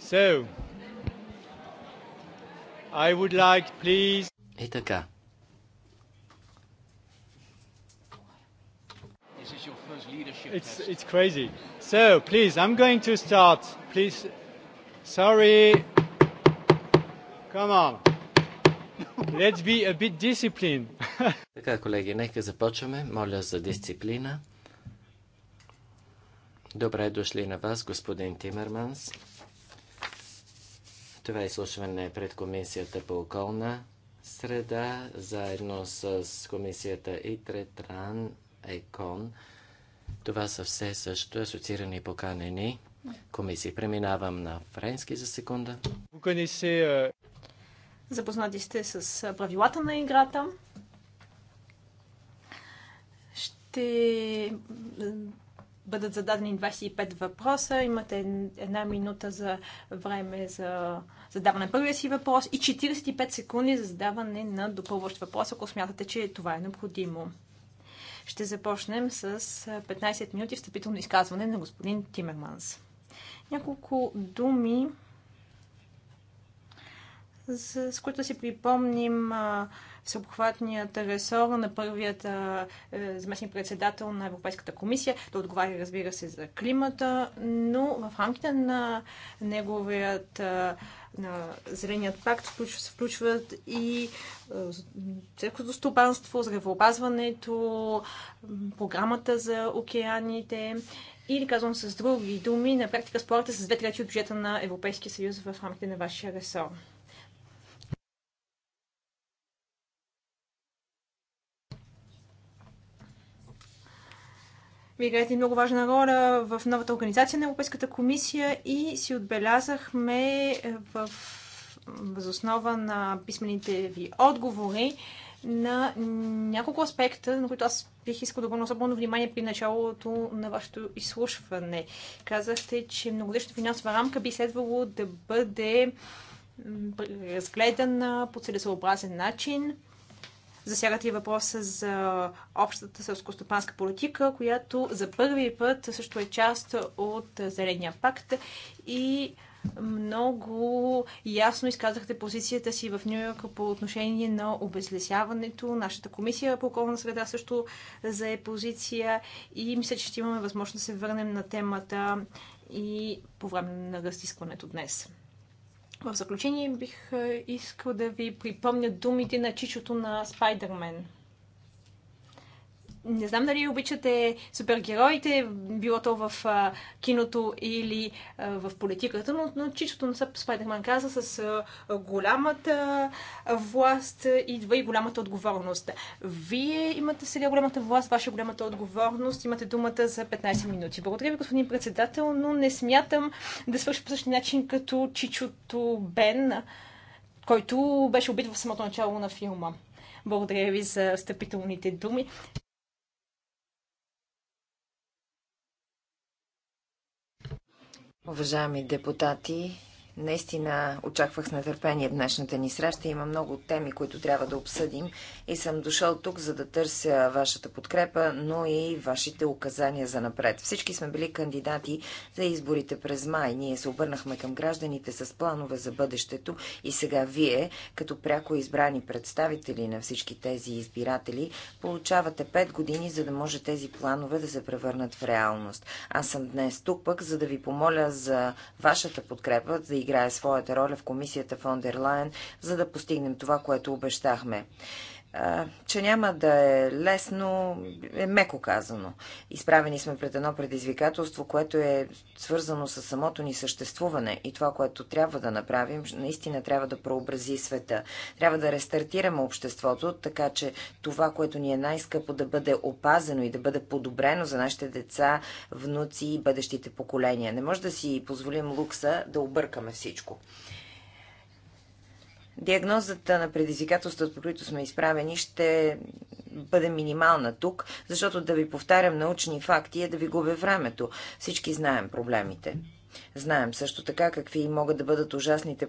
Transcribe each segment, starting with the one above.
So, I would like, please... И така. It's, it's crazy. So, please, I'm going to start. Please, sorry. Come on. Let's be a bit disciplined. така, колеги, нека започваме. Моля за дисциплина. Добре дошли на вас, господин Тимерманс. Това изслушване е пред Комисията по околна среда, заедно с Комисията ИТРЕ, ТРАН, ЕКОН. Това са все също асоциирани и поканени комисии. Преминавам на френски за секунда. Е, Запознати сте с е, правилата на играта. Ще бъдат зададени 25 въпроса. Имате една минута за време за задаване на първия си въпрос и 45 секунди за задаване на допълващ въпрос, ако смятате, че това е необходимо. Ще започнем с 15 минути встъпително изказване на господин Тимерманс. Няколко думи с, с които си припомним всеобхватният ресор на първият е, заместник председател на Европейската комисия. Той отговаря, разбира се, за климата, но в рамките на неговият е, на Зеленият пакт включва, се включват и селското стопанство, здравеопазването, програмата за океаните или казвам с други думи, на практика спорта с две трети от бюджета на Европейския съюз в рамките на вашия ресор. Вие играете много важна роля в новата организация на Европейската комисия и си отбелязахме е, в възоснова на писмените ви отговори на няколко аспекта, на които аз бих искал да обърна особено внимание при началото на вашето изслушване. Казахте, че многодишната финансова рамка би следвало да бъде разгледана по целесообразен начин Засягат и въпроса за общата селско-стопанска политика, която за първи път също е част от Зеления пакт и много ясно изказахте позицията си в Нью Йорк по отношение на обезлесяването. Нашата комисия по околна среда също зае позиция и мисля, че ще имаме възможност да се върнем на темата и по време на разискването днес. В заключение бих е, искал да ви припомня думите на чичото на Спайдермен – не знам дали обичате супергероите, било то в а, киното или а, в политиката, но, но чичото на Спайдерман каза с а, голямата власт идва и голямата отговорност. Вие имате сега голямата власт, ваша голямата отговорност, имате думата за 15 минути. Благодаря ви, господин председател, но не смятам да свърша по същия начин като чичото Бен, който беше убит в самото начало на филма. Благодаря ви за встъпителните думи. Уважаеми депутати, Наистина очаквах с нетърпение днешната ни среща. Има много теми, които трябва да обсъдим и съм дошъл тук, за да търся вашата подкрепа, но и вашите указания за напред. Всички сме били кандидати за изборите през май. Ние се обърнахме към гражданите с планове за бъдещето и сега вие, като пряко избрани представители на всички тези избиратели, получавате 5 години, за да може тези планове да се превърнат в реалност. Аз съм днес тук пък, за да ви помоля за вашата подкрепа, да играе своята роля в комисията фон дер Лайен, за да постигнем това, което обещахме че няма да е лесно, е меко казано. Изправени сме пред едно предизвикателство, което е свързано с самото ни съществуване и това, което трябва да направим, наистина трябва да прообрази света. Трябва да рестартираме обществото, така че това, което ни е най-скъпо да бъде опазено и да бъде подобрено за нашите деца, внуци и бъдещите поколения. Не може да си позволим лукса да объркаме всичко. Диагнозата на предизвикателствата, по които сме изправени, ще бъде минимална тук, защото да ви повтарям научни факти е да ви губя времето. Всички знаем проблемите. Знаем също така какви могат да бъдат ужасните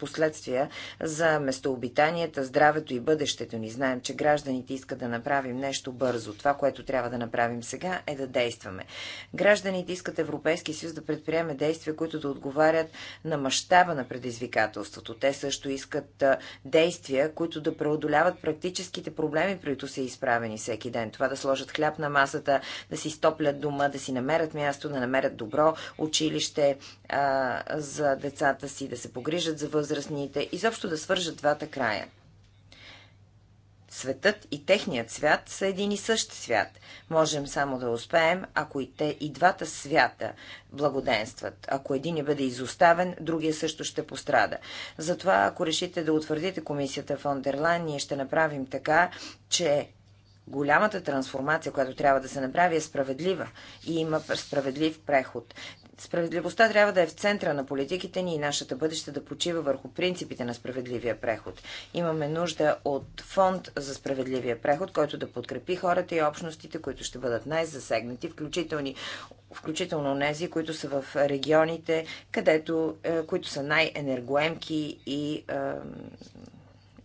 последствия за местообитанията, здравето и бъдещето ни. Знаем, че гражданите искат да направим нещо бързо. Това, което трябва да направим сега, е да действаме. Гражданите искат Европейския съюз да предприеме действия, които да отговарят на мащаба на предизвикателството. Те също искат действия, които да преодоляват практическите проблеми, които са изправени всеки ден. Това да сложат хляб на масата, да си стоплят дома, да си намерят място, да намерят добро, учи училище а, за децата си, да се погрижат за възрастните, изобщо да свържат двата края. Светът и техният свят са един и същ свят. Можем само да успеем, ако и те и двата свята благоденстват. Ако един не бъде изоставен, другия също ще пострада. Затова, ако решите да утвърдите комисията в Ондерлайн, ние ще направим така, че голямата трансформация, която трябва да се направи, е справедлива и има справедлив преход. Справедливостта трябва да е в центъра на политиките ни и нашата бъдеще да почива върху принципите на справедливия преход. Имаме нужда от фонд за справедливия преход, който да подкрепи хората и общностите, които ще бъдат най-засегнати, включително, включително нези, които са в регионите, където, е, които са най-енергоемки и, е,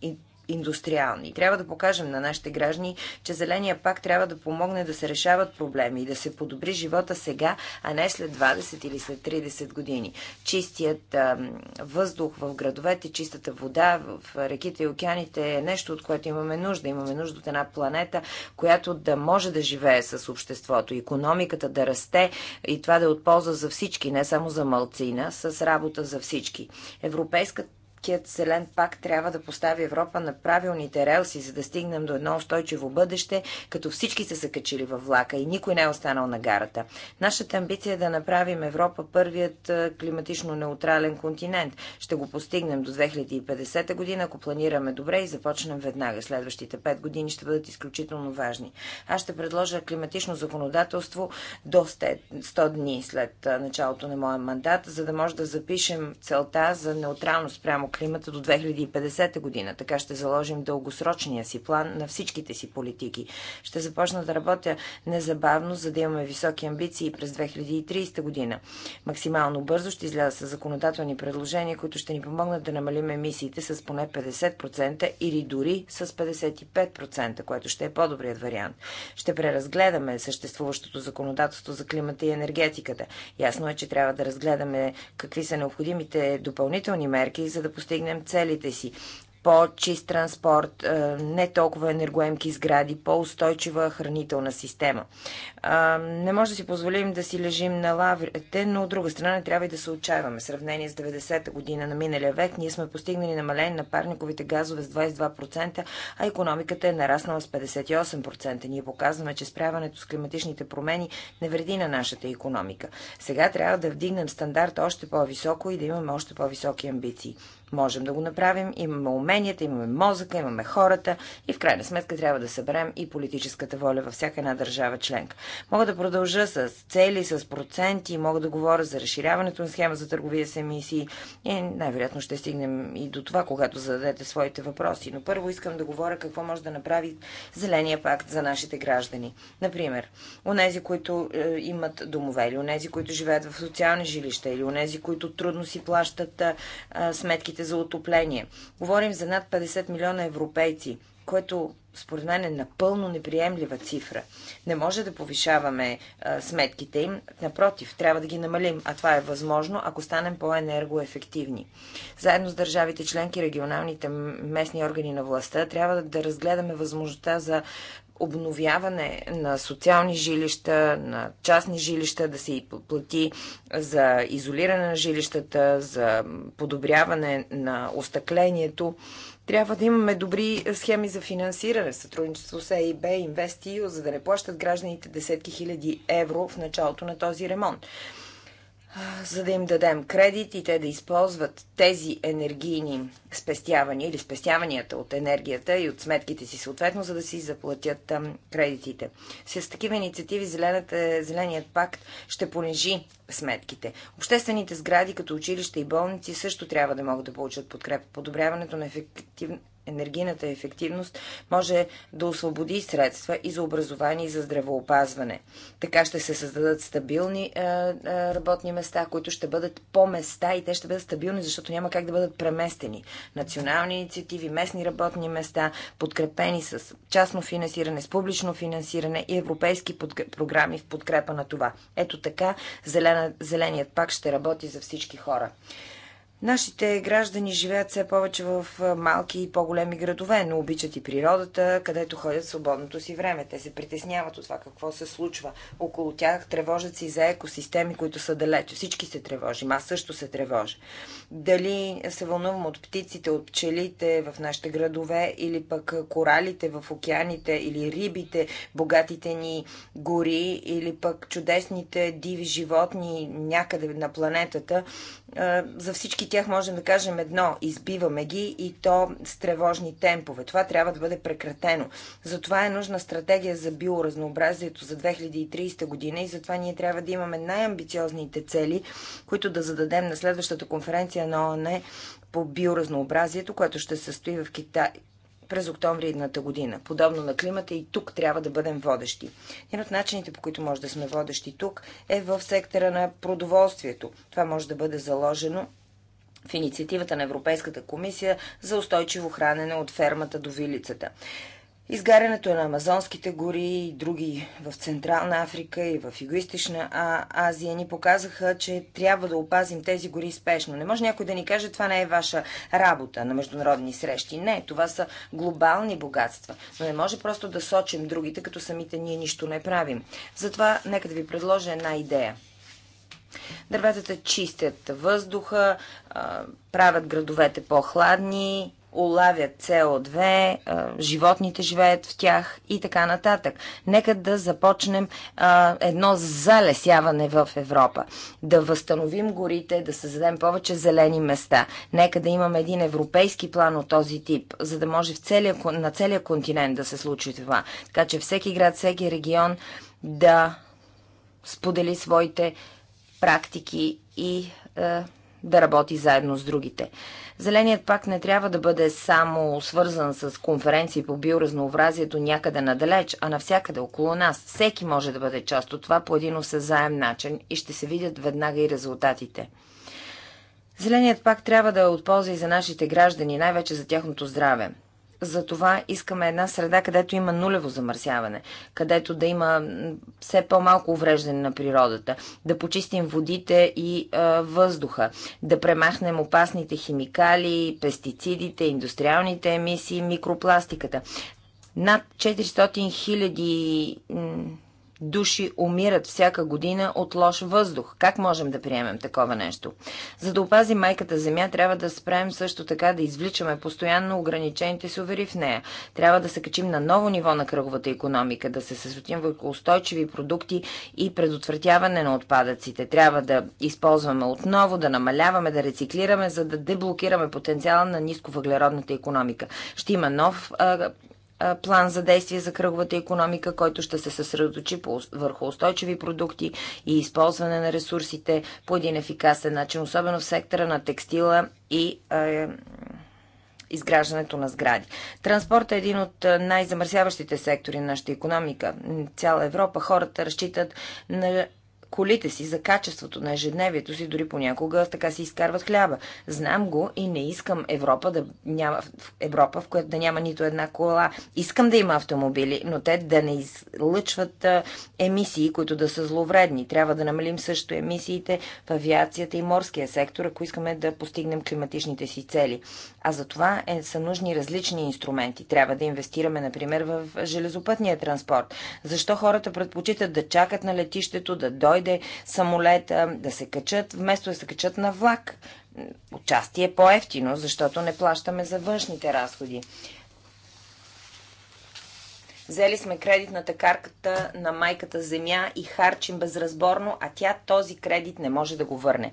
и индустриални. Трябва да покажем на нашите граждани, че Зеления пак трябва да помогне да се решават проблеми и да се подобри живота сега, а не след 20 или след 30 години. Чистият а, въздух в градовете, чистата вода в реките и океаните е нещо, от което имаме нужда. Имаме нужда от една планета, която да може да живее с обществото, економиката да расте и това да е от полза за всички, не само за малцина, с работа за всички. Европейската Европейският зелен пакт трябва да постави Европа на правилните релси, за да стигнем до едно устойчиво бъдеще, като всички са се качили във влака и никой не е останал на гарата. Нашата амбиция е да направим Европа първият е, климатично неутрален континент. Ще го постигнем до 2050 година, ако планираме добре и започнем веднага. Следващите 5 години ще бъдат изключително важни. Аз ще предложа климатично законодателство до 100 дни след е, началото на моя мандат, за да може да запишем целта за неутралност прямо климата до 2050 година. Така ще заложим дългосрочния си план на всичките си политики. Ще започна да работя незабавно, за да имаме високи амбиции през 2030 година. Максимално бързо ще изляза с законодателни предложения, които ще ни помогнат да намалим емисиите с поне 50% или дори с 55%, което ще е по-добрият вариант. Ще преразгледаме съществуващото законодателство за климата и енергетиката. Ясно е, че трябва да разгледаме какви са необходимите допълнителни мерки, за да постигнем постигнем целите си. По-чист транспорт, не толкова енергоемки сгради, по-устойчива хранителна система. Не може да си позволим да си лежим на лаврите, но от друга страна не трябва и да се отчаиваме. В сравнение с 90-та година на миналия век, ние сме постигнали намаление на парниковите газове с 22%, а економиката е нараснала с 58%. Ние показваме, че справянето с климатичните промени не вреди на нашата економика. Сега трябва да вдигнем стандарт още по-високо и да имаме още по-високи амбиции. Можем да го направим, имаме уменията, имаме мозъка, имаме хората и в крайна сметка трябва да съберем и политическата воля във всяка една държава членка. Мога да продължа с цели, с проценти, мога да говоря за разширяването на схема за търговия с емисии и най-вероятно ще стигнем и до това, когато зададете своите въпроси. Но първо искам да говоря какво може да направи Зеления пакт за нашите граждани. Например, нези, които е, имат домове или нези, които живеят в социални жилища или нези, които трудно си плащат е, е сметките за отопление. Говорим за над 50 милиона европейци, което според мен е напълно неприемлива цифра. Не може да повишаваме а, сметките им, напротив, трябва да ги намалим, а това е възможно, ако станем по-енергоефективни. Заедно с държавите членки, регионалните местни органи на властта, трябва да разгледаме възможността за обновяване на социални жилища, на частни жилища, да се и плати за изолиране на жилищата, за подобряване на остъклението. Трябва да имаме добри схеми за финансиране, сътрудничество с ЕИБ, Инвестио, за да не плащат гражданите десетки хиляди евро в началото на този ремонт за да им дадем кредит и те да използват тези енергийни спестявания или спестяванията от енергията и от сметките си съответно, за да си заплатят кредитите. С такива инициативи Зелената, Зеленият пакт ще понижи сметките. Обществените сгради, като училища и болници, също трябва да могат да получат подкрепа. Подобряването на ефективността енергийната ефективност може да освободи средства и за образование и за здравеопазване. Така ще се създадат стабилни е, е, работни места, които ще бъдат по места и те ще бъдат стабилни, защото няма как да бъдат преместени. Национални инициативи, местни работни места, подкрепени с частно финансиране, с публично финансиране и европейски програми в подкрепа на това. Ето така зелена, зеленият пак ще работи за всички хора. Нашите граждани живеят все повече в малки и по-големи градове, но обичат и природата, където ходят свободното си време. Те се притесняват от това какво се случва около тях, тревожат си за екосистеми, които са далеч. Всички се тревожим, аз също се тревожа. Дали се вълнувам от птиците, от пчелите в нашите градове, или пък коралите в океаните, или рибите, богатите ни гори, или пък чудесните диви животни някъде на планетата, за всички тях можем да кажем едно – избиваме ги и то с тревожни темпове. Това трябва да бъде прекратено. Затова е нужна стратегия за биоразнообразието за 2030 година и затова ние трябва да имаме най-амбициозните цели, които да зададем на следващата конференция на ООН по биоразнообразието, което ще се състои в Китай, през октомври едната година. Подобно на климата и тук трябва да бъдем водещи. Един от начините, по които може да сме водещи тук, е в сектора на продоволствието. Това може да бъде заложено в инициативата на Европейската комисия за устойчиво хранене от фермата до вилицата. Изгарянето на амазонските гори и други в Централна Африка и в Югоизточна Азия ни показаха, че трябва да опазим тези гори спешно. Не може някой да ни каже, това не е ваша работа на международни срещи. Не, това са глобални богатства. Но не може просто да сочим другите, като самите ние нищо не правим. Затова нека да ви предложа една идея. Дърветата чистят въздуха, правят градовете по-хладни, улавят СО2, животните живеят в тях и така нататък. Нека да започнем едно залесяване в Европа. Да възстановим горите, да създадем повече зелени места. Нека да имаме един европейски план от този тип, за да може в целия, на целия континент да се случи това. Така че всеки град, всеки регион да сподели своите практики и е, да работи заедно с другите. Зеленият пакт не трябва да бъде само свързан с конференции по биоразнообразието някъде надалеч, а навсякъде около нас. Всеки може да бъде част от това по един осезаем начин и ще се видят веднага и резултатите. Зеленият пакт трябва да е от полза и за нашите граждани, най-вече за тяхното здраве. Затова искаме една среда, където има нулево замърсяване, където да има все по-малко увреждане на природата, да почистим водите и а, въздуха, да премахнем опасните химикали, пестицидите, индустриалните емисии, микропластиката. Над 400 хиляди 000 души умират всяка година от лош въздух. Как можем да приемем такова нещо? За да опазим майката земя, трябва да спрем също така да извличаме постоянно ограничените сувери в нея. Трябва да се качим на ново ниво на кръговата економика, да се съсотим върху устойчиви продукти и предотвратяване на отпадъците. Трябва да използваме отново, да намаляваме, да рециклираме, за да деблокираме потенциала на нисковъглеродната економика. Ще има нов а, план за действие за кръговата економика, който ще се съсредоточи върху устойчиви продукти и използване на ресурсите по един ефикасен начин, особено в сектора на текстила и изграждането на сгради. Транспорт е един от най-замърсяващите сектори на нашата економика. Цяла Европа хората разчитат на колите си, за качеството на ежедневието си, дори понякога така си изкарват хляба. Знам го и не искам Европа да няма Европа, в която да няма нито една кола. Искам да има автомобили, но те да не излъчват емисии, които да са зловредни. Трябва да намалим също емисиите в авиацията и морския сектор, ако искаме да постигнем климатичните си цели. А за това е, са нужни различни инструменти. Трябва да инвестираме, например, в железопътния транспорт. Защо хората предпочитат да чакат на летището, да дойдат дойде самолета, да се качат, вместо да се качат на влак. Отчасти е по-ефтино, защото не плащаме за външните разходи. Взели сме кредитната карката на майката земя и харчим безразборно, а тя този кредит не може да го върне.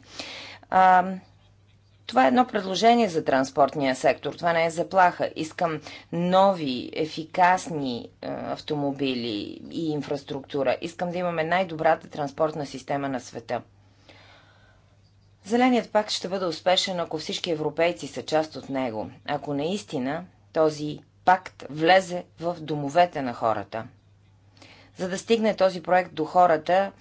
Това е едно предложение за транспортния сектор. Това не е заплаха. Искам нови, ефикасни е, автомобили и инфраструктура. Искам да имаме най-добрата транспортна система на света. Зеленият пакт ще бъде успешен, ако всички европейци са част от него. Ако наистина този пакт влезе в домовете на хората. За да стигне този проект до хората,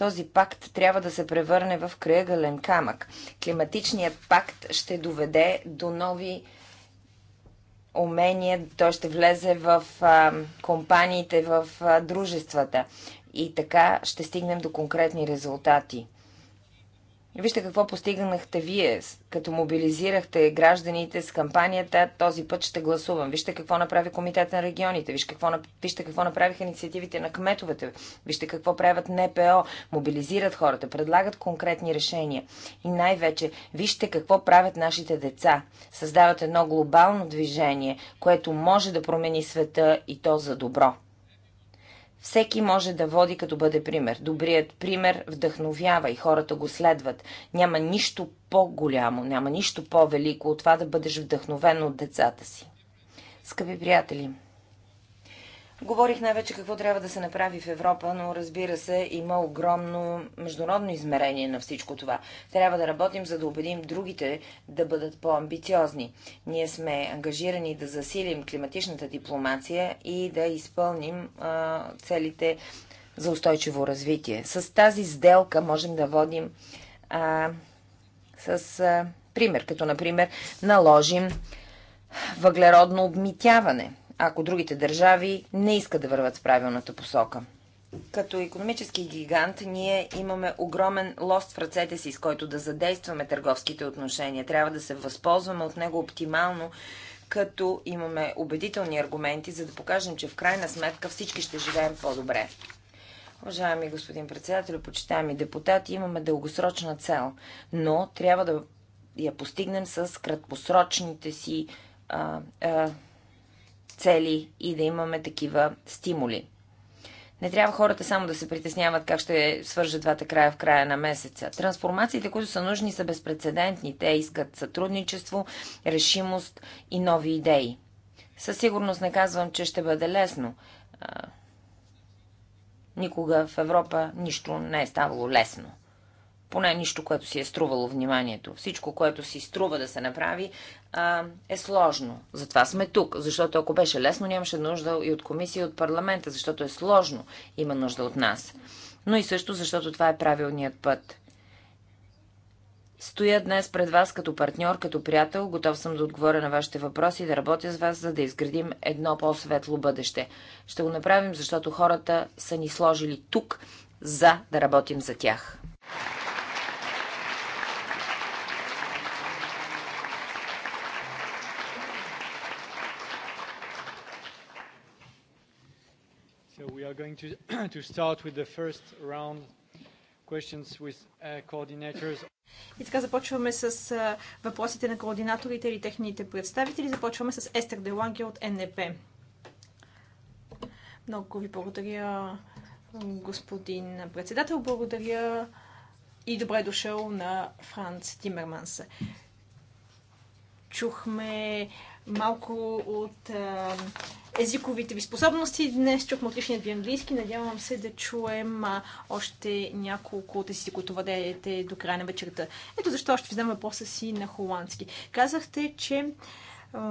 този пакт трябва да се превърне в кръгълен камък. Климатичният пакт ще доведе до нови умения, той ще влезе в а, компаниите, в а, дружествата. И така ще стигнем до конкретни резултати. Вижте какво постигнахте вие, като мобилизирахте гражданите с кампанията «Този път ще гласувам». Вижте какво направи Комитет на регионите, вижте какво, вижте какво направиха инициативите на кметовете, вижте какво правят НПО, мобилизират хората, предлагат конкретни решения. И най-вече, вижте какво правят нашите деца. Създават едно глобално движение, което може да промени света и то за добро. Всеки може да води като бъде пример. Добрият пример вдъхновява и хората го следват. Няма нищо по-голямо, няма нищо по-велико от това да бъдеш вдъхновен от децата си. Скъпи приятели, Говорих най-вече какво трябва да се направи в Европа, но разбира се, има огромно международно измерение на всичко това. Трябва да работим, за да убедим другите да бъдат по-амбициозни. Ние сме ангажирани да засилим климатичната дипломация и да изпълним а, целите за устойчиво развитие. С тази сделка можем да водим а, с а, пример, като например наложим въглеродно обмитяване – ако другите държави не искат да върват в правилната посока. Като економически гигант ние имаме огромен лост в ръцете си, с който да задействаме търговските отношения. Трябва да се възползваме от него оптимално, като имаме убедителни аргументи, за да покажем, че в крайна сметка всички ще живеем по-добре. Уважаеми господин председател, почитаеми депутати, имаме дългосрочна цел, но трябва да я постигнем с краткосрочните си а, а, цели и да имаме такива стимули. Не трябва хората само да се притесняват как ще свържат двата края в края на месеца. Трансформациите, които са нужни, са безпредседентни. Те искат сътрудничество, решимост и нови идеи. Със сигурност не казвам, че ще бъде лесно. Никога в Европа нищо не е ставало лесно поне нищо, което си е струвало вниманието. Всичко, което си струва да се направи, а, е сложно. Затова сме тук, защото ако беше лесно, нямаше нужда и от комисия, и от парламента, защото е сложно, има нужда от нас. Но и също, защото това е правилният път. Стоя днес пред вас като партньор, като приятел, готов съм да отговоря на вашите въпроси и да работя с вас, за да изградим едно по-светло бъдеще. Ще го направим, защото хората са ни сложили тук, за да работим за тях. are going to, to start with the first round questions with uh, coordinators. И така започваме с uh, въпросите на координаторите или техните представители. Започваме с Естер Деланге от НДП. Много ви благодаря, господин председател. Благодаря и добре дошъл на Франц Тимерманс. Чухме uh, малко от а, езиковите ви способности. Днес чухме отличният ви английски. Надявам се да чуем а, още няколко от езици, които въдеете до края на вечерта. Ето защо ще ви задам въпроса си на холандски. Казахте, че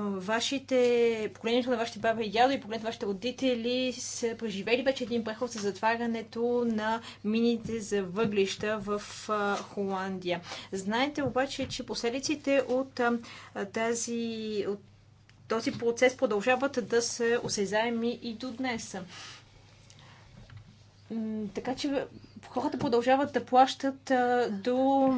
вашите, поколението на вашите баба и дядо и поколението на вашите родители са преживели вече един преход с затварянето на мините за въглища в Холандия. Знаете обаче, че последиците от тази, от този процес продължават да са осезаеми и до днес. Така че хората продължават да плащат до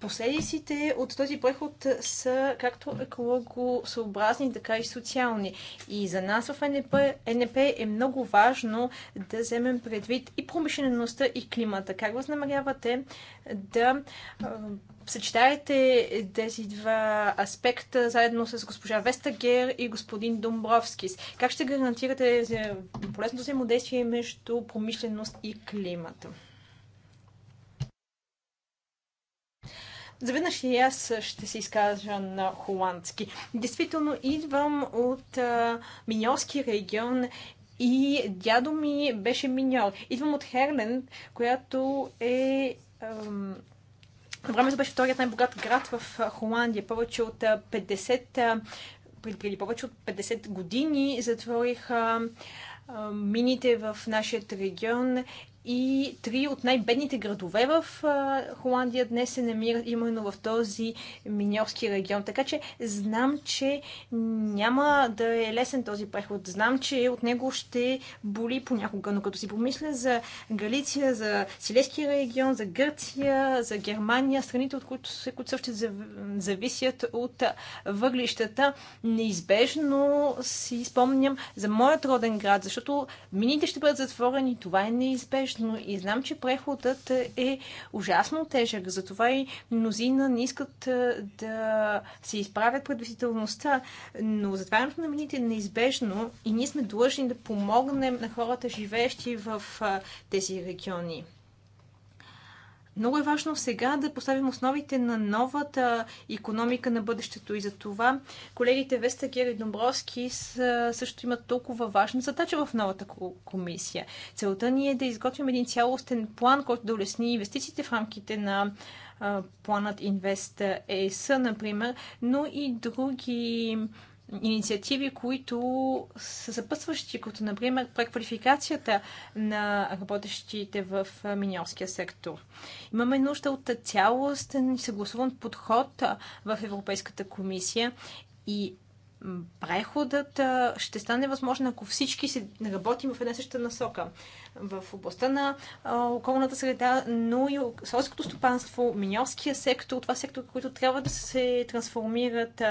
Последиците от този преход са както екологосъобразни, така и социални. И за нас в НП, НП е много важно да вземем предвид и промишлеността, и климата. Как възнамерявате да съчетаете тези два аспекта заедно с госпожа Вестагер и господин Домбровскис? Как ще гарантирате полезното взаимодействие между промишленост и климата? Заведнъж и аз ще се изкажа на холандски. Действително идвам от а, Миньорски регион и дядо ми беше миньор. Идвам от Херлен, която е... Ам, времето беше вторият най-богат град в Холандия. Повече от 50... Преди повече от 50 години затвориха мините в нашия регион и три от най-бедните градове в Холандия днес се намират именно в този миньорски регион. Така че знам, че няма да е лесен този преход. Знам, че от него ще боли понякога, но като си помисля за Галиция, за Силески регион, за Гърция, за Германия, страните, от които, които също зависят от въглищата, неизбежно си спомням за моят роден град, защото мините ще бъдат затворени. Това е неизбежно различно и знам, че преходът е ужасно тежък, затова и мнозина не искат да се изправят пред действителността, но затварянето на мините е неизбежно и ние сме длъжни да помогнем на хората, живеещи в тези региони. Много е важно сега да поставим основите на новата економика на бъдещето и за това колегите Вестагер и Домбровски също имат толкова важна задача в новата комисия. Целта ни е да изготвим един цялостен план, който да улесни инвестициите в рамките на планът Инвест ЕС, например, но и други инициативи, които са съпътстващи, като например преквалификацията на работещите в миньорския сектор. Имаме нужда от цялостен и съгласуван подход в Европейската комисия и преходът ще стане възможен, ако всички се работим в една съща насока. В областта на околната среда, но и селското стопанство, миньорския сектор, това е сектор, които трябва да се трансформират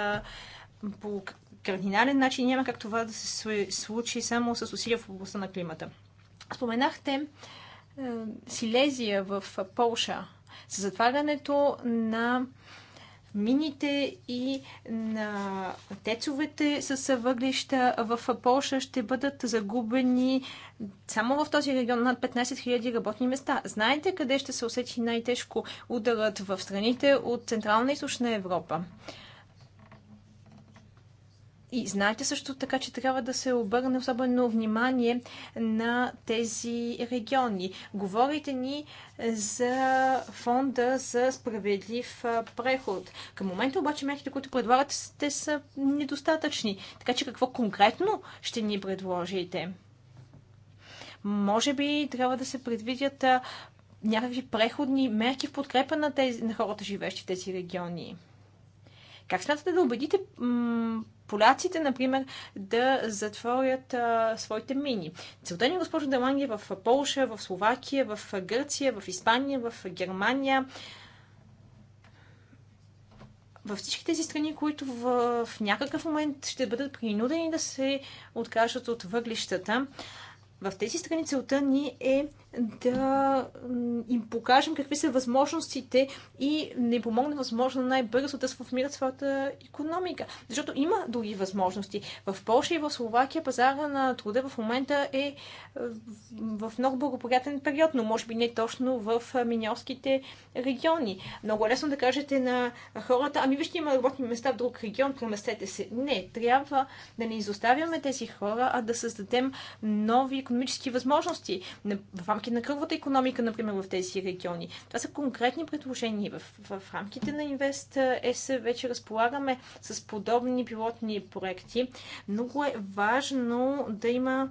по кардинален начин. Няма как това да се случи само с усилия в областта на климата. Споменахте е, Силезия в Полша. С затварянето на мините и на тецовете с въглища в Полша ще бъдат загубени само в този регион над 15 000 работни места. Знаете къде ще се усети най-тежко ударът в страните от Централна и Източна Европа? И знаете също така, че трябва да се обърне особено внимание на тези региони. Говорите ни за фонда за справедлив преход. Към момента обаче мерките, които предлагате, те са недостатъчни. Така че какво конкретно ще ни предложите? Може би трябва да се предвидят някакви преходни мерки в подкрепа на, тези, на хората, живещи в тези региони. Как смятате да убедите поляците, например, да затворят а, своите мини. Целта ни, госпожо Деланги, е в Полша, в Словакия, в Гърция, в Испания, в Германия. Във всички тези страни, които в, в някакъв момент ще бъдат принудени да се откажат от въглищата, в тези страни целта ни е да им покажем какви са възможностите и не помогне възможно най-бързо да сформират своята економика. Защото има други възможности. В Польша и в Словакия пазара на труда в момента е, е в много благоприятен период, но може би не точно в е, миньорските региони. Много е лесно да кажете на хората, ами вижте има работни места в друг регион, проместете се. Не, трябва да не изоставяме тези хора, а да създадем нови економики економически възможности в рамките на кръговата економика, например, в тези региони. Това са конкретни предложения. В, в, в рамките на Инвест ЕС вече разполагаме с подобни пилотни проекти. Много е важно да има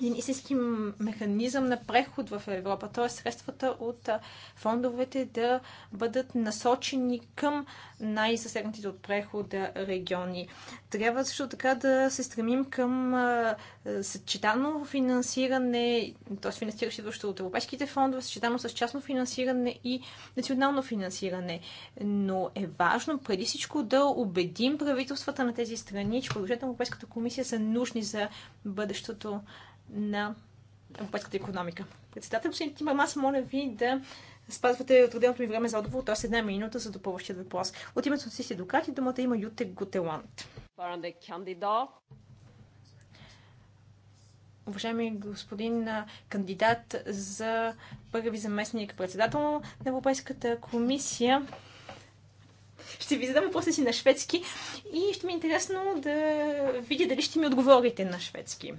един истински механизъм на преход в Европа, т.е. средствата от фондовете да бъдат насочени към най-засегнатите от прехода региони. Трябва също така да се стремим към съчетано финансиране, т.е. финансиращо идващо от европейските фондове, съчетано с частно финансиране и национално финансиране. Но е важно преди всичко да убедим правителствата на тези страни, че положението на Европейската комисия са нужни за бъдещото на европейската економика. Председател, господин аз моля ви да спазвате отреденото ми време за отговор, т.е. една минута за допълващия въпрос. От името на Сиси Докати думата има Юте Готеланд. Уважаеми господин кандидат за първи заместник председател на Европейската комисия, ще ви задам въпроса си на шведски и ще ми е интересно да видя дали ще ми отговорите на шведски.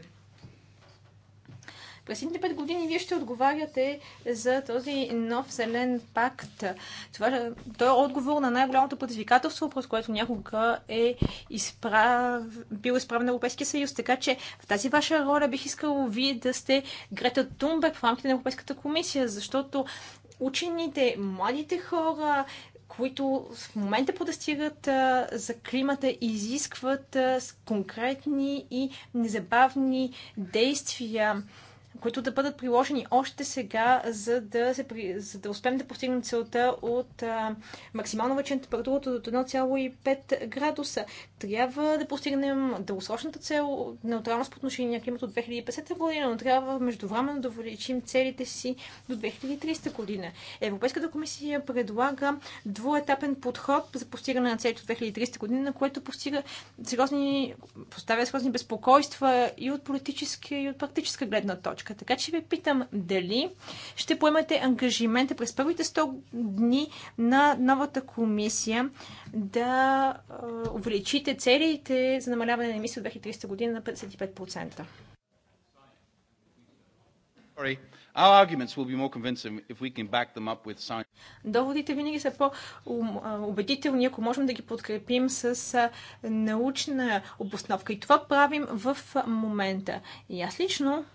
През следните години вие ще отговаряте за този нов зелен пакт. Това, той е отговор на най-голямото предизвикателство, през което някога е изправ... бил изправен Европейския съюз. Така че в тази ваша роля бих искала вие да сте Грета Тунберг в рамките на Европейската комисия, защото учените, младите хора, които в момента протестират за климата, изискват конкретни и незабавни действия които да бъдат приложени още сега, за да, се, за да успеем да постигнем целта от а, максимално вече температурата от 1,5 градуса. Трябва да постигнем дългосрочната цел неутралност по отношение на климата от 2050 година, но трябва междувременно да увеличим целите си до 2300 година. Европейската комисия предлага двуетапен подход за постигане на целите от 2300 година, което постига сериозни, поставя сериозни безпокойства и от политическа, и от практическа гледна точка точка. Така че ви питам дали ще поемете ангажимента през първите 100 дни на новата комисия да увеличите целите за намаляване на емисии от 2030 година на 55%. Доводите винаги са по-убедителни, ако можем да ги подкрепим с научна обосновка. И това правим в момента. И аз лично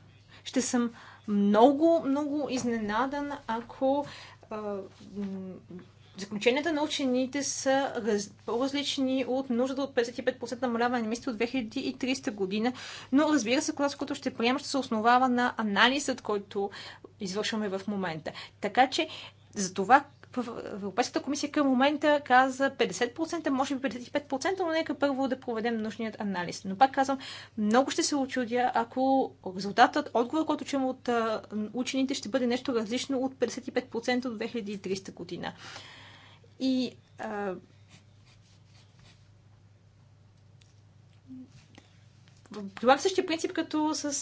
ще съм много, много изненадан, ако а, заключенията на учените са раз, по-различни от нужда от 55% намаляване на мисли от 2300 година, но разбира се, клас, който ще приема, ще се основава на анализът, който извършваме в момента. Така че за това в Европейската комисия към момента каза 50%, може би 55%, но нека първо да проведем нужният анализ. Но пак казвам, много ще се очудя, ако резултатът, отговор, който чем от учените, ще бъде нещо различно от 55% до 2300 година. И а, прилага е същия принцип като с, с,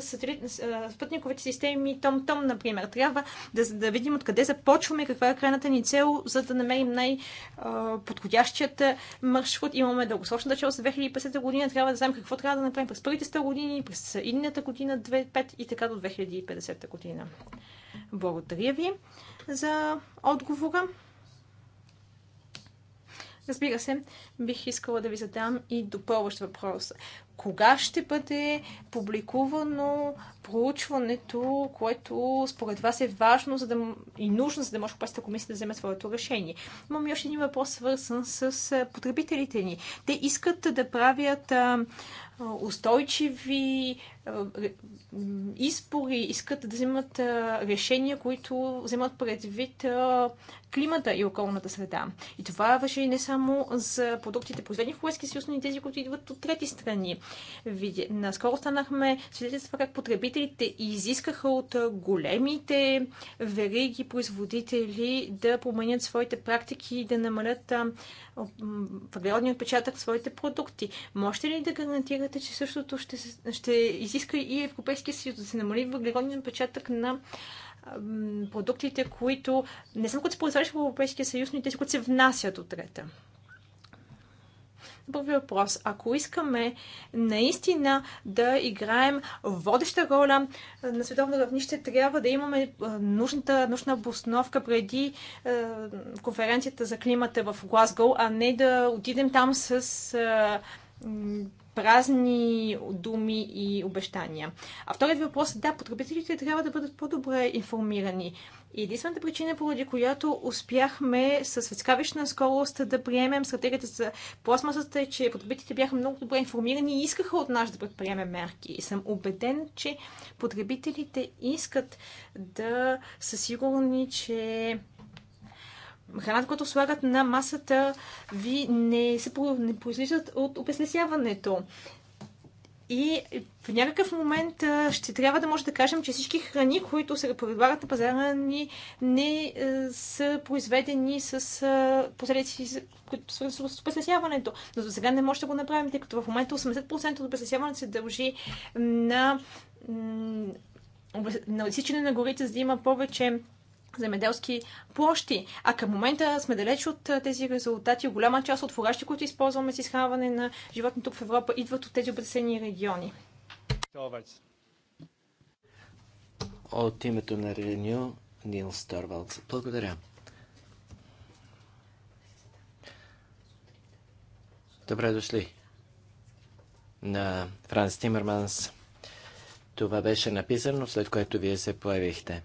с, с пътниковите системи Том-Том, например. Трябва да, да видим откъде започваме, каква е крайната ни цел, за да намерим най-подходящият маршрут. Имаме дългосрочна начало за 2050 година, трябва да знаем какво трябва да направим през първите 100 години, през идната година, 2005 и така до 2050 година. Благодаря ви за отговора. Разбира се, бих искала да ви задам и допълващ въпрос кога ще бъде публикувано проучването, което според вас е важно за да, и нужно, за да може Купасата комисия да вземе своето решение. Имам още един въпрос, свързан с потребителите ни. Те искат да правят а, устойчиви избори, искат да вземат решения, които вземат предвид климата и околната среда. И това върши не само за продуктите, произведени в Европейския съюз, но и тези, които идват от трети страни. Наскоро станахме свидетелства как потребителите изискаха от големите вериги производители да променят своите практики и да намалят въглеродния отпечатък в своите продукти. Можете ли да гарантирате гарантирате, че същото ще, ще изиска и Европейския съюз да се намали въглеродния напечатък на продуктите, които не само които се произвеждат в Европейския съюз, но и тези, които се внасят от трета. Първи въпрос. Ако искаме наистина да играем водеща роля на световно равнище, трябва да имаме нужната, нужна обосновка преди е, конференцията за климата в Глазго, а не да отидем там с е, празни думи и обещания. А вторият въпрос е да, потребителите трябва да бъдат по-добре информирани. И единствената причина, поради която успяхме с светскавична скорост да приемем стратегията за пластмасата е, че потребителите бяха много добре информирани и искаха от нас да предприемем мерки. И съм убеден, че потребителите искат да са сигурни, че храната, която слагат на масата ви, не, се, не произлизат от обезлесяването. И в някакъв момент ще трябва да може да кажем, че всички храни, които се предлагат на пазара ни, не са произведени с последици, които свързват с обезлесяването. Но до сега не може да го направим, тъй като в момента 80% от обезлесяването се дължи на, на изсичане на горите, за да има повече земеделски площи. А към момента сме далеч от тези резултати. Голяма част от фуражите, които използваме с изхранване на животни тук в Европа, идват от тези обесени региони. От името на Реню Нил Старвалц. Благодаря. Добре дошли на Франс Тимерманс. Това беше написано, след което вие се появихте.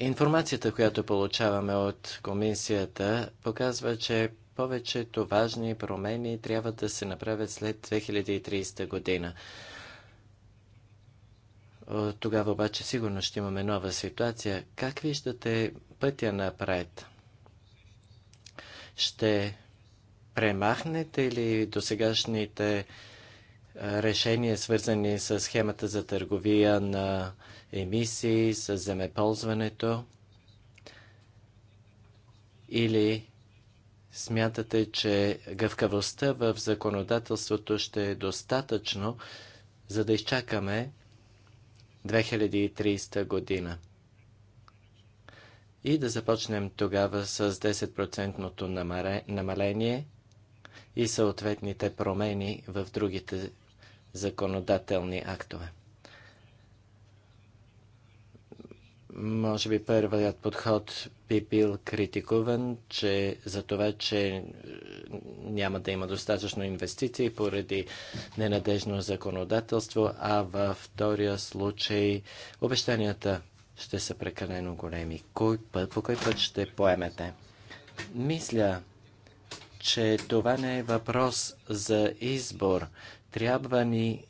Информацията, която получаваме от комисията, показва, че повечето важни промени трябва да се направят след 2030 година. Тогава обаче сигурно ще имаме нова ситуация. Как виждате пътя напред? Ще премахнете ли досегашните решения, свързани с схемата за търговия на емисии, с земеползването? Или смятате, че гъвкавостта в законодателството ще е достатъчно, за да изчакаме 2030 година? И да започнем тогава с 10 намаление и съответните промени в другите законодателни актове. Може би първият подход би бил критикуван, че за това, че няма да има достатъчно инвестиции поради ненадежно законодателство, а във втория случай обещанията ще са прекалено големи. Кой път, по кой път ще поемете? Мисля, че това не е въпрос за избор. Трябва ни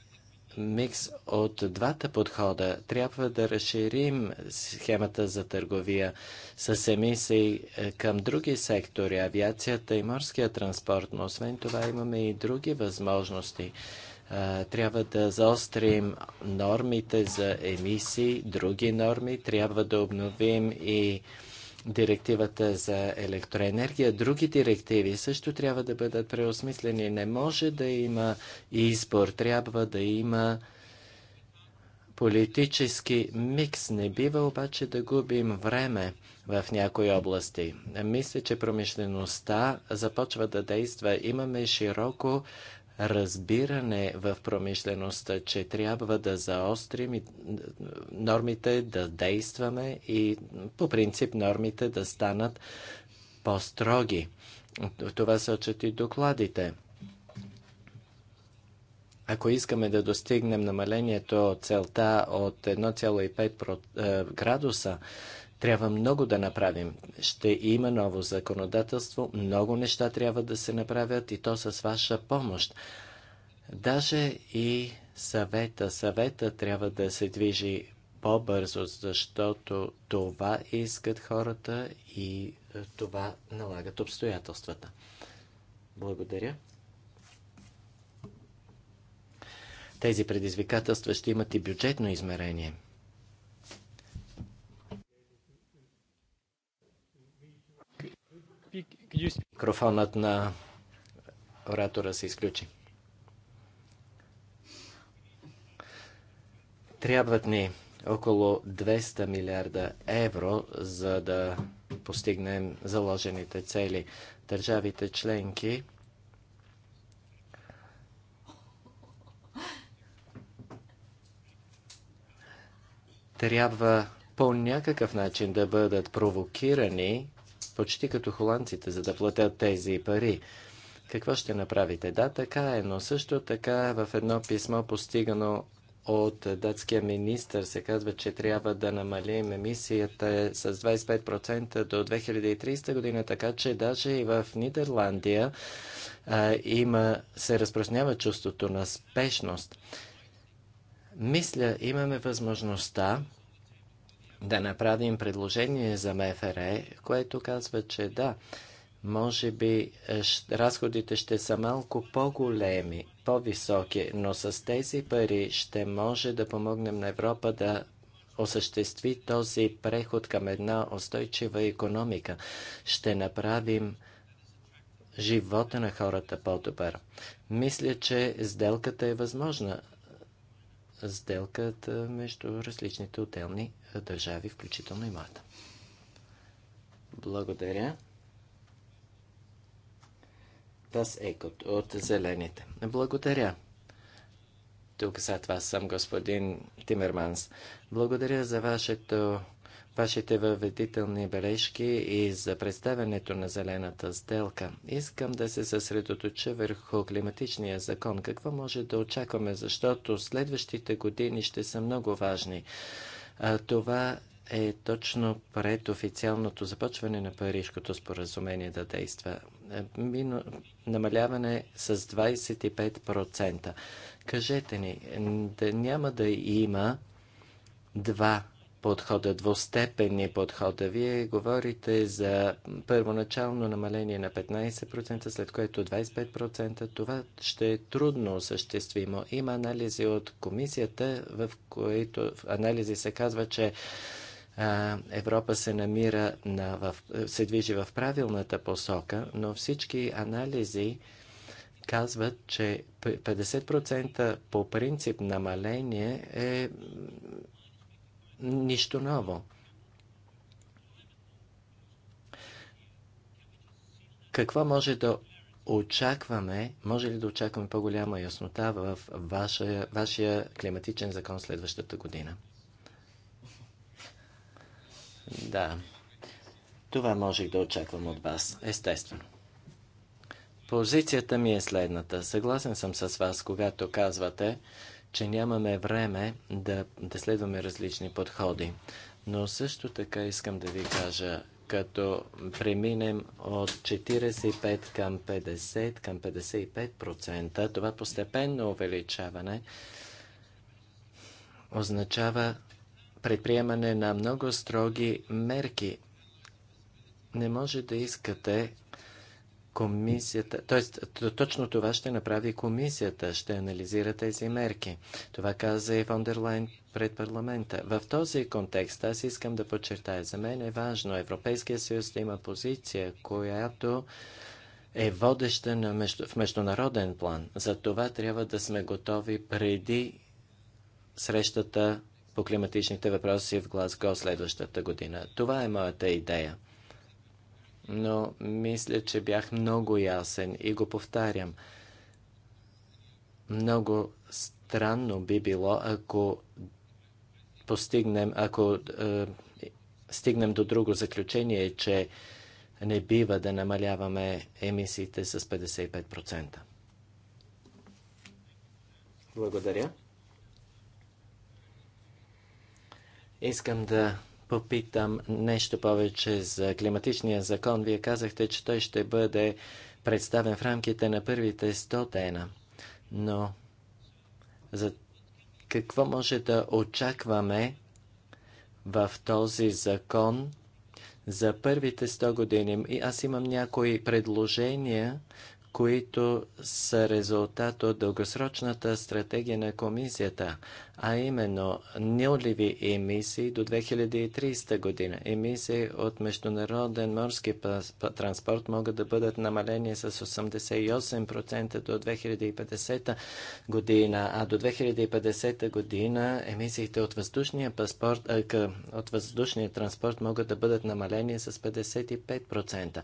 микс от двата подхода. Трябва да разширим схемата за търговия с емисии е, към други сектори, авиацията и морския транспорт, но освен това имаме и други възможности. Е, трябва да заострим нормите за емисии, други норми, трябва да обновим и директивата за електроенергия, други директиви също трябва да бъдат преосмислени. Не може да има избор, трябва да има политически микс. Не бива обаче да губим време в някои области. Мисля, че промишлеността започва да действа. Имаме широко разбиране в промишлеността, че трябва да заострим нормите, да действаме и по принцип нормите да станат по-строги. Това сочат и докладите. Ако искаме да достигнем намалението целта от 1,5 е, градуса, трябва много да направим. Ще има ново законодателство, много неща трябва да се направят и то с ваша помощ. Даже и съвета. Съвета трябва да се движи по-бързо, защото това искат хората и е, това налагат обстоятелствата. Благодаря. Тези предизвикателства ще имат и бюджетно измерение – Микрофонът на оратора се изключи. Трябват ни около 200 милиарда евро, за да постигнем заложените цели. Държавите членки трябва по някакъв начин да бъдат провокирани почти като холандците, за да платят тези пари. Какво ще направите? Да, така е, но също така в едно писмо постигано от датския министр се казва, че трябва да намалим емисията с 25% до 2030 година, така че даже и в Нидерландия а, има, се разпространява чувството на спешност. Мисля, имаме възможността да направим предложение за МФР, е, което казва, че да, може би е, разходите ще са малко по-големи, по-високи, но с тези пари ще може да помогнем на Европа да осъществи този преход към една устойчива економика. Ще направим живота на хората по-добър. Мисля, че сделката е възможна сделката между различните отделни държави, включително и Малта. Благодаря. Тас Екот от Зелените. Благодаря. Тук за това съм господин Тимерманс. Благодаря за вашето вашите въведителни бележки и за представянето на зелената сделка. Искам да се съсредоточа върху климатичния закон. Какво може да очакваме, защото следващите години ще са много важни. Това е точно пред официалното започване на Парижкото споразумение да действа. Е, Мино... Намаляване с 25%. Кажете ни, да няма да има два подхода, двустепенни подхода. Вие говорите за първоначално намаление на 15%, след което 25%. Това ще е трудно осъществимо. Има анализи от комисията, в които в анализи се казва, че Европа се намира на, в, се движи в правилната посока, но всички анализи казват, че 50% по принцип намаление е нищо ново. Какво може да очакваме, може ли да очакваме по-голяма яснота в ваша, вашия климатичен закон следващата година? Да. Това можех да очаквам от вас, естествено. Позицията ми е следната. Съгласен съм с вас, когато казвате, че нямаме време да, да следваме различни подходи. Но също така искам да ви кажа, като преминем от 45 към 50, към 55%, това постепенно увеличаване означава предприемане на много строги мерки. Не може да искате комисията, т.е. точно това ще направи комисията, ще анализира тези мерки. Това каза и Фондерлайн пред парламента. В този контекст аз искам да подчертая, за мен е важно Европейския съюз да има позиция, която е водеща на между... в международен план. За това трябва да сме готови преди срещата по климатичните въпроси в Глазго следващата година. Това е моята идея но мисля, че бях много ясен и го повтарям. Много странно би било, ако постигнем, ако е, стигнем до друго заключение, че не бива да намаляваме емисиите с 55%. Благодаря. Искам да попитам нещо повече за климатичния закон. Вие казахте, че той ще бъде представен в рамките на първите 100 дена. Но за какво може да очакваме в този закон за първите 100 години? И аз имам някои предложения, които са резултат от дългосрочната стратегия на комисията, а именно нулеви емисии до 2030 година. Емисии от международен морски транспорт могат да бъдат намалени с 88% до 2050 година, а до 2050 година емисиите от въздушния, паспорт, а, от въздушния транспорт могат да бъдат намалени с 55%.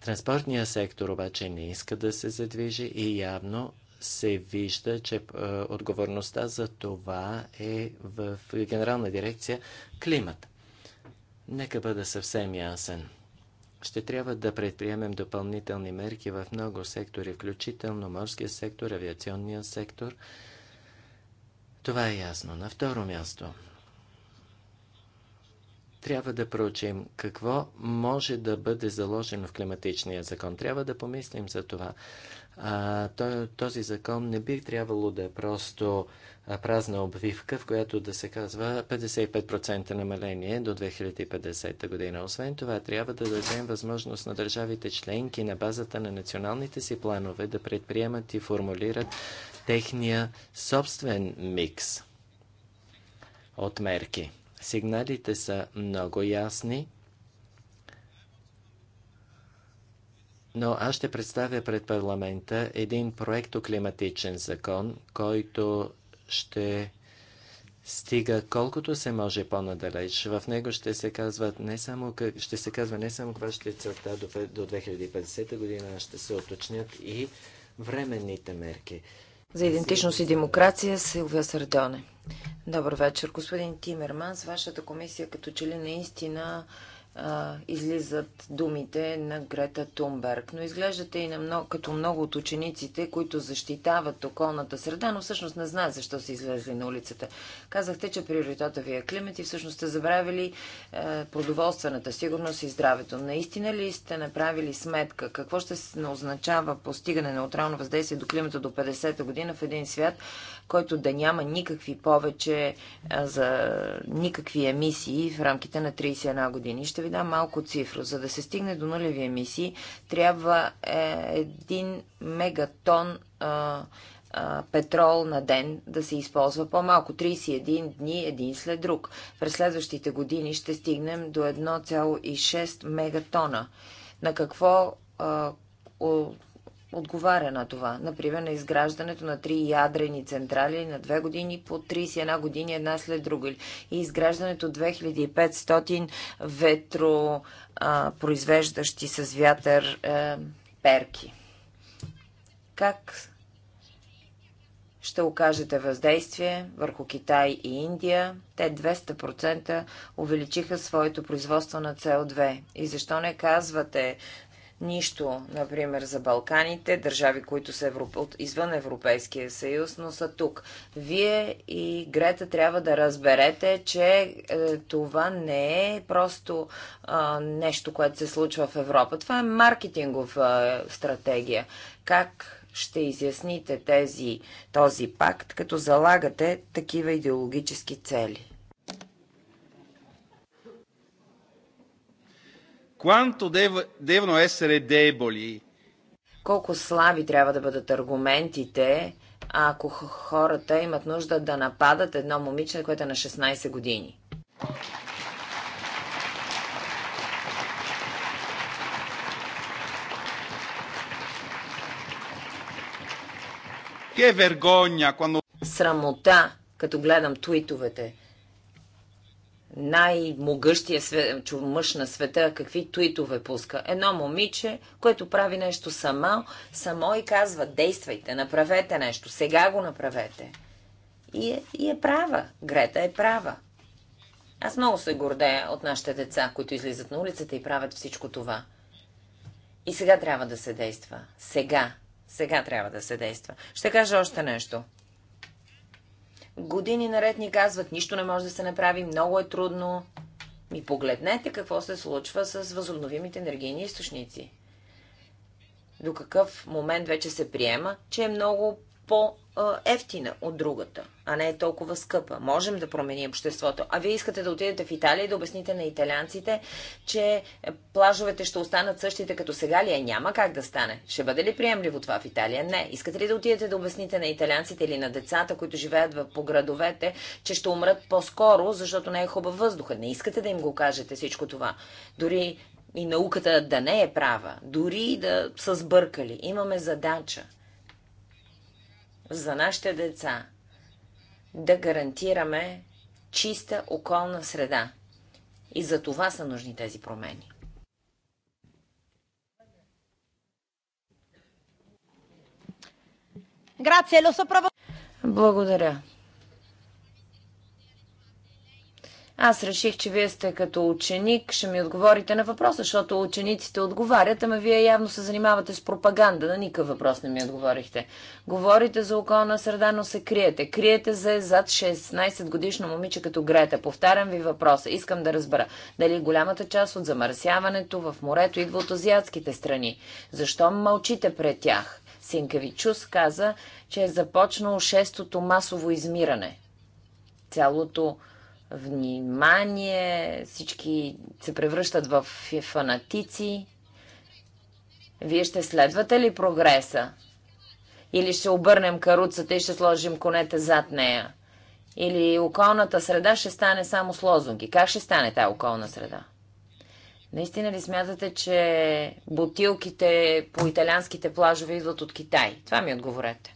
Транспортният сектор обаче не иска да се задвижи и явно се вижда, че е, отговорността за това е в Генерална дирекция Климат. Нека бъда съвсем ясен. Ще трябва да предприемем допълнителни мерки в много сектори, включително морския сектор, авиационния сектор. Това е ясно. На второ място – трябва да проучим какво може да бъде заложено в климатичния закон. Трябва да помислим за това. А, този закон не би трябвало да е просто празна обвивка, в която да се казва 55% намаление до 2050 година. Освен това, трябва да дадем възможност на държавите членки на базата на националните си планове да предприемат и формулират техния собствен микс от мерки. Сигналите са много ясни, но аз ще представя пред парламента един проектоклиматичен закон, който ще стига колкото се може по-надалеч. В него ще се, казва не само, ще се казва не само каква ще е целта до, до 2050 година, ще се оточнят и временните мерки. За идентичност и демокрация Силвия Сардоне. Добър вечер, господин Тимерман. С вашата комисия като че ли наистина а, излизат думите на Грета Тунберг. Но изглеждате и на много, като много от учениците, които защитават околната среда, но всъщност не знаят защо са излезли на улицата. Казахте, че приоритета ви е климат и всъщност сте забравили е, продоволствената сигурност и здравето. Наистина ли сте направили сметка какво ще се означава постигане на неутрално въздействие до климата до 50-та година в един свят, който да няма никакви повече а, за никакви емисии в рамките на 31 години. Ще ви дам малко цифра. За да се стигне до нулеви емисии, трябва е, 1 мегатон а, петрол на ден да се използва по-малко 31 дни един след друг. През следващите години ще стигнем до 1,6 мегатона. На какво а, отговаря на това. Например, на изграждането на три ядрени централи на две години по 31 години една след друга. И изграждането 2500 ветро а, произвеждащи с вятър а, е, перки. Как ще окажете въздействие върху Китай и Индия. Те 200% увеличиха своето производство на CO2. И защо не казвате нищо, например, за Балканите, държави, които са европ... извън Европейския съюз, но са тук. Вие и Грета трябва да разберете, че е, това не е просто е, нещо, което се случва в Европа. Това е маркетингова е, стратегия. Как ще изясните тези, този пакт, като залагате такива идеологически цели? Quanto dev- devono essere deboli? Колко слаби трябва да бъдат аргументите, ако хората имат нужда да нападат едно момиче, което е на 16 години? Срамота, като гледам твитовете най-могъщия свет, мъж на света, какви туитове пуска. Едно момиче, което прави нещо само, само и казва, действайте, направете нещо, сега го направете. И е, и е права. Грета е права. Аз много се гордея от нашите деца, които излизат на улицата и правят всичко това. И сега трябва да се действа. Сега. Сега трябва да се действа. Ще кажа още нещо години наред ни казват, нищо не може да се направи, много е трудно. Ми погледнете какво се случва с възобновимите енергийни източници. До какъв момент вече се приема, че е много по-ефтина от другата, а не е толкова скъпа. Можем да променим обществото. А вие искате да отидете в Италия и да обясните на италианците, че плажовете ще останат същите като сега ли е? Няма как да стане. Ще бъде ли приемливо това в Италия? Не. Искате ли да отидете да обясните на италианците или на децата, които живеят в по градовете, че ще умрат по-скоро, защото не е хубав въздуха? Не искате да им го кажете всичко това. Дори и науката да не е права, дори да са сбъркали. Имаме задача – за нашите деца да гарантираме чиста околна среда. И за това са нужни тези промени. Благодаря. Аз реших, че вие сте като ученик, ще ми отговорите на въпроса, защото учениците отговарят, ама вие явно се занимавате с пропаганда. На никакъв въпрос не ми отговорихте. Говорите за околна среда, но се криете. Криете за зад 16 годишно момиче като Грета. Повтарям ви въпроса. Искам да разбера дали голямата част от замърсяването в морето идва от азиатските страни. Защо мълчите пред тях? Синкавичус каза, че е започнало шестото масово измиране. Цялото внимание, всички се превръщат в фанатици. Вие ще следвате ли прогреса? Или ще обърнем каруцата и ще сложим конете зад нея? Или околната среда ще стане само с лозунги? Как ще стане тази околна среда? Наистина ли смятате, че бутилките по италианските плажове идват от Китай? Това ми отговорете.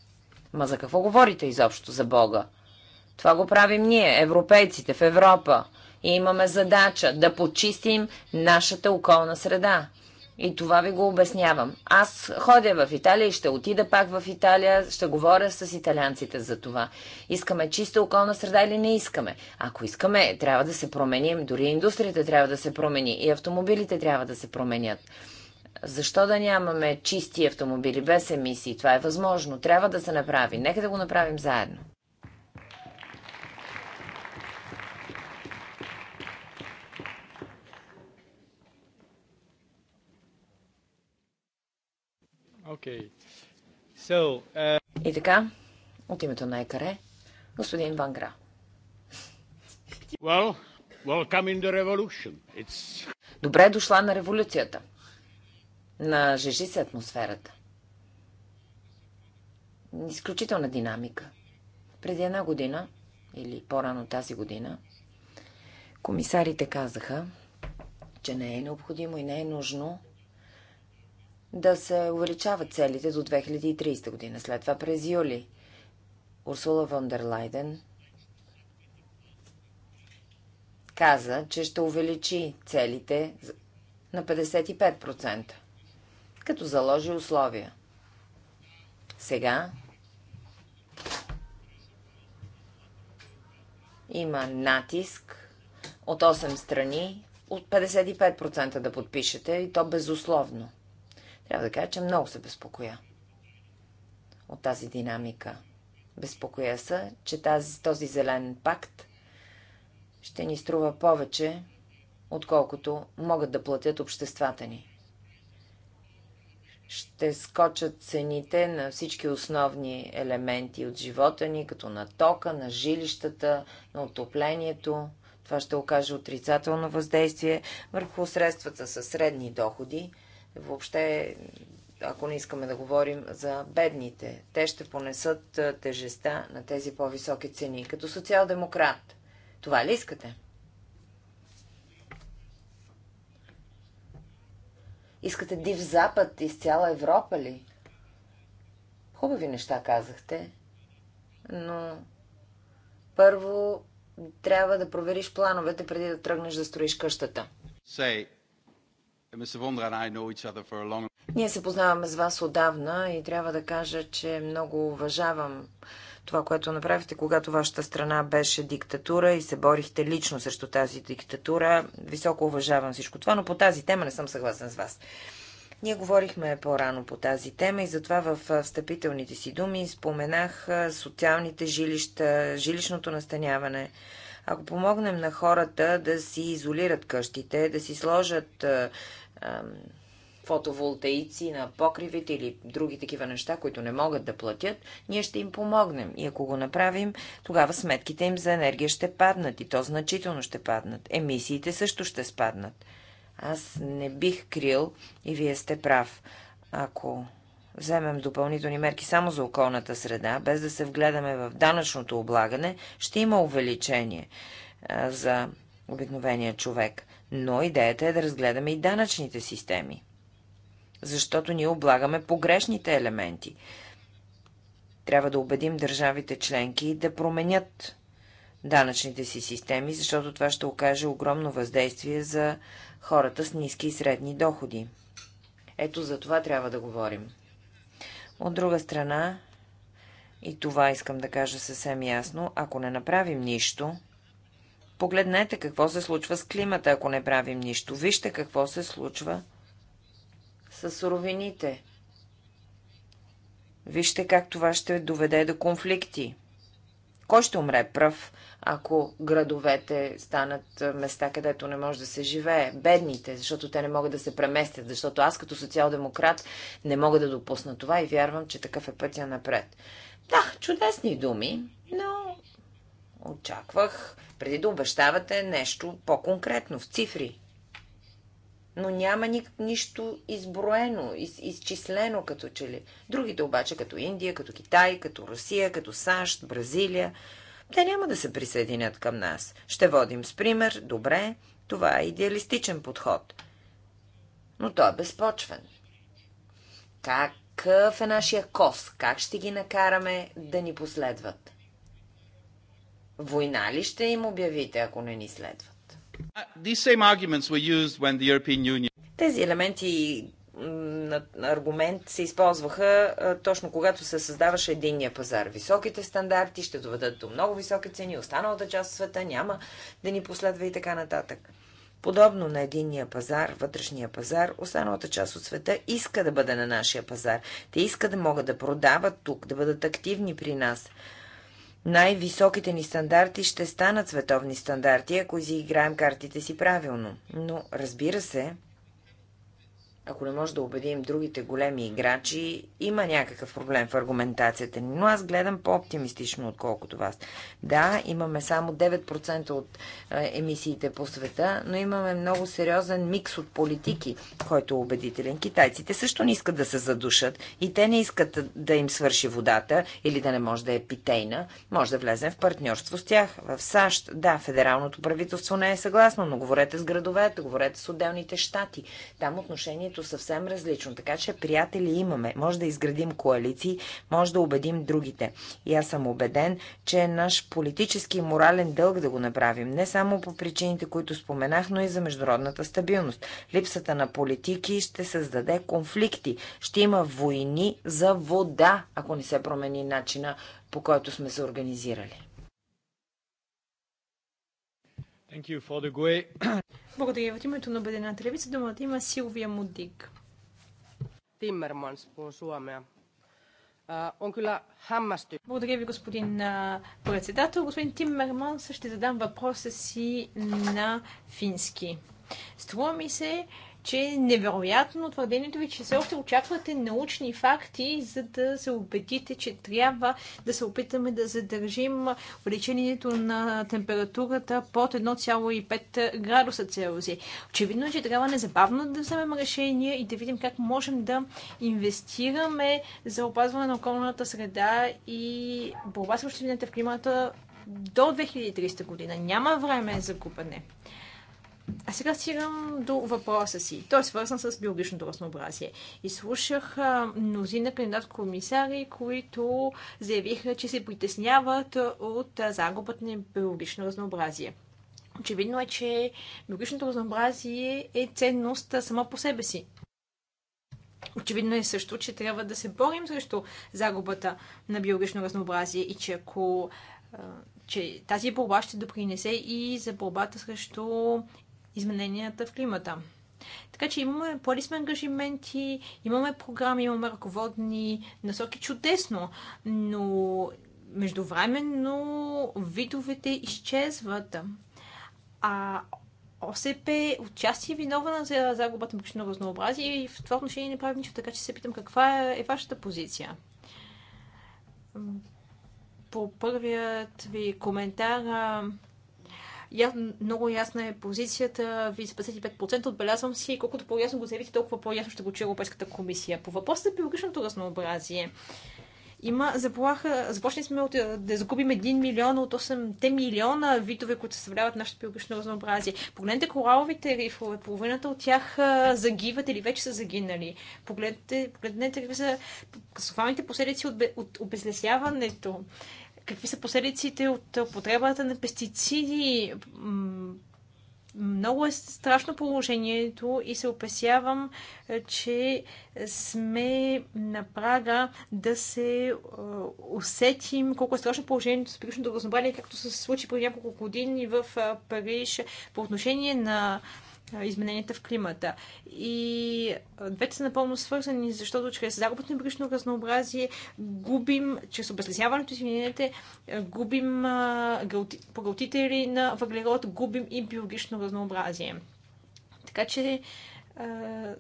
Ма за какво говорите изобщо за Бога? Това го правим ние, европейците в Европа. И имаме задача да почистим нашата околна среда. И това ви го обяснявам. Аз ходя в Италия и ще отида пак в Италия, ще говоря с италианците за това. Искаме чиста околна среда или не искаме? Ако искаме, трябва да се променим. Дори индустрията трябва да се промени и автомобилите трябва да се променят. Защо да нямаме чисти автомобили без емисии? Това е възможно. Трябва да се направи. Нека да го направим заедно. Okay. So, uh... И така, от името на Екаре, господин Вангра. Well, welcome in the revolution. It's... Добре е дошла на революцията. На жежи се атмосферата. Изключителна динамика. Преди една година, или по-рано тази година, комисарите казаха, че не е необходимо и не е нужно да се увеличават целите до 2030 година. След това през юли Урсула Вондерлайден каза, че ще увеличи целите на 55%, като заложи условия. Сега има натиск от 8 страни от 55% да подпишете и то безусловно. Трябва да кажа, че много се безпокоя от тази динамика. Безпокоя се, че тази, този зелен пакт ще ни струва повече, отколкото могат да платят обществата ни. Ще скочат цените на всички основни елементи от живота ни, като на тока, на жилищата, на отоплението. Това ще окаже отрицателно въздействие върху средствата със средни доходи, Въобще, ако не искаме да говорим за бедните, те ще понесат тежеста на тези по-високи цени. Като социал-демократ, това ли искате? Искате див запад из цяла Европа ли? Хубави неща казахте, но първо трябва да провериш плановете преди да тръгнеш да строиш къщата. Say, Ами Ние се познаваме с вас отдавна и трябва да кажа, че много уважавам това, което направихте, когато вашата страна беше диктатура и се борихте лично срещу тази диктатура. Високо уважавам всичко това, но по тази тема не съм съгласен с вас. Ние говорихме по-рано по тази тема и затова в встъпителните си думи споменах социалните жилища, жилищното настаняване. Ако помогнем на хората да си изолират къщите, да си сложат фотоволтаици на покривите или други такива неща, които не могат да платят, ние ще им помогнем. И ако го направим, тогава сметките им за енергия ще паднат и то значително ще паднат. Емисиите също ще спаднат. Аз не бих крил и вие сте прав. Ако вземем допълнителни мерки само за околната среда, без да се вгледаме в данъчното облагане, ще има увеличение за обикновения човек. Но идеята е да разгледаме и данъчните системи. Защото ние облагаме погрешните елементи. Трябва да убедим държавите членки да променят данъчните си системи, защото това ще окаже огромно въздействие за хората с ниски и средни доходи. Ето за това трябва да говорим. От друга страна, и това искам да кажа съвсем ясно, ако не направим нищо, Погледнете какво се случва с климата, ако не правим нищо. Вижте какво се случва с суровините. Вижте как това ще доведе до конфликти. Кой ще умре пръв, ако градовете станат места, където не може да се живее? Бедните, защото те не могат да се преместят, защото аз като социал-демократ не мога да допусна това и вярвам, че такъв е пътя напред. Да, чудесни думи, но очаквах преди да обещавате нещо по-конкретно, в цифри. Но няма ни, нищо изброено, из, изчислено като че ли. Другите обаче, като Индия, като Китай, като Русия, като САЩ, Бразилия, те няма да се присъединят към нас. Ще водим с пример, добре, това е идеалистичен подход. Но той е безпочвен. Какъв е нашия кос? Как ще ги накараме да ни последват? Война ли ще им обявите, ако не ни следват? Uh, Тези елементи на аргумент се използваха точно когато се създаваше единния пазар. Високите стандарти ще доведат до много високи цени, останалата част от света няма да ни последва и така нататък. Подобно на единния пазар, вътрешния пазар, останалата част от света иска да бъде на нашия пазар. Те искат да могат да продават тук, да бъдат активни при нас – най-високите ни стандарти ще станат световни стандарти, ако изиграем картите си правилно. Но, разбира се, ако не може да убедим другите големи играчи, има някакъв проблем в аргументацията ни. Но аз гледам по-оптимистично, отколкото вас. Да, имаме само 9% от емисиите по света, но имаме много сериозен микс от политики, който е убедителен. Китайците също не искат да се задушат и те не искат да им свърши водата или да не може да е питейна. Може да влезем в партньорство с тях. В САЩ, да, федералното правителство не е съгласно, но говорете с градовете, говорете с отделните щати. Там отношението нещо съвсем различно. Така че приятели имаме. Може да изградим коалиции, може да убедим другите. И аз съм убеден, че е наш политически и морален дълг да го направим. Не само по причините, които споменах, но и за международната стабилност. Липсата на политики ще създаде конфликти. Ще има войни за вода, ако не се промени начина по който сме се организирали. E. Благодаря. От името на Обединената левица думата има Силвия Мудик. Тиммерманс по suomea. On kyllä Благодаря ви, господин председател. Господин Тиммерман, ще задам въпроса си на фински. Струва ми се, че невероятно твърдението ви, че все още очаквате научни факти, за да се убедите, че трябва да се опитаме да задържим увеличението на температурата под 1,5 градуса Целзий. Очевидно е, че трябва незабавно да вземем решение и да видим как можем да инвестираме за опазване на околната среда и борба с промените в климата до 2300 година. Няма време за купане. А сега стигам до въпроса си. Той е свързан с биологичното разнообразие. И слушах мнозина кандидат-комисари, които заявиха, че се притесняват от загубата на биологично разнообразие. Очевидно е, че биологичното разнообразие е ценност сама по себе си. Очевидно е също, че трябва да се борим срещу загубата на биологично разнообразие и че ако че тази борба ще допринесе и за борбата срещу измененията в климата. Така че имаме, поели сме ангажименти, имаме програми, имаме ръководни насоки. Чудесно! Но междувременно видовете изчезват. А ОСП отчасти е виновна за загубата на пчелно разнообразие и в това отношение не правим нищо, така че се питам каква е вашата позиция. По първият ви коментар я, много ясна е позицията ви за 55%. Отбелязвам си и колкото по-ясно го заявите, толкова по-ясно ще го чуе Европейската комисия. По въпроса за биологичното разнообразие. Има заплаха, започнали сме от, да загубим 1 милион от 8 те милиона видове, които съставляват нашето биологично разнообразие. Погледнете кораловите рифове, половината от тях загиват или вече са загинали. Погледнете, погледнете какви са катастрофалните последици от, от обезлесяването какви са последиците от употребата на пестициди. Много е страшно положението и се опасявам, е, че сме на прага да се е, усетим колко е страшно положението с приличното разнообразие, както се случи преди няколко години в е, Париж по отношение на измененията в климата. И двете са напълно свързани, защото чрез загубата на биологично разнообразие губим, чрез обезлесяването, извинете, губим поглотители на въглерод, губим и биологично разнообразие. Така че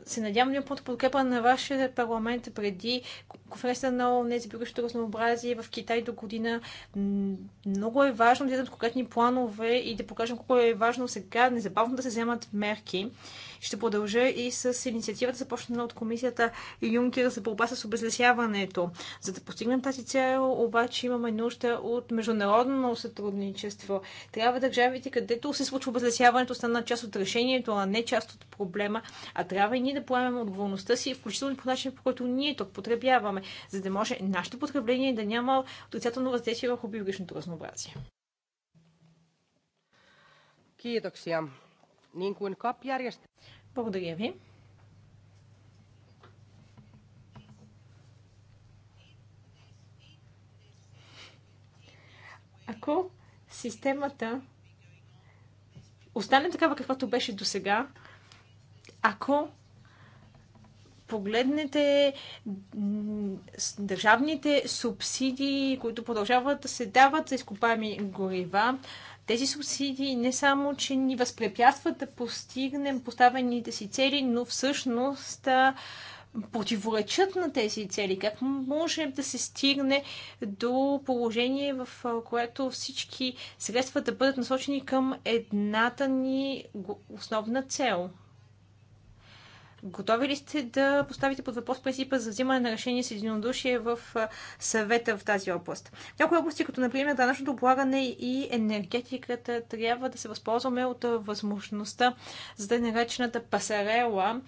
се надявам на пълната подкрепа на вашия парламент преди конференцията на ООН за биологичното разнообразие в Китай до година. Много е важно да дадат конкретни планове и да покажем колко е важно сега незабавно да се вземат мерки. Ще продължа и с инициативата, започнена от комисията Юнкер за борба с обезлесяването. За да постигнем тази цел, обаче имаме нужда от международно сътрудничество. Трябва държавите, където се случва обезлесяването, стана част от решението, а не част от проблема, а трябва и ние да поемем отговорността си, включително по начин, по който ние тук потребяваме, за да може нашето потребление да няма отрицателно въздействие върху биологичното разнообразие. Kiitoksia niin kuin Благодаря ви. Ако системата остане такава, каквато беше до сега, ако погледнете държавните субсидии, които продължават да се дават за изкопаеми горива, тези субсидии не само, че ни възпрепятстват да постигнем поставените си цели, но всъщност противоречат на тези цели? Как може да се стигне до положение, в което всички средства да бъдат насочени към едната ни основна цел? Готови ли сте да поставите под въпрос принципа за взимане на решение с единодушие в съвета в тази област? някои области, като например данъчното облагане и енергетиката, трябва да се възползваме от възможността за да е наречената пасарела,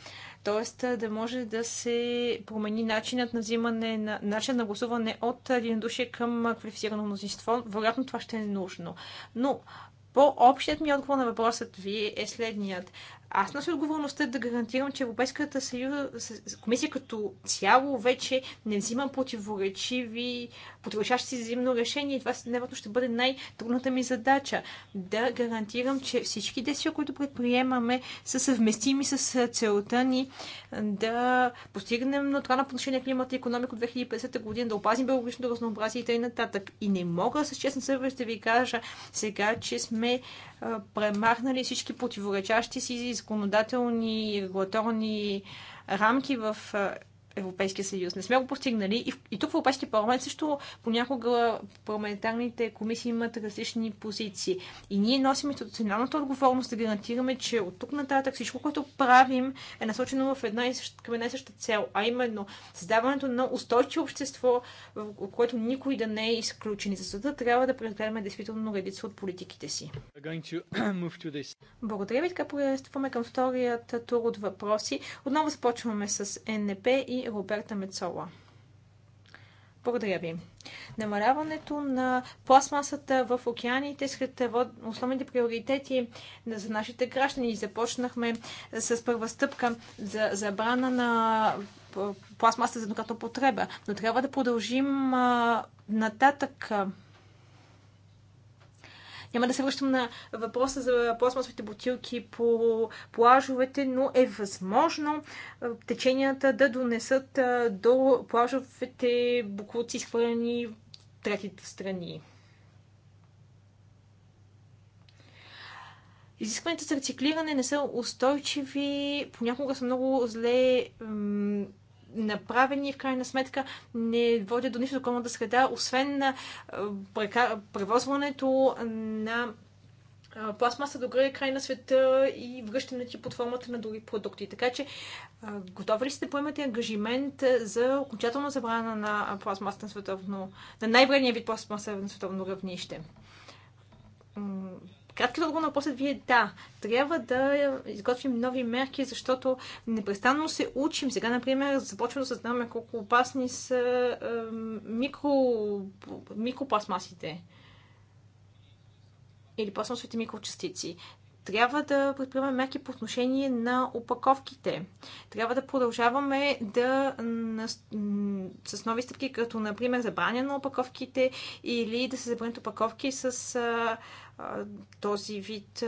т.е. да може да се промени начинът на взимане, на, начин на гласуване от единодушие към квалифицирано мнозинство. Вероятно това ще е нужно. Но по-общият ми отговор на въпросът ви е следният. Аз нося отговорността да гарантирам, че Европейската съюза, комисия като цяло вече не взима противоречиви, противоречащи си взаимно решение. И това невероятно ще бъде най-трудната ми задача. Да гарантирам, че всички действия, които предприемаме, са съвместими с целта ни да постигнем на това на климата и економика от 2050 година, да опазим биологичното разнообразие и т.н. И не мога с честна съвест да ви кажа сега, че сме премахнали всички противоречащи си законодателни и регулаторни рамки в Европейския съюз. Не сме го постигнали и, и тук в Европейския парламент също понякога парламентарните комисии имат различни позиции. И ние носим институционалната отговорност да гарантираме, че от тук нататък всичко, което правим е насочено в една и съща, към една и съща цел, а именно създаването на устойчиво общество, в което никой да не е изключен. И за това трябва да прегледаме действително редица от политиките си. Благодаря ви, така пристъпваме към вторият тур от въпроси. Отново започваме с НП и Роберта Мецола. Благодаря ви. Намаляването на пластмасата в океаните сред основните приоритети за нашите граждани. Започнахме с първа стъпка за забрана на пластмаса за еднократна потреба, но трябва да продължим нататък няма да се връщам на въпроса за пластмасовите бутилки по плажовете, но е възможно теченията да донесат до плажовете буклуци, изхвърлени в третите страни. Изискванията за рециклиране не са устойчиви, понякога са много зле направени в крайна сметка не водят до нищо околната среда, освен на превозването на пластмаса до края край на света и връщането ти под формата на други продукти. Така че готови ли сте да поемете ангажимент за окончателна забрана на пластмаса на световно, на най-вредния вид пластмаса на световно равнище? Краткият отговор на въпросът ви е да. Трябва да изготвим нови мерки, защото непрестанно се учим. Сега, например, започваме да съзнаваме колко опасни са е, микро, микропластмасите или пластмасовите микрочастици. Трябва да предприемаме мерки по отношение на опаковките. Трябва да продължаваме да с нови стъпки, като например забраня на опаковките или да се забранят опаковки с този вид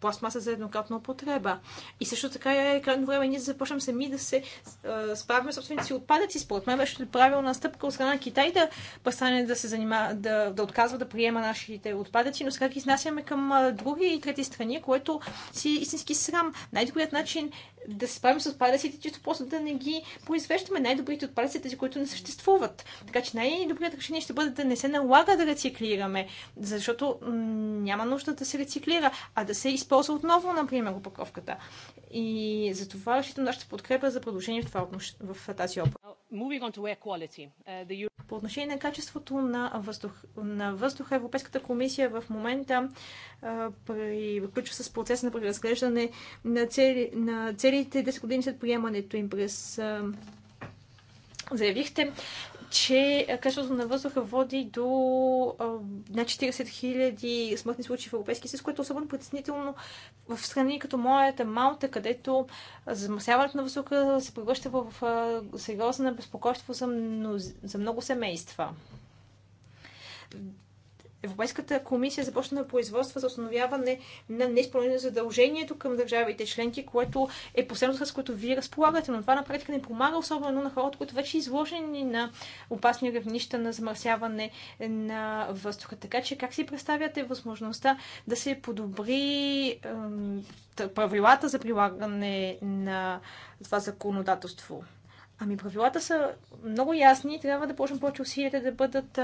пластмаса за еднократна употреба. И също така е крайно време ние да започнем сами да се а, справяме собствените си отпадъци. Според мен беше правилна стъпка от страна на Китай да престане да се занимава, да, да отказва да приема нашите отпадъци, но сега ги изнасяме към а, други и трети страни, което си истински срам. Най-добрият начин да се справим с отпадъците, чисто просто да не ги произвеждаме. Най-добрите отпадъци тези, които не съществуват. Така че най-добрият решение ще бъде да не се налага да рециклираме, защото няма нужда да се рециклира, а да се използва отново, например, опаковката. И затова разчитам нашата подкрепа за продължение в, това, в тази област. Uh, По отношение на качеството на, въздух, на въздуха, Европейската комисия в момента приключва с процеса на преразглеждане на, цели, на целите 10 години след приемането им през заявихте, че качеството на въздуха води до над 40 000 смъртни случаи в Европейския съюз, което е особено притеснително в страни като моята Малта, където замърсяването на въздуха се превръща в сериозна безпокойство за, за много семейства Европейската комисия започна производство за установяване на неизпълнение на задължението към държавите членки, което е последното, с което вие разполагате, но това на практика не помага особено на хората, които вече изложени на опасни равнища на замърсяване на въздуха. Така че как си представяте възможността да се подобри правилата за прилагане на това законодателство? Ами правилата са много ясни и трябва да почнем повече усилията да бъдат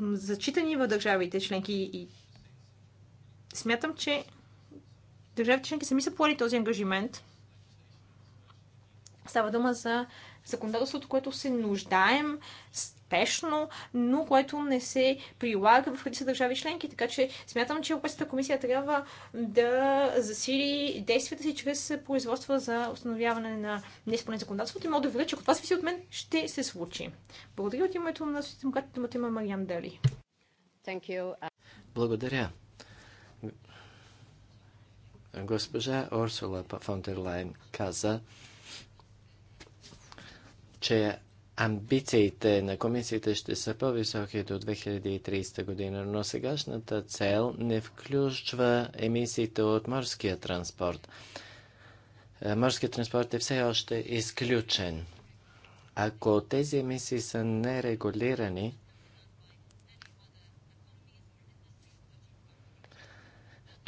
зачитани в държавите членки и смятам, че държавите членки сами са поели този ангажимент. Става дума за законодателството, което се нуждаем, успешно, но което не се прилага в редица държави членки. Така че смятам, че Европейската комисия трябва да засили действията си чрез производства за установяване на неспълнение законодателството и мога да веря, че ако това зависи от мен, ще се случи. Благодаря от името на Социалдемократите, думата има Мариан Дали. Благодаря. Госпожа Орсула фон дер Лайн каза, че Амбициите на комисията ще са по-високи до 2030 година, но сегашната цел не включва емисиите от морския транспорт. Е, морският транспорт е все още изключен. Ако тези емисии са нерегулирани,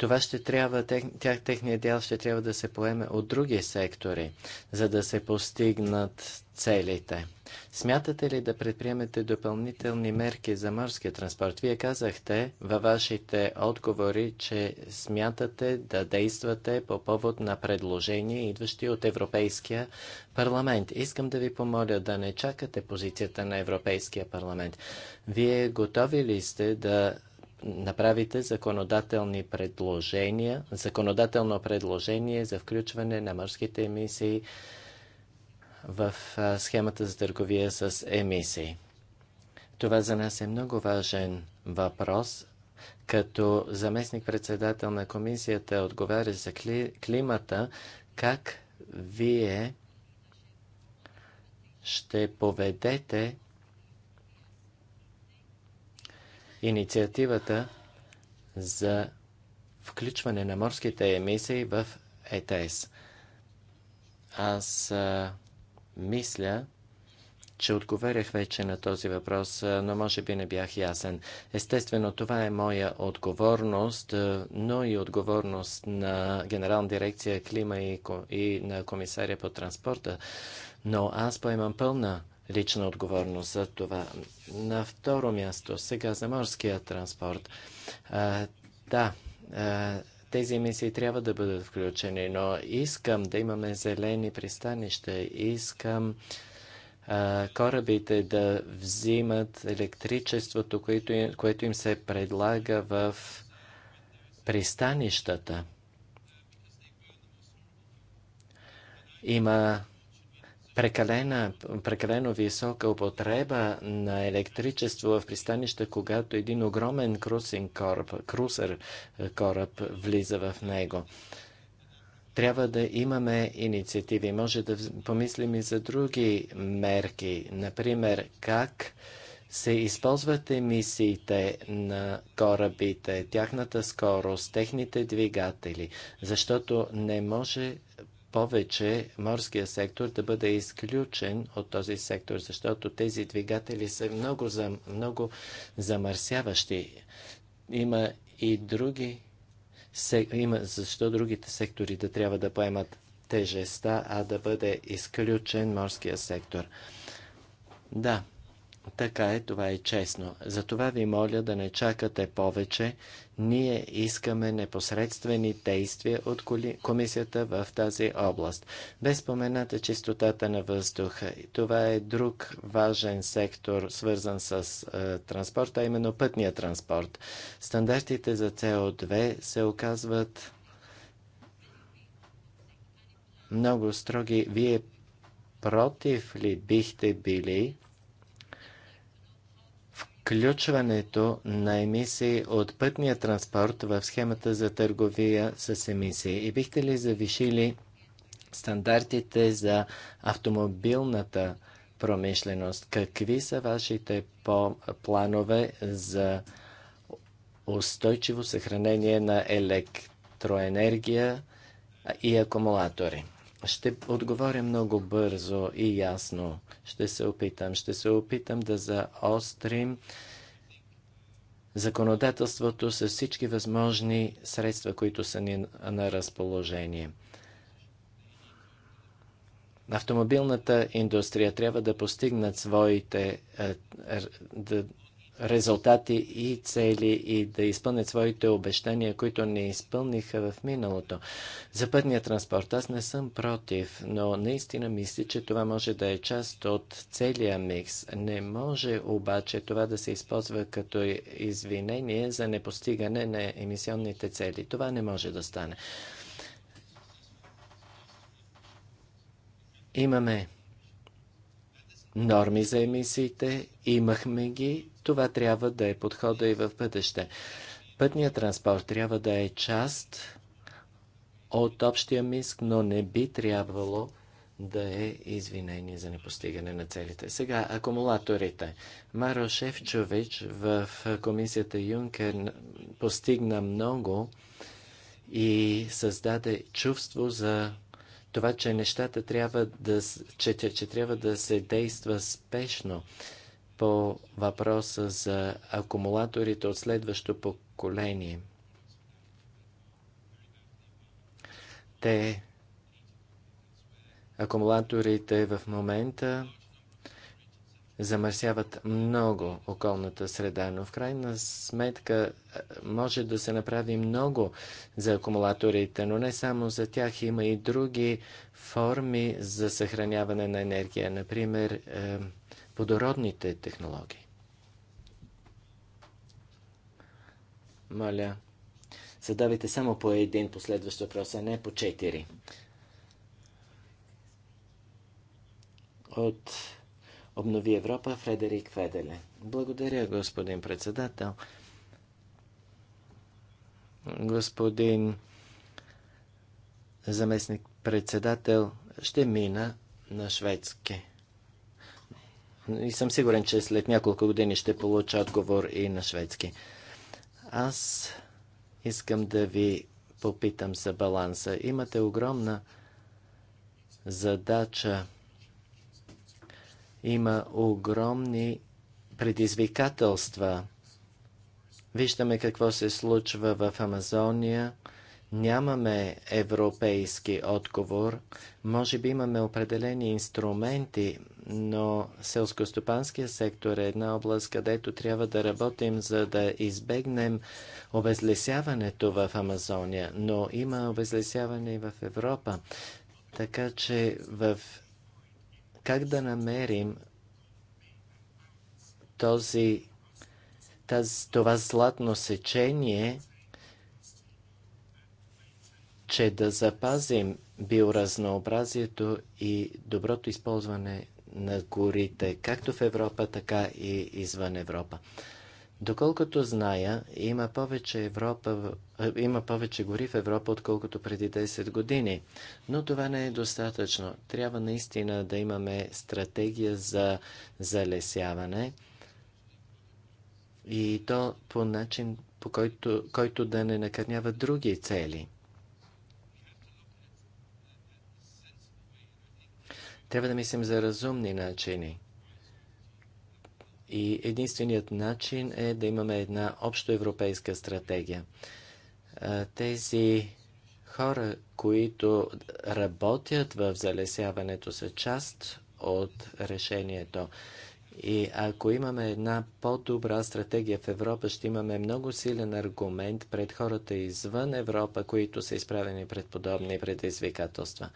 това ще трябва, тях, техния дял ще трябва да се поеме от други сектори, за да се постигнат целите. Смятате ли да предприемете допълнителни мерки за морския транспорт? Вие казахте във вашите отговори, че смятате да действате по повод на предложения, идващи от Европейския парламент. Искам да ви помоля да не чакате позицията на Европейския парламент. Вие готови ли сте да направите законодателни предложения, законодателно предложение за включване на морските емисии в схемата за търговия с емисии. Това за нас е много важен въпрос. Като заместник-председател на комисията отговаря за кли, климата, как вие ще поведете инициативата за включване на морските емисии в ЕТС. Аз а, мисля, че отговарях вече на този въпрос, но може би не бях ясен. Естествено, това е моя отговорност, но и отговорност на Генерална дирекция Клима и, и на комисаря по транспорта. Но аз поемам пълна лична отговорност за това. На второ място, сега за морския транспорт. А, да, а, тези емисии трябва да бъдат включени, но искам да имаме зелени пристанища, искам а, корабите да взимат електричеството, което им, което им се предлага в пристанищата. Има прекалена, прекалено висока употреба на електричество в пристанища, когато един огромен крусен кораб, крусер е, кораб влиза в него. Трябва да имаме инициативи. Може да помислим и за други мерки. Например, как се използват емисиите на корабите, тяхната скорост, техните двигатели, защото не може повече морския сектор да бъде изключен от този сектор, защото тези двигатели са много, зам, много замърсяващи. Има и други, се, има, защо другите сектори да трябва да поемат тежеста, а да бъде изключен морския сектор. Да, така е, това е честно. Затова ви моля да не чакате повече. Ние искаме непосредствени действия от комисията в тази област. Без спомената чистотата на въздуха. Това е друг важен сектор, свързан с е, транспорта, а именно пътния транспорт. Стандартите за CO2 се оказват много строги. Вие против ли бихте били? включването на емисии от пътния транспорт в схемата за търговия с емисии? И бихте ли завишили стандартите за автомобилната промишленост? Какви са вашите планове за устойчиво съхранение на електроенергия и акумулатори? Ще отговоря много бързо и ясно. Ще се опитам. Ще се опитам да заострим законодателството с всички възможни средства, които са ни на разположение. Автомобилната индустрия трябва да постигнат своите, е, да, резултати и цели и да изпълнят своите обещания, които не изпълниха в миналото. За пътния транспорт аз не съм против, но наистина мисля, че това може да е част от целия микс. Не може обаче това да се използва като извинение за непостигане на емисионните цели. Това не може да стане. Имаме норми за емисиите, имахме ги, това трябва да е подхода и в бъдеще. Пътният транспорт трябва да е част от общия миск, но не би трябвало да е извинение за непостигане на целите. Сега, акумулаторите. Маро Шефчович в комисията Юнкер постигна много и създаде чувство за това, че нещата трябва да, че, че трябва да се действа спешно по въпроса за акумулаторите от следващо поколение. Те, акумулаторите в момента замърсяват много околната среда, но в крайна сметка е, може да се направи много за акумулаторите, но не само за тях. Има и други форми за съхраняване на енергия, например е, водородните технологии. Моля, задавайте само по един последващ въпрос, а не по четири. От обнови Европа Фредерик Феделе. Благодаря, господин председател. Господин заместник председател, ще мина на шведски. И съм сигурен, че след няколко години ще получа отговор и на шведски. Аз искам да ви попитам за баланса. Имате огромна задача има огромни предизвикателства. Виждаме какво се случва в Амазония. Нямаме европейски отговор. Може би имаме определени инструменти, но селскостопанския сектор е една област, където трябва да работим, за да избегнем обезлесяването в Амазония. Но има обезлесяване и в Европа. Така че в как да намерим този, таз, това златно сечение, че да запазим биоразнообразието и доброто използване на горите, както в Европа, така и извън Европа. Доколкото зная, има повече, Европа, е, има повече гори в Европа, отколкото преди 10 години. Но това не е достатъчно. Трябва наистина да имаме стратегия за залесяване и то по начин, по който, който да не накърнява други цели. Трябва да мислим за разумни начини. И единственият начин е да имаме една общоевропейска стратегия. Тези хора, които работят в залесяването, са част от решението. И ако имаме една по-добра стратегия в Европа, ще имаме много силен аргумент пред хората извън Европа, които са изправени пред подобни предизвикателства.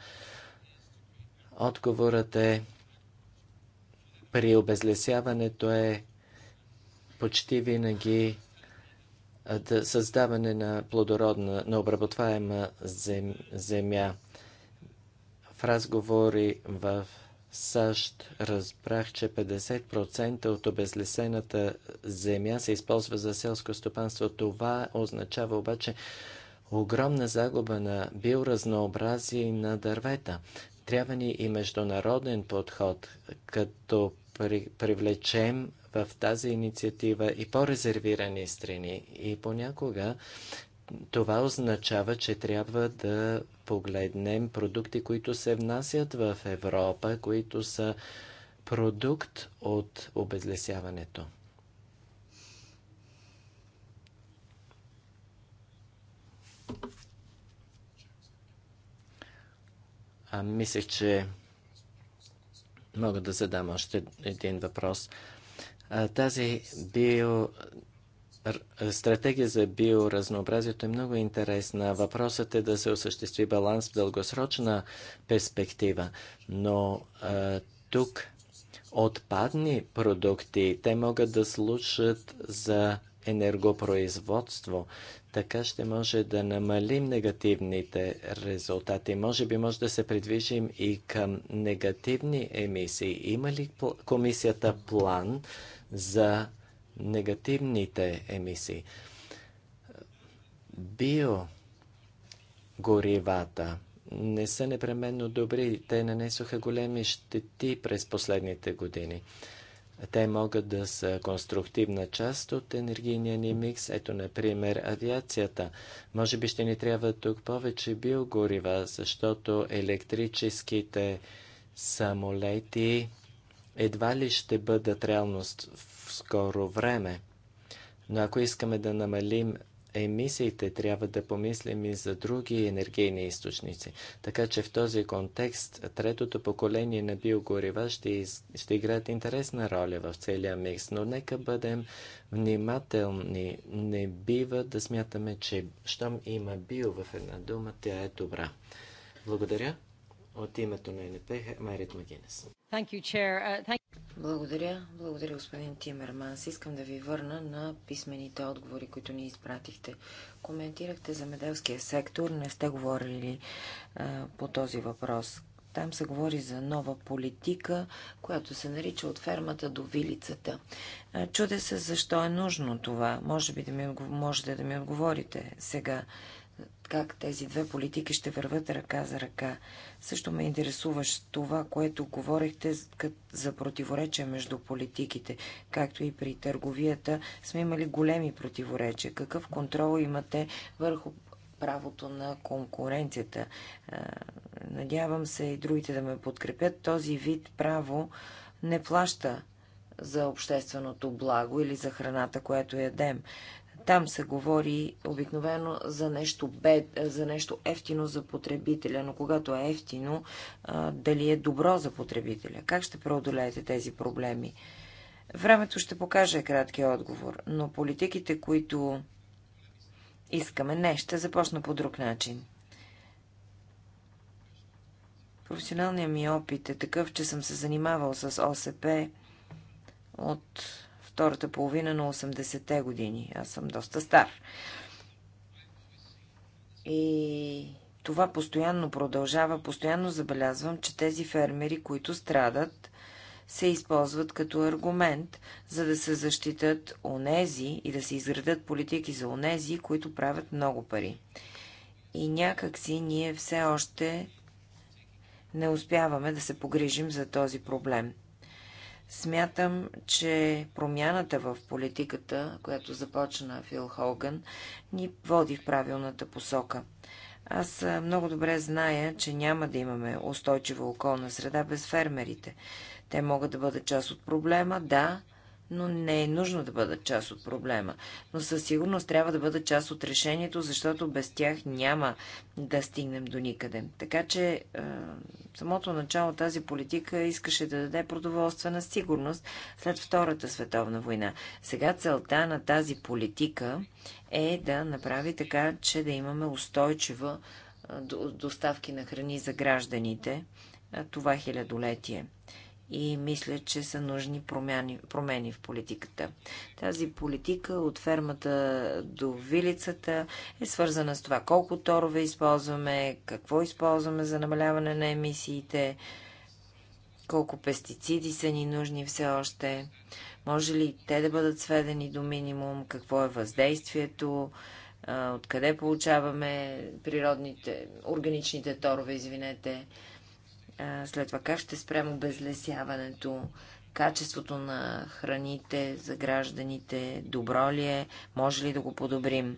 Отговорът е при обезлесяването е почти винаги създаване на плодородна, на обработваема зем, земя. В разговори в САЩ разбрах, че 50% от обезлесената земя се използва за селско стопанство. Това означава обаче огромна загуба на биоразнообразие на дървета. Трябва ни и международен подход, като при, привлечем в тази инициатива и по-резервирани страни. И понякога това означава, че трябва да погледнем продукти, които се внасят в Европа, които са продукт от обезлесяването. А, мислех, че мога да задам още един въпрос. Тази био... стратегия за биоразнообразието е много интересна. Въпросът е да се осъществи баланс в дългосрочна перспектива, но а, тук отпадни продукти, те могат да служат за енергопроизводство. Така ще може да намалим негативните резултати. Може би може да се придвижим и към негативни емисии. Има ли комисията план за негативните емисии? Биогоривата не са непременно добри. Те нанесоха големи щети през последните години. Те могат да са конструктивна част от енергийния ни микс. Ето, например, авиацията. Може би ще ни трябва тук повече биогорива, защото електрическите самолети едва ли ще бъдат реалност в скоро време. Но ако искаме да намалим емисиите, трябва да помислим и за други енергийни източници. Така че в този контекст третото поколение на биогорива ще, ще играят интересна роля в целия микс, но нека бъдем внимателни. Не бива да смятаме, че щом има био в една дума, тя е добра. Благодаря. От името на НП Мерит Магинес. Uh, Благодаря. Благодаря, господин Тимерманс. Искам да ви върна на писмените отговори, които ни изпратихте. Коментирахте за меделския сектор. Не сте говорили а, по този въпрос. Там се говори за нова политика, която се нарича от фермата до вилицата. Чуде се защо е нужно това. Може би да ми, можете да ми отговорите сега как тези две политики ще върват ръка за ръка. Също ме интересуваш това, което говорихте за противоречия между политиките, както и при търговията. Сме имали големи противоречия. Какъв контрол имате върху правото на конкуренцията? Надявам се и другите да ме подкрепят. Този вид право не плаща за общественото благо или за храната, която ядем. Там се говори обикновено за нещо, бед, за нещо ефтино за потребителя, но когато е ефтино, дали е добро за потребителя? Как ще преодолеете тези проблеми? Времето ще покаже краткия отговор, но политиките, които искаме, не, ще започна по друг начин. Професионалният ми опит е такъв, че съм се занимавал с ОСП от втората половина на 80-те години. Аз съм доста стар. И това постоянно продължава. Постоянно забелязвам, че тези фермери, които страдат, се използват като аргумент, за да се защитат онези и да се изградат политики за онези, които правят много пари. И някакси ние все още не успяваме да се погрижим за този проблем. Смятам, че промяната в политиката, която започна Фил Холган, ни води в правилната посока. Аз много добре зная, че няма да имаме устойчива околна среда без фермерите. Те могат да бъдат част от проблема, да, но не е нужно да бъдат част от проблема. Но със сигурност трябва да бъдат част от решението, защото без тях няма да стигнем до никъде. Така че е, самото начало тази политика искаше да даде продоволствена сигурност след Втората световна война. Сега целта на тази политика е да направи така, че да имаме устойчива е, доставки на храни за гражданите е, това хилядолетие и мисля, че са нужни промяни, промени в политиката. Тази политика от фермата до вилицата е свързана с това колко торове използваме, какво използваме за намаляване на емисиите, колко пестициди са ни нужни все още, може ли те да бъдат сведени до минимум, какво е въздействието, откъде получаваме природните, органичните торове, извинете, след това как ще спрем обезлесяването, качеството на храните за гражданите, добро ли е, може ли да го подобрим?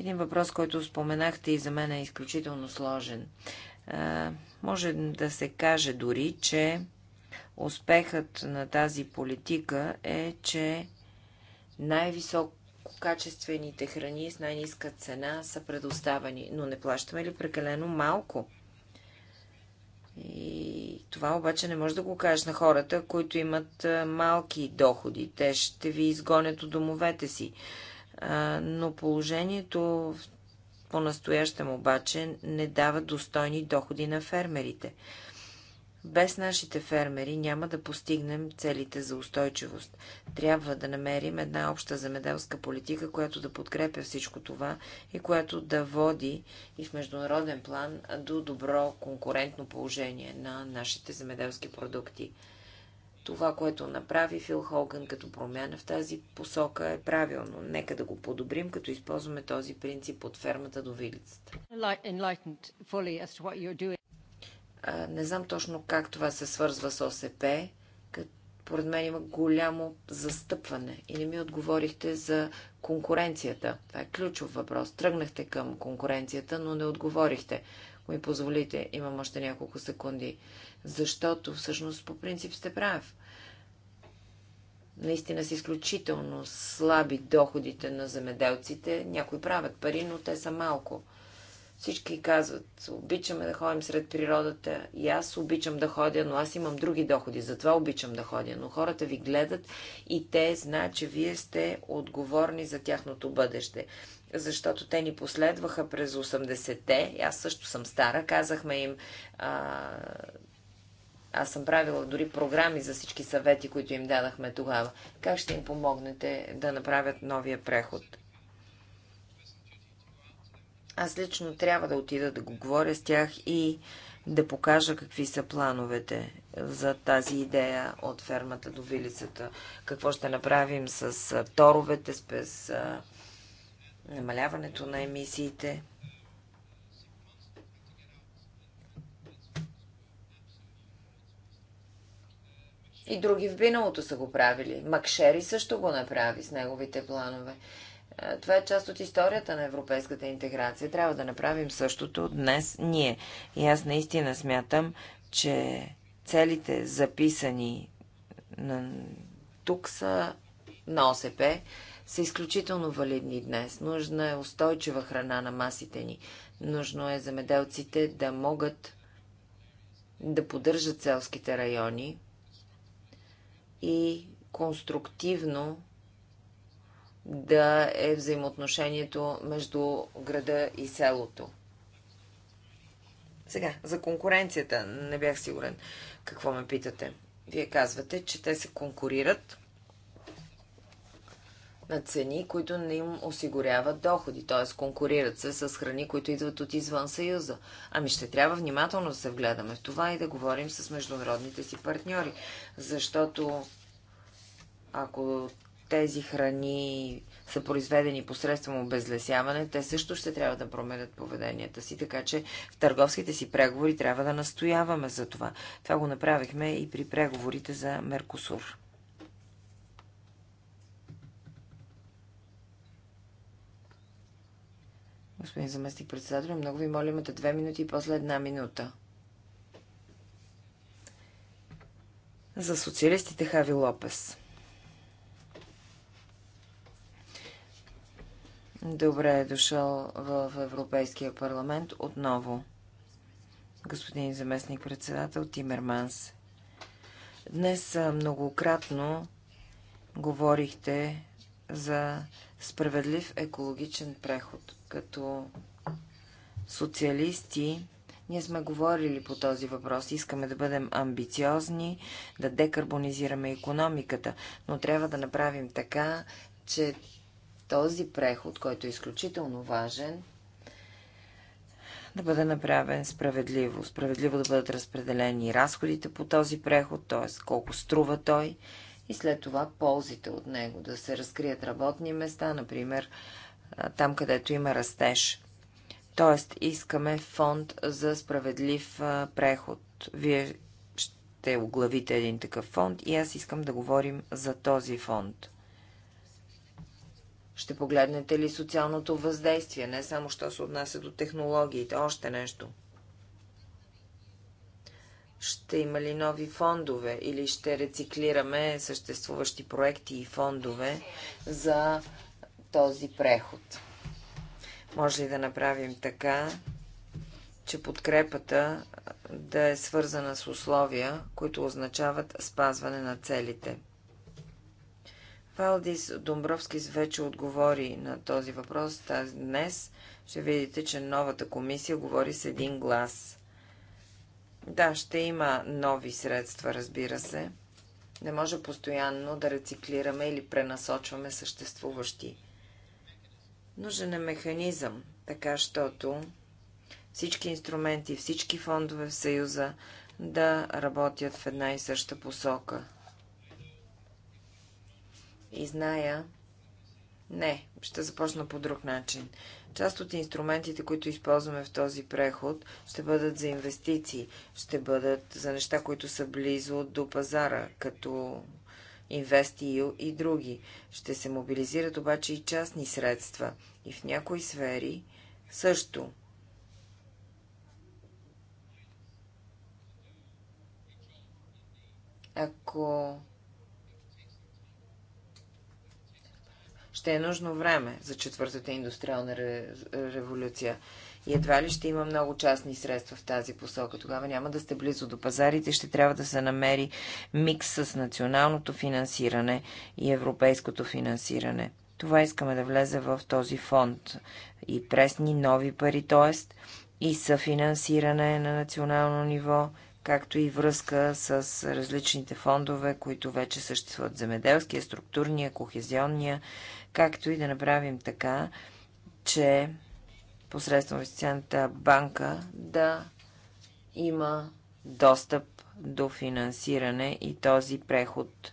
Един въпрос, който споменахте и за мен е изключително сложен. Може да се каже дори, че успехът на тази политика е, че най-високо качествените храни с най-низка цена са предоставени, но не плащаме ли прекалено малко? И това обаче не може да го кажеш на хората, които имат малки доходи. Те ще ви изгонят от домовете си. Но положението по-настоящем обаче не дава достойни доходи на фермерите. Без нашите фермери няма да постигнем целите за устойчивост. Трябва да намерим една обща земеделска политика, която да подкрепя всичко това и която да води и в международен план до добро конкурентно положение на нашите земеделски продукти. Това, което направи Фил Холган като промяна в тази посока е правилно. Нека да го подобрим, като използваме този принцип от фермата до вилицата. Не знам точно как това се свързва с ОСП. като Поред мен има голямо застъпване и не ми отговорихте за конкуренцията. Това е ключов въпрос. Тръгнахте към конкуренцията, но не отговорихте. Ако ми позволите, имам още няколко секунди. Защото всъщност по принцип сте прав наистина са изключително слаби доходите на земеделците. Някои правят пари, но те са малко. Всички казват, обичаме да ходим сред природата и аз обичам да ходя, но аз имам други доходи, затова обичам да ходя. Но хората ви гледат и те знаят, че вие сте отговорни за тяхното бъдеще. Защото те ни последваха през 80-те, аз също съм стара, казахме им, а... аз съм правила дори програми за всички съвети, които им дадахме тогава. Как ще им помогнете да направят новия преход? Аз лично трябва да отида да го говоря с тях и да покажа какви са плановете за тази идея от фермата до вилицата. Какво ще направим с торовете, с намаляването на емисиите. И други в биналото са го правили. Макшери също го направи с неговите планове. Е, това е част от историята на европейската интеграция. Трябва да направим същото днес ние. И аз наистина смятам, че целите записани на... тук са на ОСП са изключително валидни днес. Нужна е устойчива храна на масите ни. Нужно е замеделците да могат да поддържат селските райони и конструктивно да е взаимоотношението между града и селото. Сега, за конкуренцията не бях сигурен какво ме питате. Вие казвате, че те се конкурират на цени, които не им осигуряват доходи, т.е. конкурират се с храни, които идват от извън Съюза. Ами ще трябва внимателно да се вгледаме в това и да говорим с международните си партньори, защото ако тези храни са произведени посредством обезлесяване, те също ще трябва да променят поведенията си, така че в търговските си преговори трябва да настояваме за това. Това го направихме и при преговорите за Меркосур. Господин заместник председател, много ви моля, имате две минути и после една минута. За социалистите Хави Лопес. Добре е дошъл в Европейския парламент отново, господин заместник-председател Тимерманс. Днес многократно говорихте за справедлив екологичен преход. Като социалисти ние сме говорили по този въпрос. Искаме да бъдем амбициозни, да декарбонизираме економиката, но трябва да направим така, че този преход, който е изключително важен, да бъде направен справедливо. Справедливо да бъдат разпределени разходите по този преход, т.е. колко струва той и след това ползите от него. Да се разкрият работни места, например там, където има растеж. Т.е. искаме фонд за справедлив преход. Вие ще оглавите един такъв фонд и аз искам да говорим за този фонд. Ще погледнете ли социалното въздействие, не само що се отнася до технологиите, още нещо? Ще има ли нови фондове или ще рециклираме съществуващи проекти и фондове за този преход? Може ли да направим така, че подкрепата да е свързана с условия, които означават спазване на целите? Валдис Домбровскис вече отговори на този въпрос тази днес. Ще видите, че новата комисия говори с един глас. Да, ще има нови средства, разбира се. Не може постоянно да рециклираме или пренасочваме съществуващи. Нужен е механизъм, така щото всички инструменти, всички фондове в Съюза да работят в една и съща посока – и зная... Не, ще започна по друг начин. Част от инструментите, които използваме в този преход, ще бъдат за инвестиции, ще бъдат за неща, които са близо до пазара, като InvestEU и други. Ще се мобилизират обаче и частни средства. И в някои сфери също. Ако ще е нужно време за четвъртата индустриална революция. И едва ли ще има много частни средства в тази посока. Тогава няма да сте близо до пазарите. Ще трябва да се намери микс с националното финансиране и европейското финансиране. Това искаме да влезе в този фонд. И пресни нови пари, т.е. и съфинансиране на национално ниво, както и връзка с различните фондове, които вече съществуват. Земеделския, структурния, кохезионния както и да направим така, че посредством инвестиционната банка да има достъп до финансиране и този преход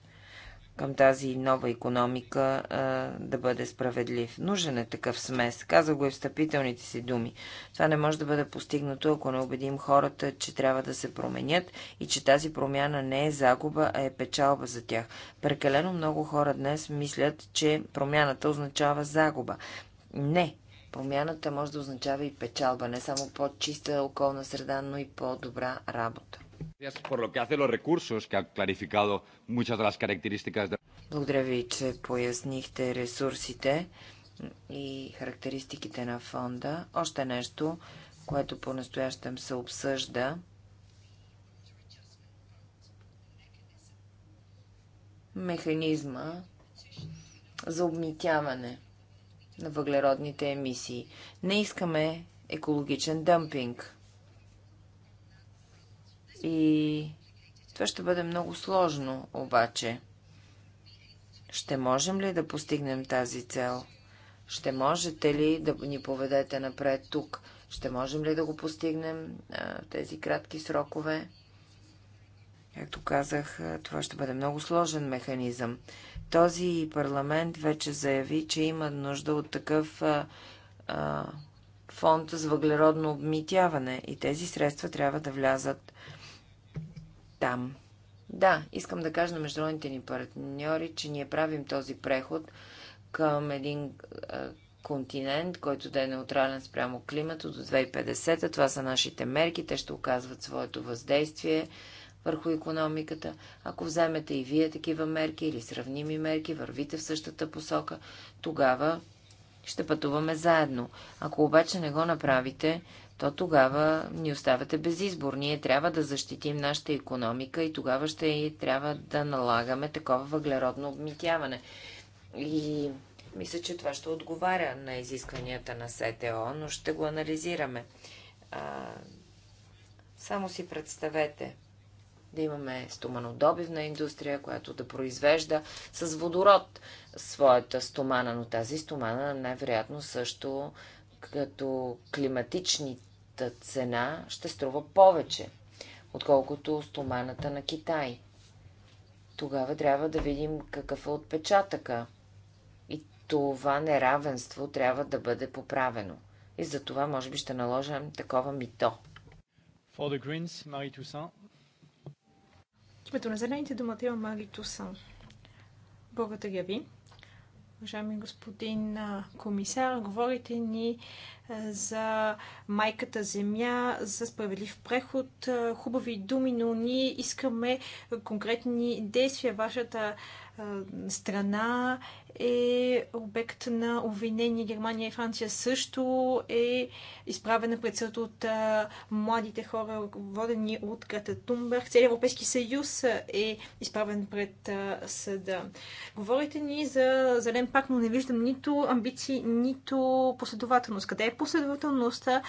към тази нова економика а, да бъде справедлив. Нужен е такъв смес. Каза го и встъпителните си думи. Това не може да бъде постигнато, ако не убедим хората, че трябва да се променят и че тази промяна не е загуба, а е печалба за тях. Прекалено много хора днес мислят, че промяната означава загуба. Не, Промяната може да означава и печалба, не само по-чиста околна среда, но и по-добра работа. Благодаря ви, че пояснихте ресурсите и характеристиките на фонда. Още нещо, което по-настоящем се обсъжда. Механизма за обмитяване на въглеродните емисии. Не искаме екологичен дъмпинг. И това ще бъде много сложно, обаче. Ще можем ли да постигнем тази цел? Ще можете ли да ни поведете напред тук? Ще можем ли да го постигнем в тези кратки срокове? Както казах, това ще бъде много сложен механизъм. Този парламент вече заяви, че има нужда от такъв а, а, фонд за въглеродно обмитяване и тези средства трябва да влязат там. Да, искам да кажа на международните ни партньори, че ние правим този преход към един континент, който да е неутрален спрямо климата до 2050. та Това са нашите мерки. Те ще оказват своето въздействие върху економиката. Ако вземете и вие такива мерки или сравними мерки, вървите в същата посока, тогава ще пътуваме заедно. Ако обаче не го направите, то тогава ни оставяте без избор. Ние трябва да защитим нашата економика и тогава ще и трябва да налагаме такова въглеродно обмитяване. И мисля, че това ще отговаря на изискванията на СТО, но ще го анализираме. А, само си представете да имаме стоманодобивна индустрия, която да произвежда с водород своята стомана, но тази стомана най-вероятно също като климатични Нашата цена ще струва повече, отколкото стоманата на Китай. Тогава трябва да видим какъв е отпечатъка. И това неравенство трябва да бъде поправено. И за това, може би, ще наложим такова мито. For the Greens, Името на зелените думата има Мари Тусан. Благодаря ви. Уважаеми господин комисар, говорите ни за майката земя, за справедлив преход. Хубави думи, но ние искаме конкретни действия. Вашата страна е обект на обвинение. Германия и Франция също е изправена пред съд от а, младите хора, водени от Грата Тунберг. Целият Европейски съюз е изправен пред а, съда. Говорите ни за зелен пак, но не виждам нито амбиции, нито последователност. Къде е последователността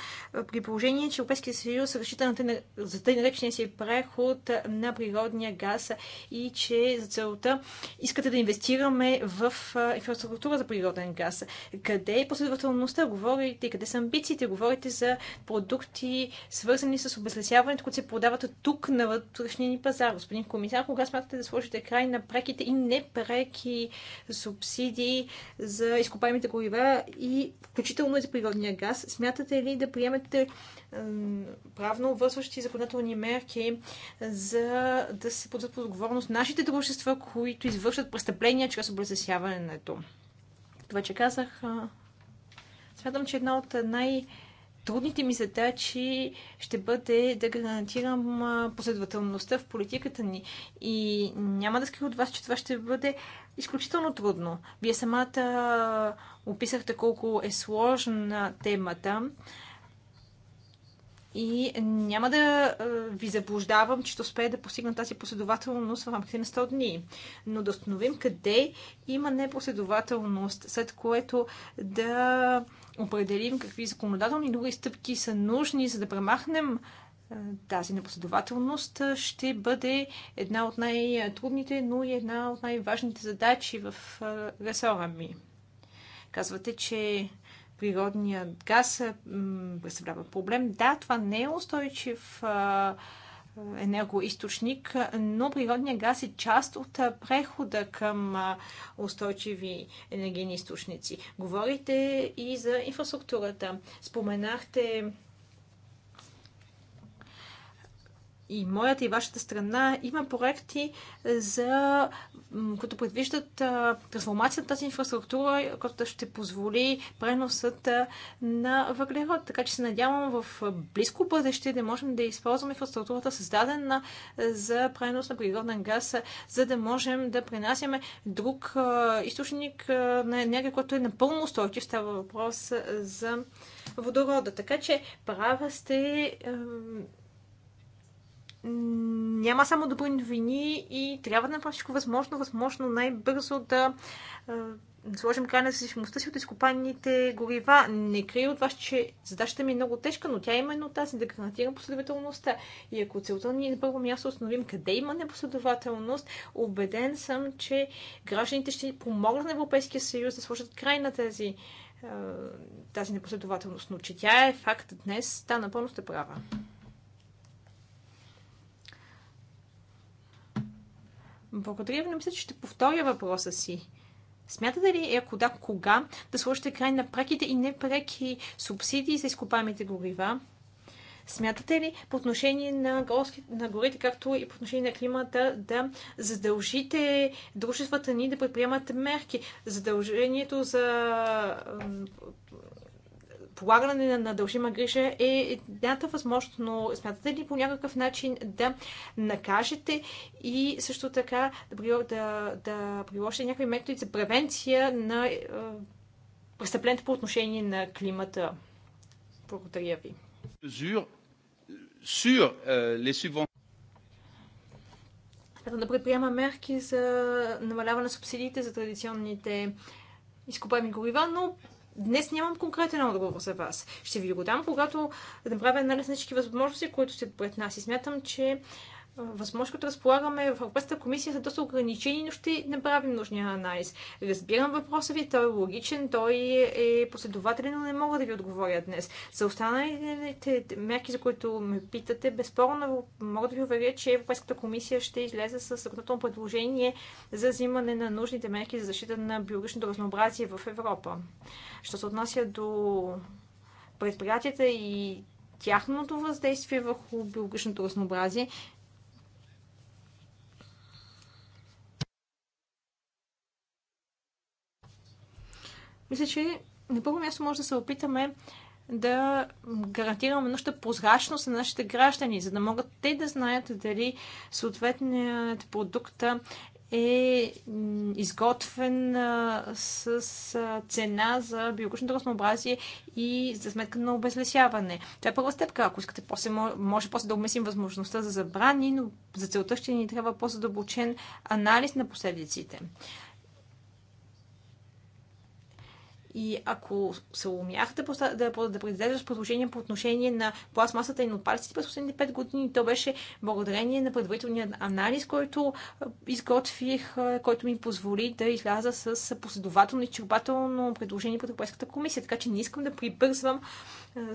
при положение, че Европейския съюз разчита на за тъй наречения си преход на природния газ и че за целта искате да инвестираме в инфраструктура за природен газ? Къде е последователността? Говорите, къде са амбициите? Говорите за продукти, свързани с обезлесяването, които се продават тук на вътрешния ни пазар. Господин комисар, кога смятате да сложите край на преките и непреки субсидии за изкопаемите горива и включително и за природния газ? Смятате ли да приемете правно обвързващи законодателни мерки, за да се подадат под отговорност нашите дружества, които извършват престъпления чрез обезлесяването. Това, че казах, смятам, че една от най- трудните ми задачи ще бъде да гарантирам последователността в политиката ни. И няма да скрия от вас, че това ще бъде изключително трудно. Вие самата описахте колко е сложна темата и няма да е, ви заблуждавам, че ще успея да постигна тази последователност в рамките на 100 дни. Но да установим къде има непоследователност, след което да определим какви законодателни и други стъпки са нужни, за да премахнем е, тази непоследователност е, ще бъде една от най-трудните, но и една от най-важните задачи в ресора ми. Казвате, че природният газ представлява проблем. Да, това не е устойчив енергоисточник, но природният газ е част от прехода към устойчиви енергийни източници. Говорите и за инфраструктурата. Споменахте и моята и вашата страна има проекти, е, за, които предвиждат е, трансформация на тази инфраструктура, която ще позволи преносът на въглерод. Така че се надявам в близко бъдеще да можем да използваме инфраструктурата, създадена е, за пренос на природен газ, за да можем да пренасяме друг източник на енергия, който е напълно устойчив. Става въпрос за водорода. Така че права сте няма само добри новини и трябва да направим всичко възможно, възможно най-бързо да е, сложим край на зависимостта си от изкопаните горива. Не крия от вас, че задачата ми е много тежка, но тя е именно тази да гарантирам последователността. И ако целта ни е на първо място установим къде има непоследователност, убеден съм, че гражданите ще помогнат на Европейския съюз да сложат край на тези е, тази непоследователност, но че тя е факт днес, та напълно сте права. Благодаря ви, но мисля, че ще повторя въпроса си. Смятате ли, е, ако да, кога да сложите край на преките и непреки субсидии за изкопаемите горива? Смятате ли по отношение на, горски, на горите, както и по отношение на климата, да задължите дружествата ни да предприемат мерки? Задължението за полагане на, на дължима грижа е едната възможност, но смятате ли по някакъв начин да накажете и също така да, да, да приложите някакви методи за превенция на е, престъплението по отношение на климата? Благодаря ви. Euh, да предприема мерки за намаляване на субсидиите за традиционните изкопаеми горива, но Днес нямам конкретен отговор за вас. Ще ви го дам, когато направя анализ на всички възможности, които сте пред нас. И смятам, че възможност, като разполагаме в Европейската комисия, са доста ограничени, но ще направим нужния анализ. Разбирам въпроса ви, той е логичен, той е последователен, но не мога да ви отговоря днес. За останалите мерки, за които ме питате, безспорно мога да ви уверя, че Европейската комисия ще излезе с законодателно предложение за взимане на нужните мерки за защита на биологичното разнообразие в Европа. Що се отнася до предприятията и тяхното въздействие върху биологичното разнообразие, Мисля, че на първо място може да се опитаме да гарантираме нужда прозрачност на нашите граждани, за да могат те да знаят дали съответният продукт е изготвен с цена за биологичното разнообразие и за сметка на обезлесяване. Това е първа степка, Ако искате, после, може после да обмислим възможността за забрани, но за целта ще ни трябва по-задълбочен анализ на последиците. И ако се умях да, да, да предизвикаш предложение по отношение на пластмасата и на отпадъците през последните години, то беше благодарение на предварителния анализ, който изготвих, който ми позволи да изляза с последователно и черпателно предложение пред Европейската комисия. Така че не искам да прибързвам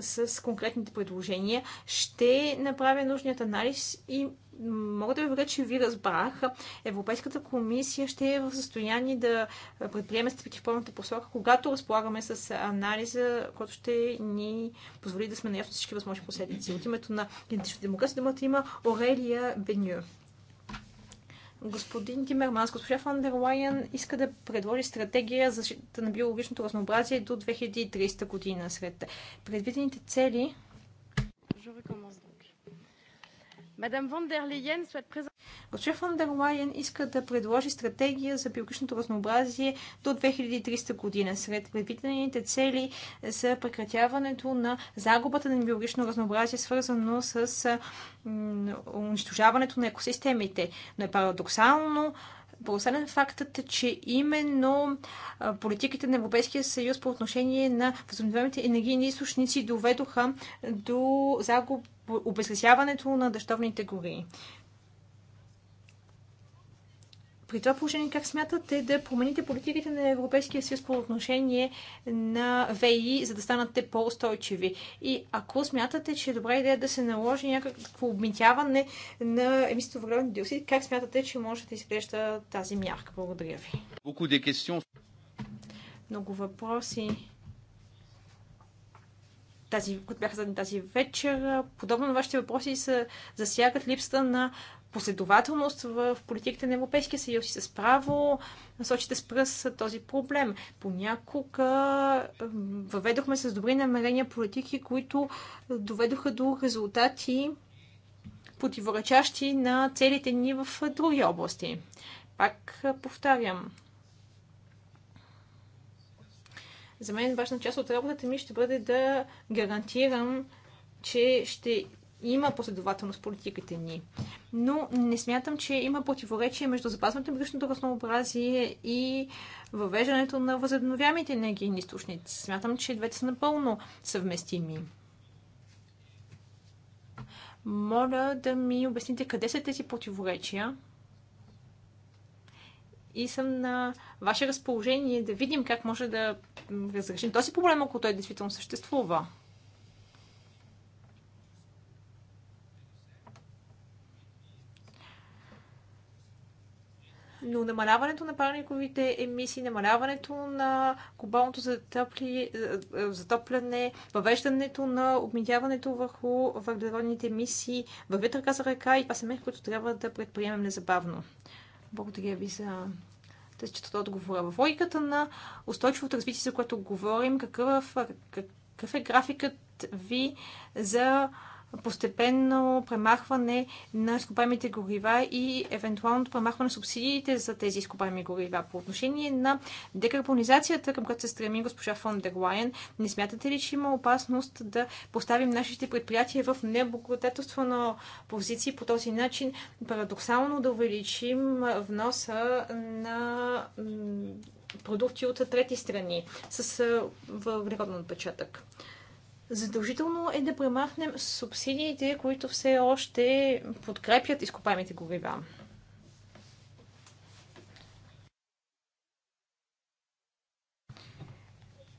с конкретните предложения. Ще направя нужният анализ и мога да ви уверя, че ви разбрах. Европейската комисия ще е в състояние да предприеме стъпки в пълната посока, когато разполагаме с анализа, който ще ни позволи да сме наясно всички възможни последици. От името на генетичната демокрация думата има Орелия Беню. Господин Тимерманс, госпожа Фан дер Лайен иска да предложи стратегия за защита на биологичното разнообразие до 2030 година. Сред предвидените цели Мадам дер Лейен след Госпожа Фон дер Лайен иска да предложи стратегия за биологичното разнообразие до 2300 година сред предвидените цели за прекратяването на загубата на биологично разнообразие, свързано с унищожаването на екосистемите. Но е парадоксално, Полусален фактът е, че именно политиките на Европейския съюз по отношение на възобновяемите енергийни източници доведоха до загуб обезлесяването на дъщовните гори. При това положение как смятате да промените политиките на Европейския съюз по отношение на ВИ, за да станат те по-устойчиви? И ако смятате, че е добра идея да се наложи някакво обмитяване на емисията въглероден диоксид, как смятате, че може да изглежда тази мярка? Благодаря ви. Много въпроси тази, които бяха задни тази вечер. Подобно на вашите въпроси са, засягат липсата на последователност в политиките на Европейския съюз и с право насочите с пръст този проблем. Понякога въведохме с добри намерения политики, които доведоха до резултати противоречащи на целите ни в други области. Пак повтарям, За мен важна част от работата ми ще бъде да гарантирам, че ще има последователност в политиките ни. Но не смятам, че има противоречие между запазването на биологичното разнообразие и въвеждането на възобновяемите енергийни източници. Смятам, че двете са напълно съвместими. Моля да ми обясните къде са тези противоречия и съм на ваше разположение да видим как може да разрешим този проблем, ако той действително съществува. но намаляването на парниковите емисии, намаляването на глобалното затопляне, въвеждането на обмитяването върху въглеродните емисии вървят ръка за ръка и това са мерки, които трябва да предприемем незабавно. Благодаря ви за тези отговора. В логиката на устойчивото развитие, за което говорим, какъв, какъв е графикът ви за постепенно премахване на изкопаемите горива и евентуалното премахване на субсидиите за тези изкопаеми горива. По отношение на декарбонизацията, към която се стреми госпожа фон дер Лайен, не смятате ли, че има опасност да поставим нашите предприятия в неблагодетелствена позиции по този начин парадоксално да увеличим вноса на продукти от трети страни с въглеродно отпечатък. Задължително е да премахнем субсидиите, които все още подкрепят изкопаемите горива.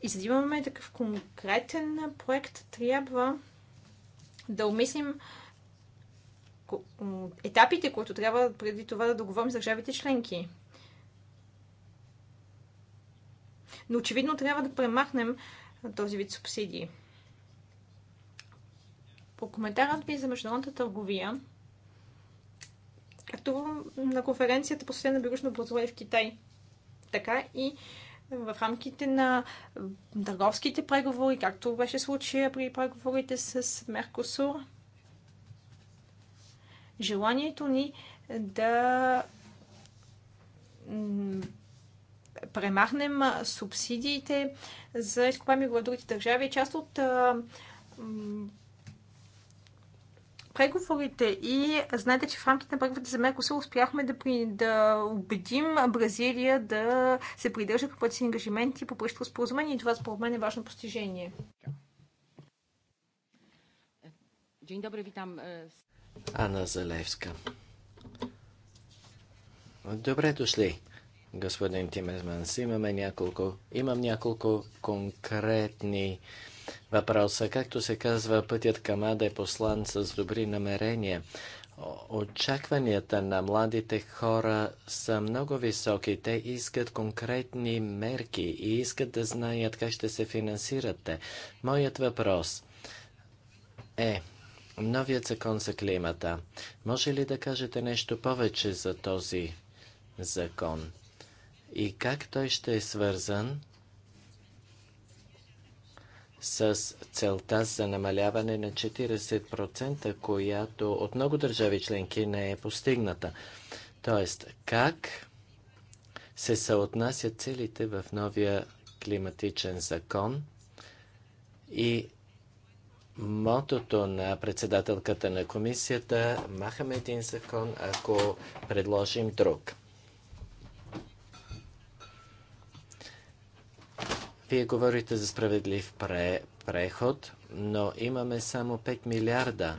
И за да имаме такъв конкретен проект, трябва да умислим етапите, които трябва преди това да договорим с държавите членки. Но очевидно трябва да премахнем този вид субсидии. По коментарът ми за международната търговия, както на конференцията по на биологично образование в Китай, така и в рамките на търговските преговори, както беше случая при преговорите с Меркосур, желанието ни да премахнем субсидиите за изкопаеми в другите държави е част от преговорите и знаете, че в рамките на първата за Меркосур успяхме да, при, да убедим Бразилия да се придържа по си ангажименти по пръщото споразумение и това според мен е важно постижение. Dzień добре, витам. Ана Залевска. Добре дошли, господин Тимерманс. Имаме няколко, имам няколко конкретни въпроса. Както се казва, пътят към Ада е послан с добри намерения. Очакванията на младите хора са много високи. Те искат конкретни мерки и искат да знаят как ще се финансирате. Моят въпрос е, новият закон за климата, може ли да кажете нещо повече за този закон? И как той ще е свързан с целта за намаляване на 40%, която от много държави членки не е постигната. Тоест, как се съотнасят целите в новия климатичен закон и мотото на председателката на комисията махаме един закон, ако предложим друг. Вие говорите за справедлив пре, преход, но имаме само 5 милиарда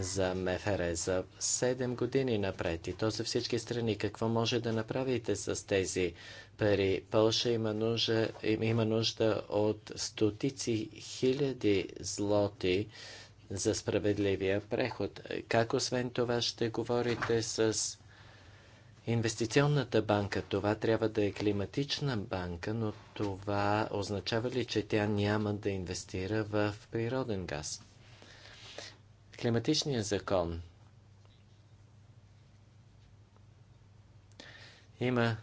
за МФР за 7 години напред и то за всички страни. Какво може да направите с тези пари? Пълша има нужда, има нужда от стотици хиляди злоти за справедливия преход. Как освен това ще говорите с Инвестиционната банка, това трябва да е климатична банка, но това означава ли, че тя няма да инвестира в природен газ? Климатичният закон има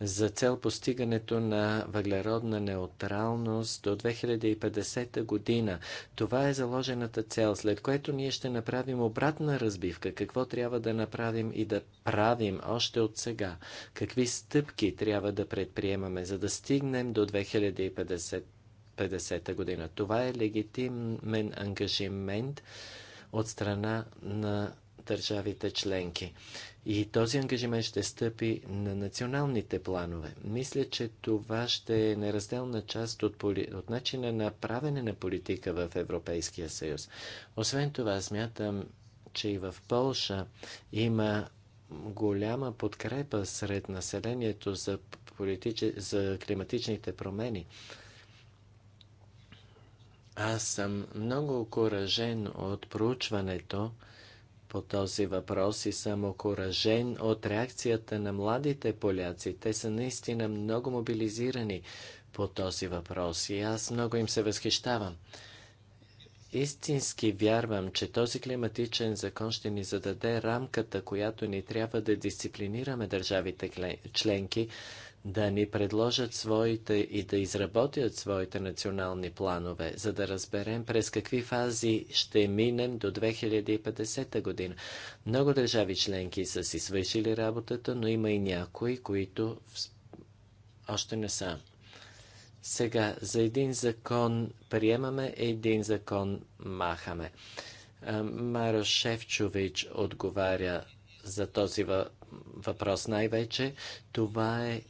за цел постигането на въглеродна неутралност до 2050 година. Това е заложената цел, след което ние ще направим обратна разбивка. Какво трябва да направим и да правим още от сега? Какви стъпки трябва да предприемаме, за да стигнем до 2050 50 година. Това е легитимен ангажимент от страна на държавите членки. И този ангажимент ще стъпи на националните планове. Мисля, че това ще е неразделна част от, поли... от начина на правене на политика в Европейския съюз. Освен това, смятам, че и в Полша има голяма подкрепа сред населението за, политич... за климатичните промени. Аз съм много окоръжен от проучването, по този въпрос и съм окоръжен от реакцията на младите поляци. Те са наистина много мобилизирани по този въпрос и аз много им се възхищавам. Истински вярвам, че този климатичен закон ще ни зададе рамката, която ни трябва да дисциплинираме държавите членки да ни предложат своите и да изработят своите национални планове, за да разберем през какви фази ще минем до 2050 година. Много държави членки са си свършили работата, но има и някои, които още не са. Сега, за един закон приемаме, един закон махаме. Маро Шевчович отговаря за този въпрос най-вече. Това е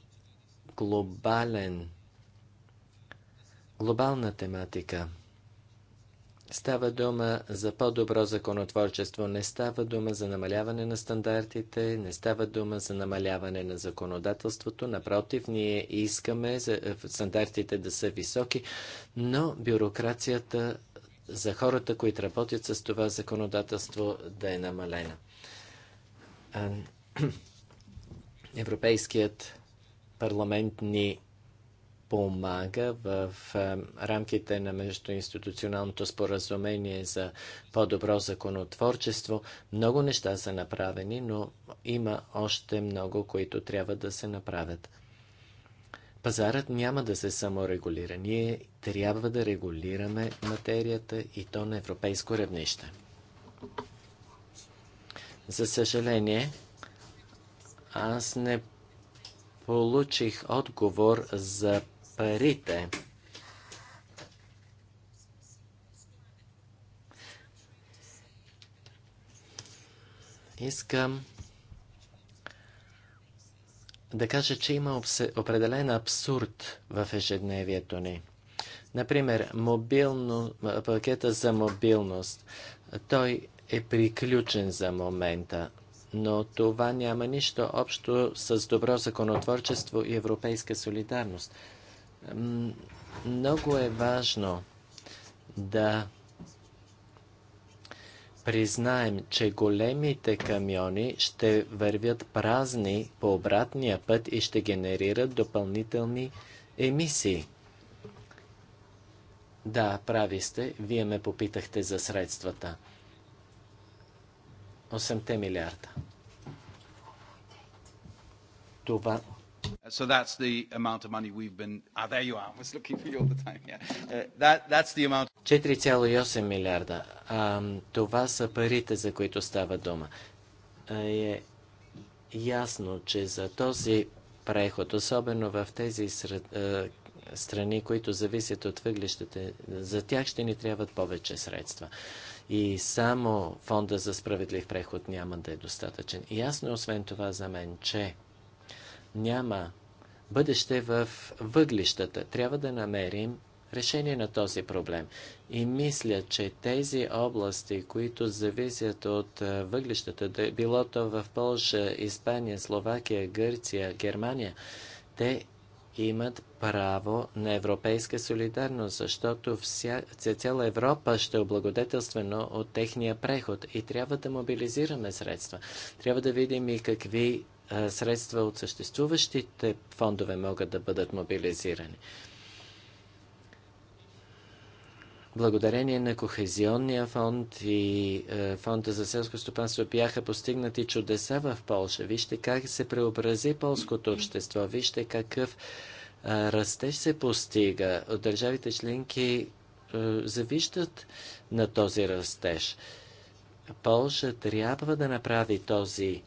глобален, глобална тематика. Става дума за по-добро законотворчество, не става дума за намаляване на стандартите, не става дума за намаляване на законодателството. Напротив, ние искаме стандартите да са високи, но бюрокрацията за хората, които работят с това законодателство, да е намалена. Европейският парламент ни помага в рамките на междуинституционалното споразумение за по-добро законотворчество. Много неща са направени, но има още много, които трябва да се направят. Пазарът няма да се саморегулира. Ние трябва да регулираме материята и то на европейско равнище. За съжаление, аз не получих отговор за парите. Искам да кажа, че има определен абсурд в ежедневието ни. Например, мобилно, пакета за мобилност. Той е приключен за момента но това няма нищо общо с добро законотворчество и европейска солидарност. Много е важно да признаем, че големите камиони ще вървят празни по обратния път и ще генерират допълнителни емисии. Да, прави сте. Вие ме попитахте за средствата. 8 милиарда това. So that's the amount of money we've been. Ah, there you are. I was looking for you all the time. Yeah. Uh, that, that's the amount. 4,8 милиарда. А, това са парите, за които става дума. Uh, е ясно, че за този преход, особено в тези сред, uh, страни, които зависят от въглищата, за тях ще ни трябват повече средства. И само фонда за справедлив преход няма да е достатъчен. И ясно е освен това за мен, че няма бъдеще в въглищата. Трябва да намерим решение на този проблем. И мисля, че тези области, които зависят от въглищата, било то в Польша, Испания, Словакия, Гърция, Германия, те имат право на европейска солидарност, защото вся, цяла Европа ще е облагодетелства от техния преход и трябва да мобилизираме средства. Трябва да видим и какви средства от съществуващите фондове могат да бъдат мобилизирани. Благодарение на Кохезионния фонд и Фонда за селско стопанство бяха постигнати чудеса в Польша. Вижте как се преобрази полското общество. Вижте какъв растеж се постига. Държавите членки завиждат на този растеж. Полша трябва да направи този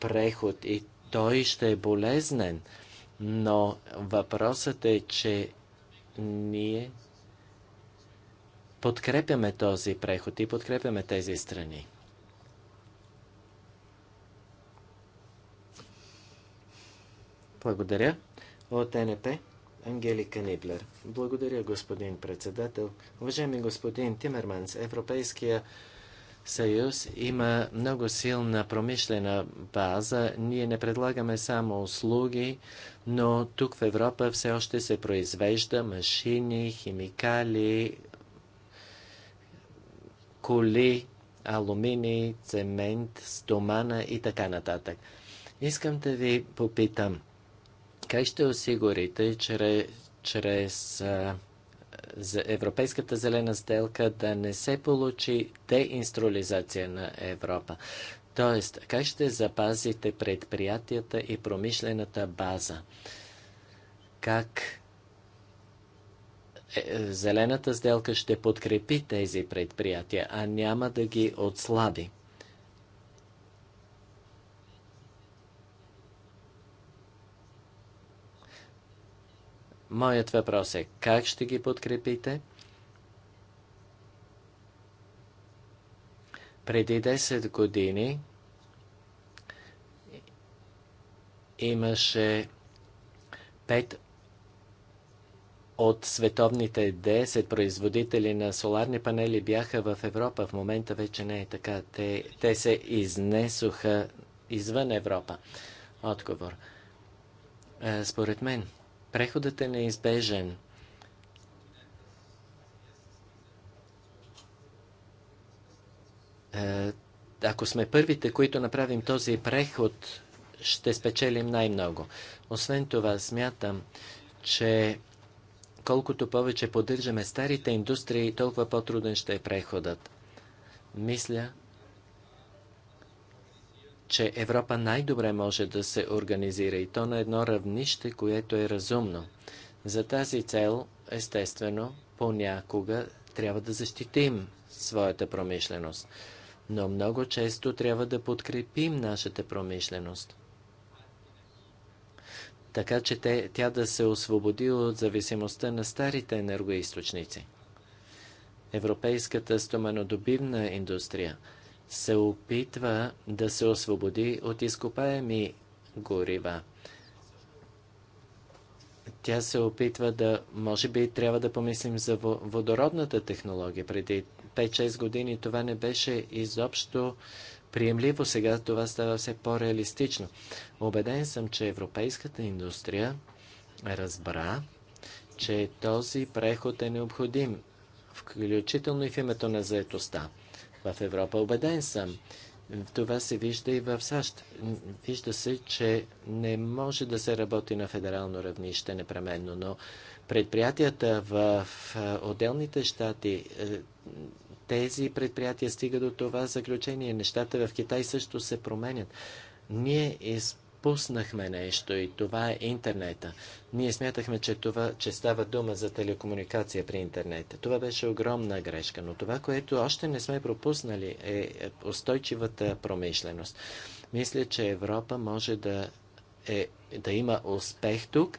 преход и той ще е болезнен, но въпросът е, че ние подкрепяме този преход и подкрепяме тези страни. Благодаря. От НП Ангелика Ниблер. Благодаря, господин председател. Уважаеми господин Тимерманс, Европейския съюз има много силна промишлена база. Ние не предлагаме само услуги, но тук в Европа все още се произвежда машини, химикали, коли, алуминий, цемент, стомана и така нататък. Искам да ви попитам, как ще осигурите чрез, чрез за Европейската зелена сделка да не се получи деинструализация на Европа. Тоест, как ще запазите предприятията и промишлената база? Как е, е, зелената сделка ще подкрепи тези предприятия, а няма да ги отслаби? Моят въпрос е как ще ги подкрепите? Преди 10 години имаше 5 от световните 10 производители на соларни панели бяха в Европа. В момента вече не е така. Те, те се изнесоха извън Европа. Отговор. Е, според мен, Преходът е неизбежен. Е, ако сме първите, които направим този преход, ще спечелим най-много. Освен това, смятам, че колкото повече поддържаме старите индустрии, толкова по-труден ще е преходът. Мисля, че Европа най-добре може да се организира и то на едно равнище, което е разумно. За тази цел, естествено, понякога трябва да защитим своята промишленост, но много често трябва да подкрепим нашата промишленост. Така че те, тя да се освободи от зависимостта на старите енергоисточници. Европейската стоманодобивна индустрия – се опитва да се освободи от изкопаеми горива. Тя се опитва да, може би трябва да помислим за водородната технология. Преди 5-6 години това не беше изобщо приемливо, сега това става все по-реалистично. Обеден съм, че европейската индустрия разбра, че този преход е необходим, включително и в името на заетостта в Европа. Обеден съм. Това се вижда и в САЩ. Вижда се, че не може да се работи на федерално равнище непременно, но предприятията в отделните щати, е, тези предприятия стигат до това заключение. Нещата в Китай също се променят. Ние из пропуснахме нещо и това е интернета. Ние смятахме, че, това, че става дума за телекомуникация при интернета. Това беше огромна грешка, но това, което още не сме пропуснали е устойчивата промишленост. Мисля, че Европа може да, е, да има успех тук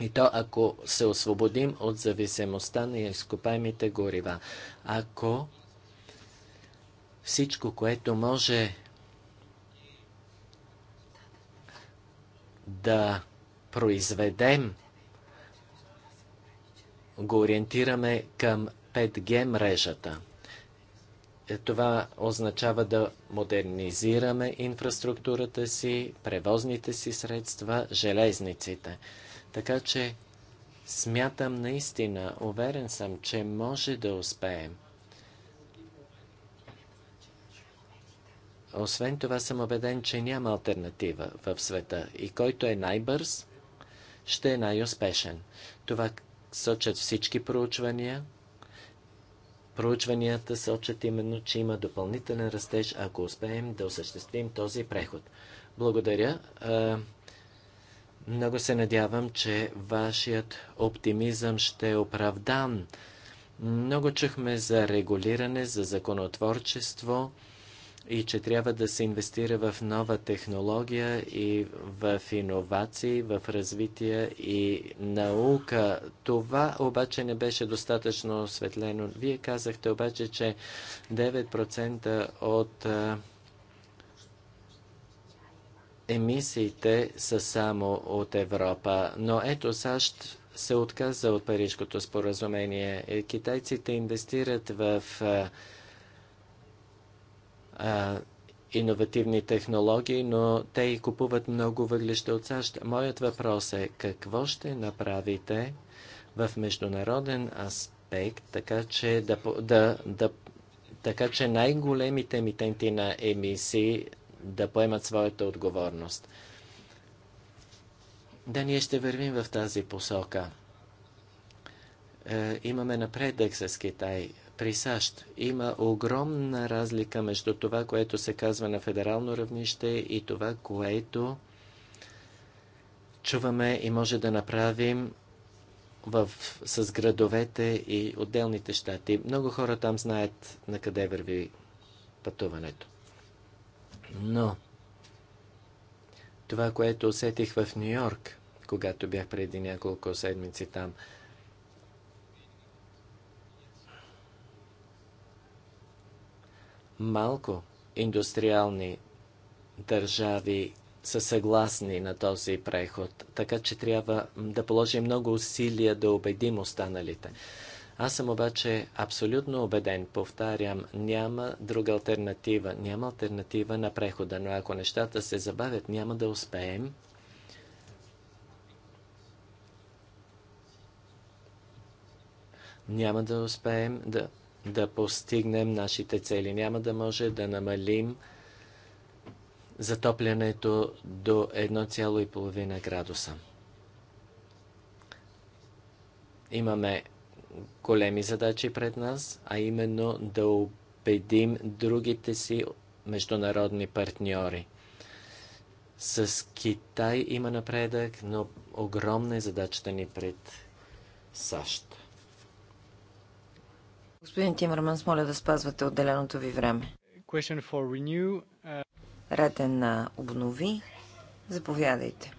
и то ако се освободим от зависимостта на изкопаемите горива. Ако всичко, което може да произведем, го ориентираме към 5G мрежата. Е, това означава да модернизираме инфраструктурата си, превозните си средства, железниците. Така че смятам наистина, уверен съм, че може да успеем. Освен това съм убеден, че няма альтернатива в света и който е най-бърз, ще е най-успешен. Това сочат всички проучвания. Проучванията сочат именно, че има допълнителен растеж, ако успеем да осъществим този преход. Благодаря. Много се надявам, че вашият оптимизъм ще е оправдан. Много чухме за регулиране, за законотворчество и че трябва да се инвестира в нова технология и в иновации, в развитие и наука. Това обаче не беше достатъчно осветлено. Вие казахте обаче, че 9% от емисиите са само от Европа. Но ето САЩ се отказа от Парижкото споразумение. Китайците инвестират в а, иновативни технологии, но те и купуват много въглища от САЩ. Моят въпрос е какво ще направите в международен аспект, така че, да, да, да, така че най-големите емитенти на емисии да поемат своята отговорност. Да, ние ще вървим в тази посока. Е, имаме напредък с Китай при САЩ. Има огромна разлика между това, което се казва на федерално равнище и това, което чуваме и може да направим в, с градовете и отделните щати. Много хора там знаят на къде върви пътуването. Но това, което усетих в Нью Йорк, когато бях преди няколко седмици там – Малко индустриални държави са съгласни на този преход, така че трябва да положим много усилия да убедим останалите. Аз съм обаче абсолютно убеден, повтарям, няма друга альтернатива, няма альтернатива на прехода, но ако нещата се забавят, няма да успеем. Няма да успеем да да постигнем нашите цели. Няма да може да намалим затоплянето до 1,5 градуса. Имаме големи задачи пред нас, а именно да убедим другите си международни партньори. С Китай има напредък, но огромна е задачата ни пред САЩ. Господин Тимърманс, моля да спазвате отделеното ви време. Uh, Ретен на обнови. Заповядайте.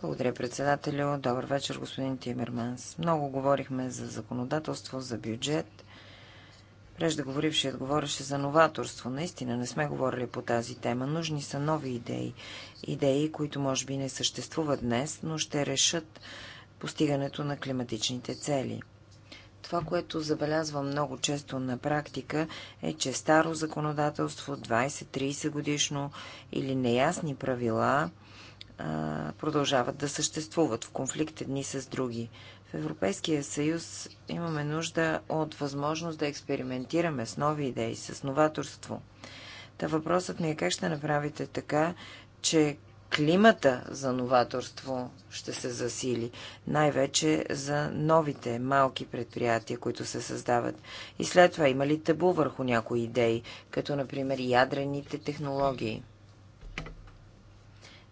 Благодаря, председателю. Добър вечер, господин Тимерманс. Много говорихме за законодателство, за бюджет. Преждеговорившият говореше за новаторство. Наистина не сме говорили по тази тема. Нужни са нови идеи. Идеи, които може би не съществуват днес, но ще решат постигането на климатичните цели – това, което забелязвам много често на практика, е, че старо законодателство, 20-30 годишно или неясни правила а, продължават да съществуват в конфликт едни с други. В Европейския съюз имаме нужда от възможност да експериментираме с нови идеи, с новаторство. Та въпросът ми е как ще направите така, че климата за новаторство ще се засили, най-вече за новите малки предприятия, които се създават. И след това има ли табу върху някои идеи, като например ядрените технологии?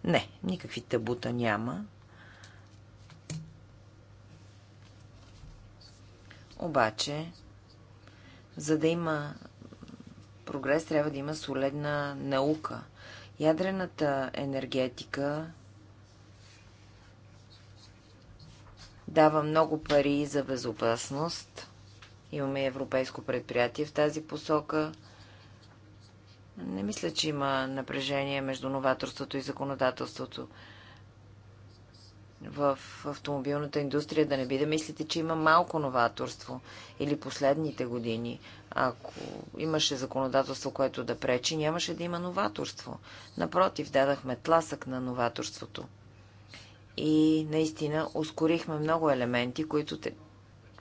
Не, никакви табута няма. Обаче, за да има прогрес, трябва да има солидна наука – Ядрената енергетика дава много пари за безопасност. Имаме европейско предприятие в тази посока. Не мисля, че има напрежение между новаторството и законодателството в автомобилната индустрия, да не би да мислите, че има малко новаторство или последните години. Ако имаше законодателство, което да пречи, нямаше да има новаторство. Напротив, дадахме тласък на новаторството. И наистина ускорихме много елементи, които те,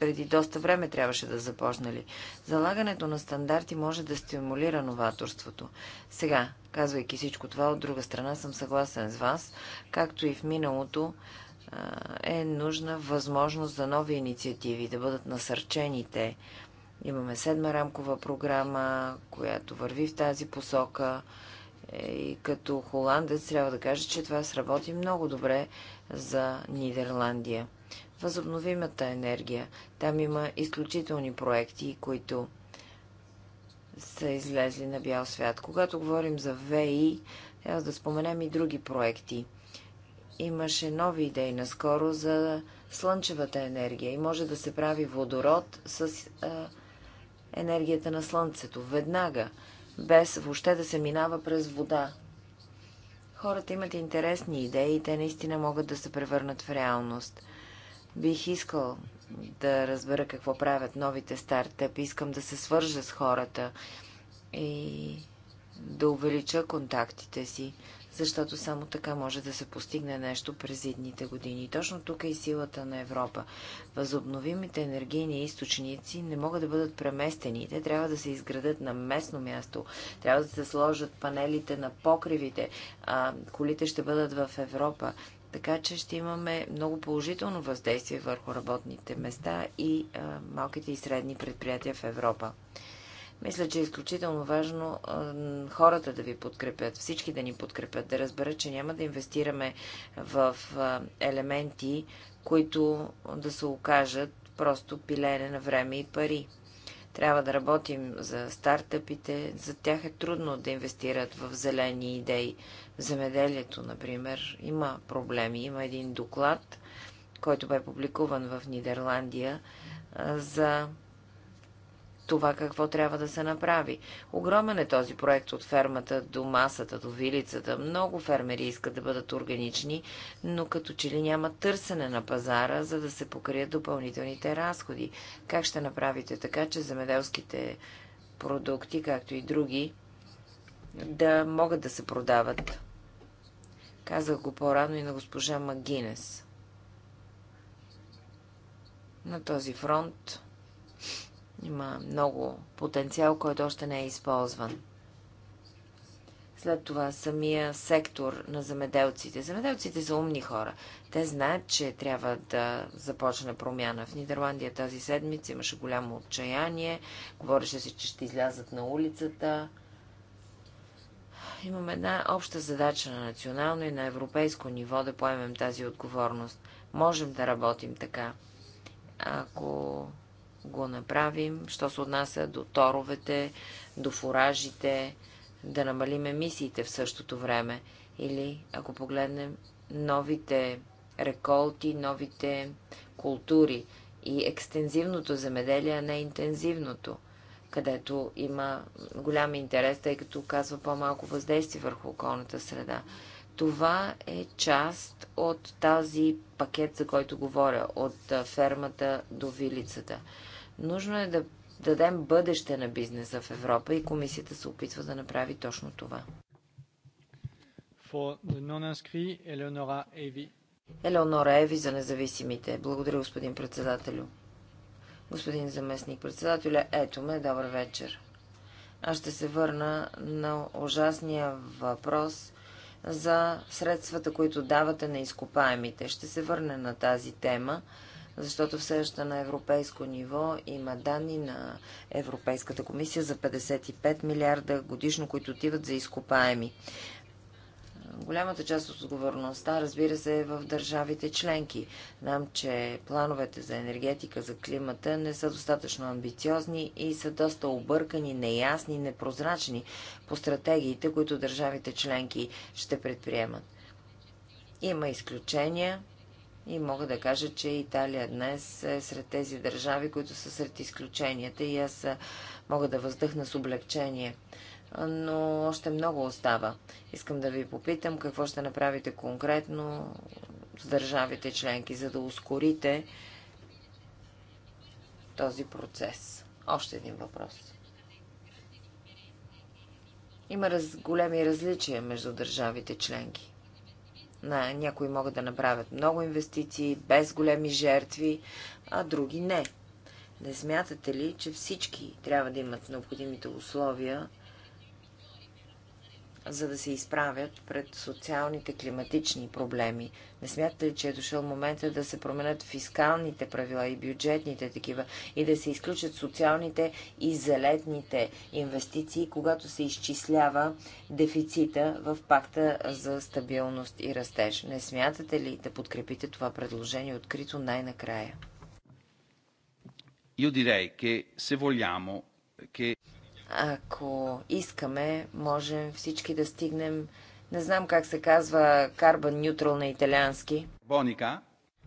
преди доста време трябваше да започнали. Залагането на стандарти може да стимулира новаторството. Сега, казвайки всичко това, от друга страна съм съгласен с вас, както и в миналото, е нужна възможност за нови инициативи, да бъдат насърчените. Имаме седма рамкова програма, която върви в тази посока. Е, и като холандец трябва да кажа, че това сработи много добре за Нидерландия. Възобновимата енергия. Там има изключителни проекти, които са излезли на бял свят. Когато говорим за ВИ, трябва да споменем и други проекти – Имаше нови идеи наскоро за слънчевата енергия и може да се прави водород с а, енергията на слънцето веднага, без въобще да се минава през вода. Хората имат интересни идеи и те наистина могат да се превърнат в реалност. Бих искал да разбера какво правят новите стартъпи, искам да се свържа с хората и да увелича контактите си, защото само така може да се постигне нещо през едните години. Точно тук е и силата на Европа. Възобновимите енергийни източници не могат да бъдат преместени. Те трябва да се изградат на местно място, трябва да се сложат панелите на покривите, а колите ще бъдат в Европа. Така че ще имаме много положително въздействие върху работните места и а, малките и средни предприятия в Европа. Мисля, че е изключително важно хората да ви подкрепят, всички да ни подкрепят, да разберат, че няма да инвестираме в елементи, които да се окажат просто пилене на време и пари. Трябва да работим за стартъпите. За тях е трудно да инвестират в зелени идеи. В земеделието, например, има проблеми. Има един доклад, който бе публикуван в Нидерландия за това какво трябва да се направи. Огромен е този проект от фермата до масата, до вилицата. Много фермери искат да бъдат органични, но като че ли няма търсене на пазара, за да се покрият допълнителните разходи. Как ще направите така, че земеделските продукти, както и други, да могат да се продават? Казах го по-рано и на госпожа Магинес. На този фронт има много потенциал, който още не е използван. След това самия сектор на замеделците. Замеделците са умни хора. Те знаят, че трябва да започне промяна. В Нидерландия тази седмица имаше голямо отчаяние. Говореше се, че ще излязат на улицата. Имаме една обща задача на национално и на европейско ниво да поемем тази отговорност. Можем да работим така. Ако го направим, що се отнася до торовете, до фуражите, да намалим емисиите в същото време. Или, ако погледнем новите реколти, новите култури и екстензивното земеделие, а не интензивното, където има голям интерес, тъй като оказва по-малко въздействие върху околната среда. Това е част от тази пакет, за който говоря, от фермата до вилицата. Нужно е да дадем бъдеще на бизнеса в Европа и комисията се опитва да направи точно това. Елеонора Еви. Елеонора Еви за независимите. Благодаря, господин председателю. Господин заместник председателя, ето ме, добър вечер. Аз ще се върна на ужасния въпрос за средствата, които давате на изкопаемите. Ще се върна на тази тема защото все още на европейско ниво има данни на Европейската комисия за 55 милиарда годишно, които отиват за изкопаеми. Голямата част от отговорността, разбира се, е в държавите членки. Нам, че плановете за енергетика, за климата не са достатъчно амбициозни и са доста объркани, неясни, непрозрачни по стратегиите, които държавите членки ще предприемат. Има изключения, и мога да кажа, че Италия днес е сред тези държави, които са сред изключенията и аз мога да въздъхна с облегчение. Но още много остава. Искам да ви попитам какво ще направите конкретно с държавите членки, за да ускорите този процес. Още един въпрос. Има раз, големи различия между държавите членки. На някои могат да направят много инвестиции, без големи жертви, а други не. Не смятате ли, че всички трябва да имат необходимите условия за да се изправят пред социалните климатични проблеми? Не смятате ли, че е дошъл момента да се променят фискалните правила и бюджетните такива и да се изключат социалните и залетните инвестиции, когато се изчислява дефицита в пакта за стабилност и растеж? Не смятате ли да подкрепите това предложение открито най-накрая? Io direi che se vogliamo che ако искаме, можем всички да стигнем, не знам как се казва карбан нютрал на италиански. Боника.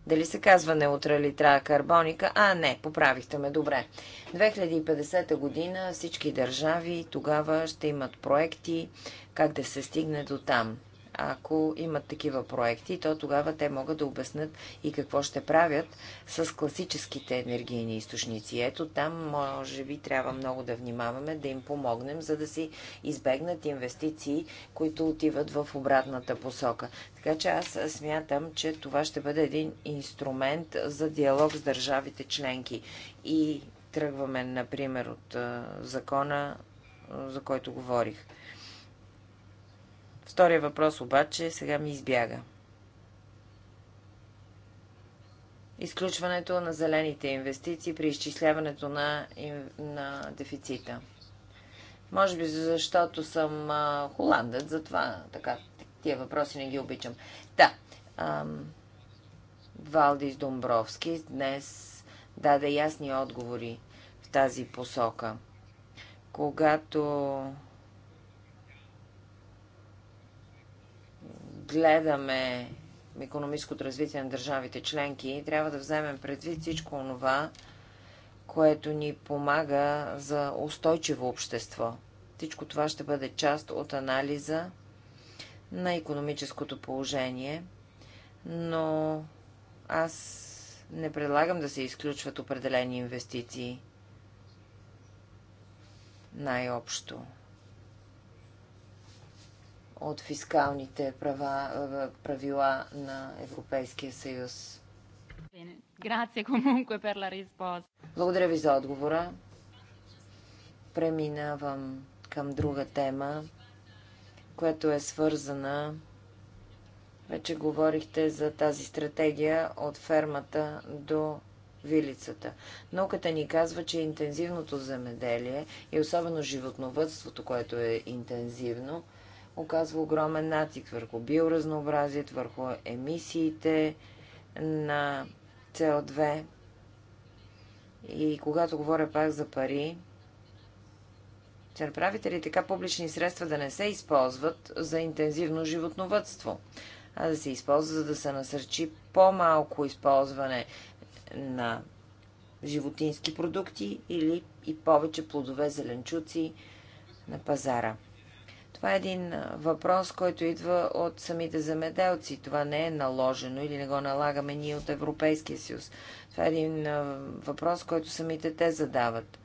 Дали се казва неутралитра карбоника? А, не, поправихте ме, добре. 2050 година всички държави тогава ще имат проекти как да се стигне до там. Ако имат такива проекти, то тогава те могат да обяснат и какво ще правят с класическите енергийни източници. Ето там, може би, трябва много да внимаваме, да им помогнем, за да си избегнат инвестиции, които отиват в обратната посока. Така че аз смятам, че това ще бъде един инструмент за диалог с държавите членки. И тръгваме, например, от закона, за който говорих. Втория въпрос обаче сега ми избяга. Изключването на зелените инвестиции при изчисляването на, на дефицита. Може би защото съм а, холандец, затова така, тия въпроси не ги обичам. Да, ам, Валдис Домбровски днес даде ясни отговори в тази посока. Когато гледаме економическото развитие на държавите членки, трябва да вземем предвид всичко онова, което ни помага за устойчиво общество. Всичко това ще бъде част от анализа на економическото положение, но аз не предлагам да се изключват определени инвестиции най-общо от фискалните права, е, правила на Европейския съюз? Благодаря ви за отговора. Преминавам към друга тема, която е свързана. Вече говорихте за тази стратегия от фермата до вилицата. Науката ни казва, че интензивното земеделие и особено животновътството, което е интензивно, оказва огромен натиск върху биоразнообразието, върху емисиите на CO2. И когато говоря пак за пари, че направите ли така публични средства да не се използват за интензивно животновътство, а да се използва, за да се насърчи по-малко използване на животински продукти или и повече плодове, зеленчуци на пазара? Това е един въпрос, който идва от самите земеделци. Това не е наложено или не го налагаме ние от Европейския съюз. Това е един въпрос, който самите те задават.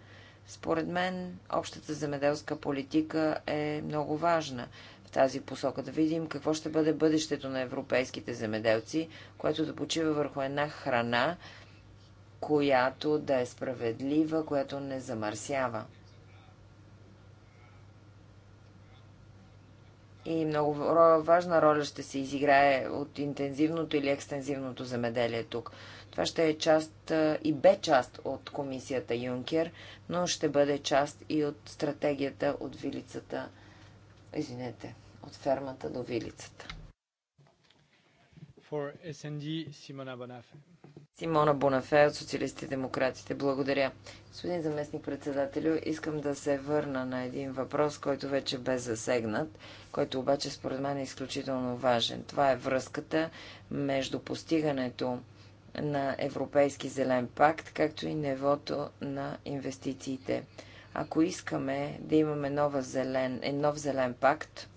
Според мен, общата земеделска политика е много важна в тази посока. Да видим какво ще бъде бъдещето на европейските земеделци, което да почива върху една храна, която да е справедлива, която не замърсява. и много важна роля ще се изиграе от интензивното или екстензивното земеделие тук. Това ще е част и бе част от комисията Юнкер, но ще бъде част и от стратегията от вилицата, извинете, от фермата до вилицата. For SND Simona Bonafé. Симона Бонафе от Социалистите и демократите. Благодаря. Господин заместник председателю, искам да се върна на един въпрос, който вече бе засегнат, който обаче според мен е изключително важен. Това е връзката между постигането на Европейски зелен пакт, както и нивото на инвестициите. Ако искаме да имаме нова зелен, е, нов зелен пакт,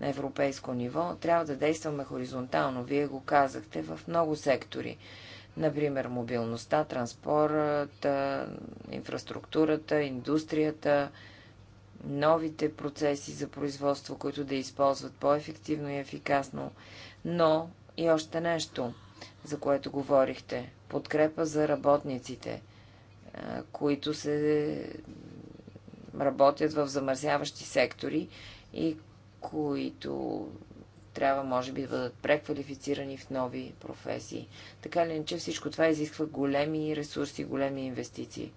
на европейско ниво, трябва да действаме хоризонтално. Вие го казахте в много сектори. Например, мобилността, транспорта, инфраструктурата, индустрията, новите процеси за производство, които да използват по-ефективно и ефикасно. Но и още нещо, за което говорихте. Подкрепа за работниците, които се работят в замърсяващи сектори и които трябва, може би, да бъдат преквалифицирани в нови професии. Така ли, че всичко това изисква големи ресурси, големи инвестиции.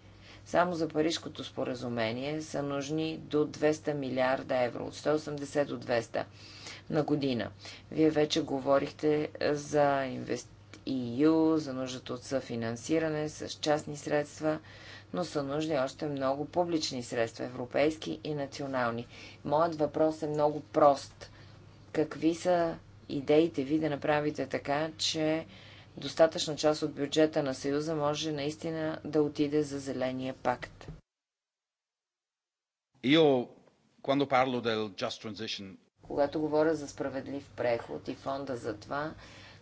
Само за парижското споразумение са нужни до 200 милиарда евро, от 180 до 200 на година. Вие вече говорихте за InvestEU, за нуждата от съфинансиране с частни средства, но са нужни още много публични средства, европейски и национални. Моят въпрос е много прост. Какви са идеите ви да направите така, че достатъчна част от бюджета на Съюза може наистина да отиде за Зеления пакт? Io, quando parlo del Just Transition... Когато говоря за справедлив преход и фонда за това,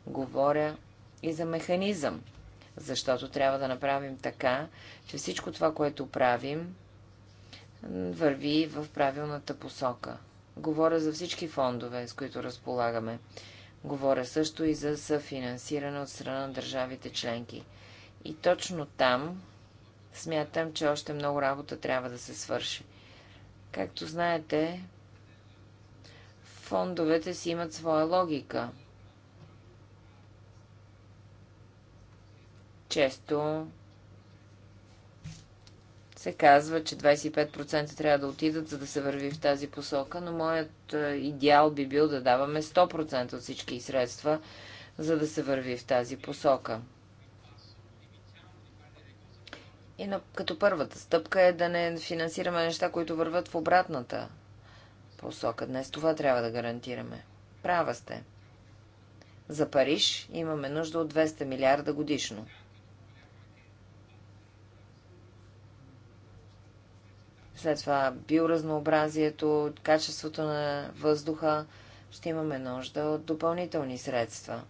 говоря и за механизъм, защото трябва да направим така, че всичко това, което правим, върви в правилната посока. Говоря за всички фондове, с които разполагаме. Говоря също и за съфинансиране от страна на държавите членки. И точно там смятам, че още много работа трябва да се свърши. Както знаете, фондовете си имат своя логика. Често се казва, че 25% трябва да отидат, за да се върви в тази посока, но моят е, идеал би бил да даваме 100% от всички средства, за да се върви в тази посока. И на, като първата стъпка е да не финансираме неща, които върват в обратната посока. Днес това трябва да гарантираме. Права сте. За Париж имаме нужда от 200 милиарда годишно. След това биоразнообразието, качеството на въздуха. Ще имаме нужда от допълнителни средства.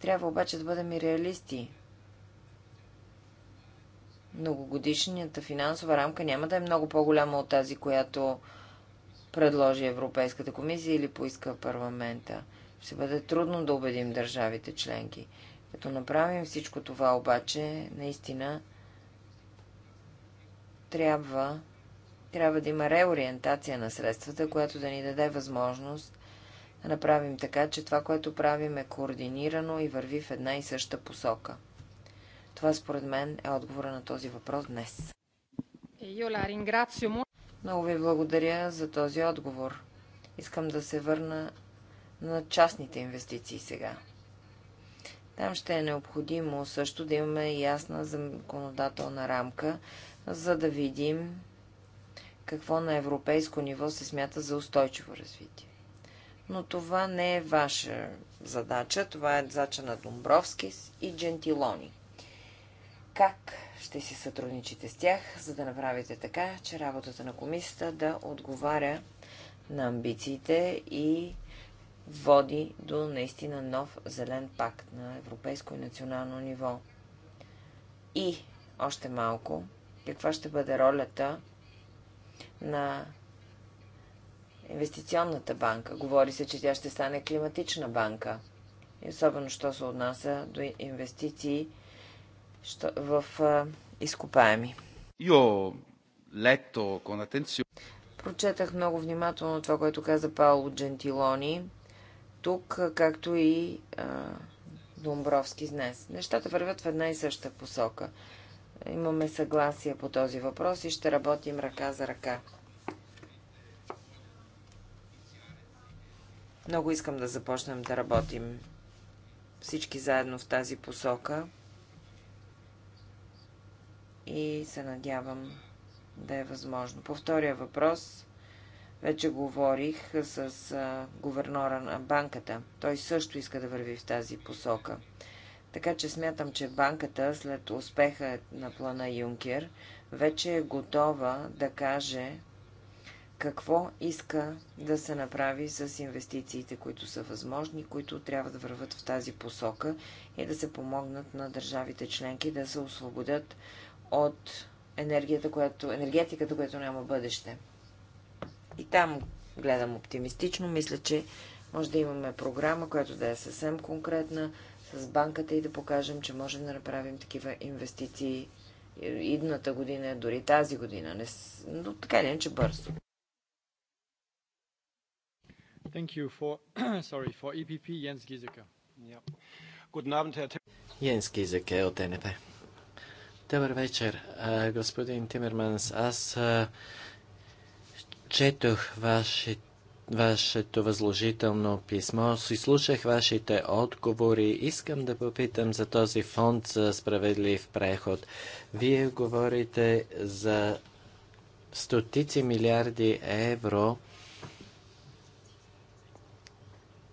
Трябва обаче да бъдем и реалисти. Многогодишната финансова рамка няма да е много по-голяма от тази, която предложи Европейската комисия или поиска парламента. Ще бъде трудно да убедим държавите членки. Като направим всичко това обаче, наистина трябва, трябва да има реориентация на средствата, която да ни даде възможност да направим така, че това, което правим е координирано и върви в една и съща посока. Това според мен е отговора на този въпрос днес. Много ви благодаря за този отговор. Искам да се върна на частните инвестиции сега. Там ще е необходимо също да имаме ясна законодателна рамка, за да видим какво на европейско ниво се смята за устойчиво развитие. Но това не е ваша задача, това е задача на Домбровски и Джентилони. Как ще си сътрудничите с тях, за да направите така, че работата на комисията да отговаря на амбициите и води до наистина нов зелен пакт на европейско и национално ниво. И още малко каква ще бъде ролята на инвестиционната банка. Говори се, че тя ще стане климатична банка. И особено, що се отнася до инвестиции в изкопаеми. Йо, лето, con Прочетах много внимателно това, което каза Пауло Джентилони. Тук, както и а, Домбровски днес. Нещата вървят в една и съща посока. Имаме съгласие по този въпрос и ще работим ръка за ръка. Много искам да започнем да работим всички заедно в тази посока и се надявам да е възможно. По втория въпрос вече говорих с а, гувернора на банката. Той също иска да върви в тази посока. Така че смятам, че банката след успеха на плана Юнкер вече е готова да каже какво иска да се направи с инвестициите, които са възможни, които трябва да върват в тази посока и да се помогнат на държавите членки да се освободят от енергията, която, енергетиката, която няма бъдеще. И там гледам оптимистично. Мисля, че може да имаме програма, която да е съвсем конкретна, с банката и да покажем, че можем да направим такива инвестиции идната година, дори тази година. Не, но така не че бързо. Thank you for, sorry, for EPP, Jens Gizeke. Yeah. Good Herr Jens Gizeke от НП. Добър вечер, господин Тимерманс. Аз четох вашите вашето възложително писмо. Слушах вашите отговори. Искам да попитам за този фонд за справедлив преход. Вие говорите за стотици милиарди евро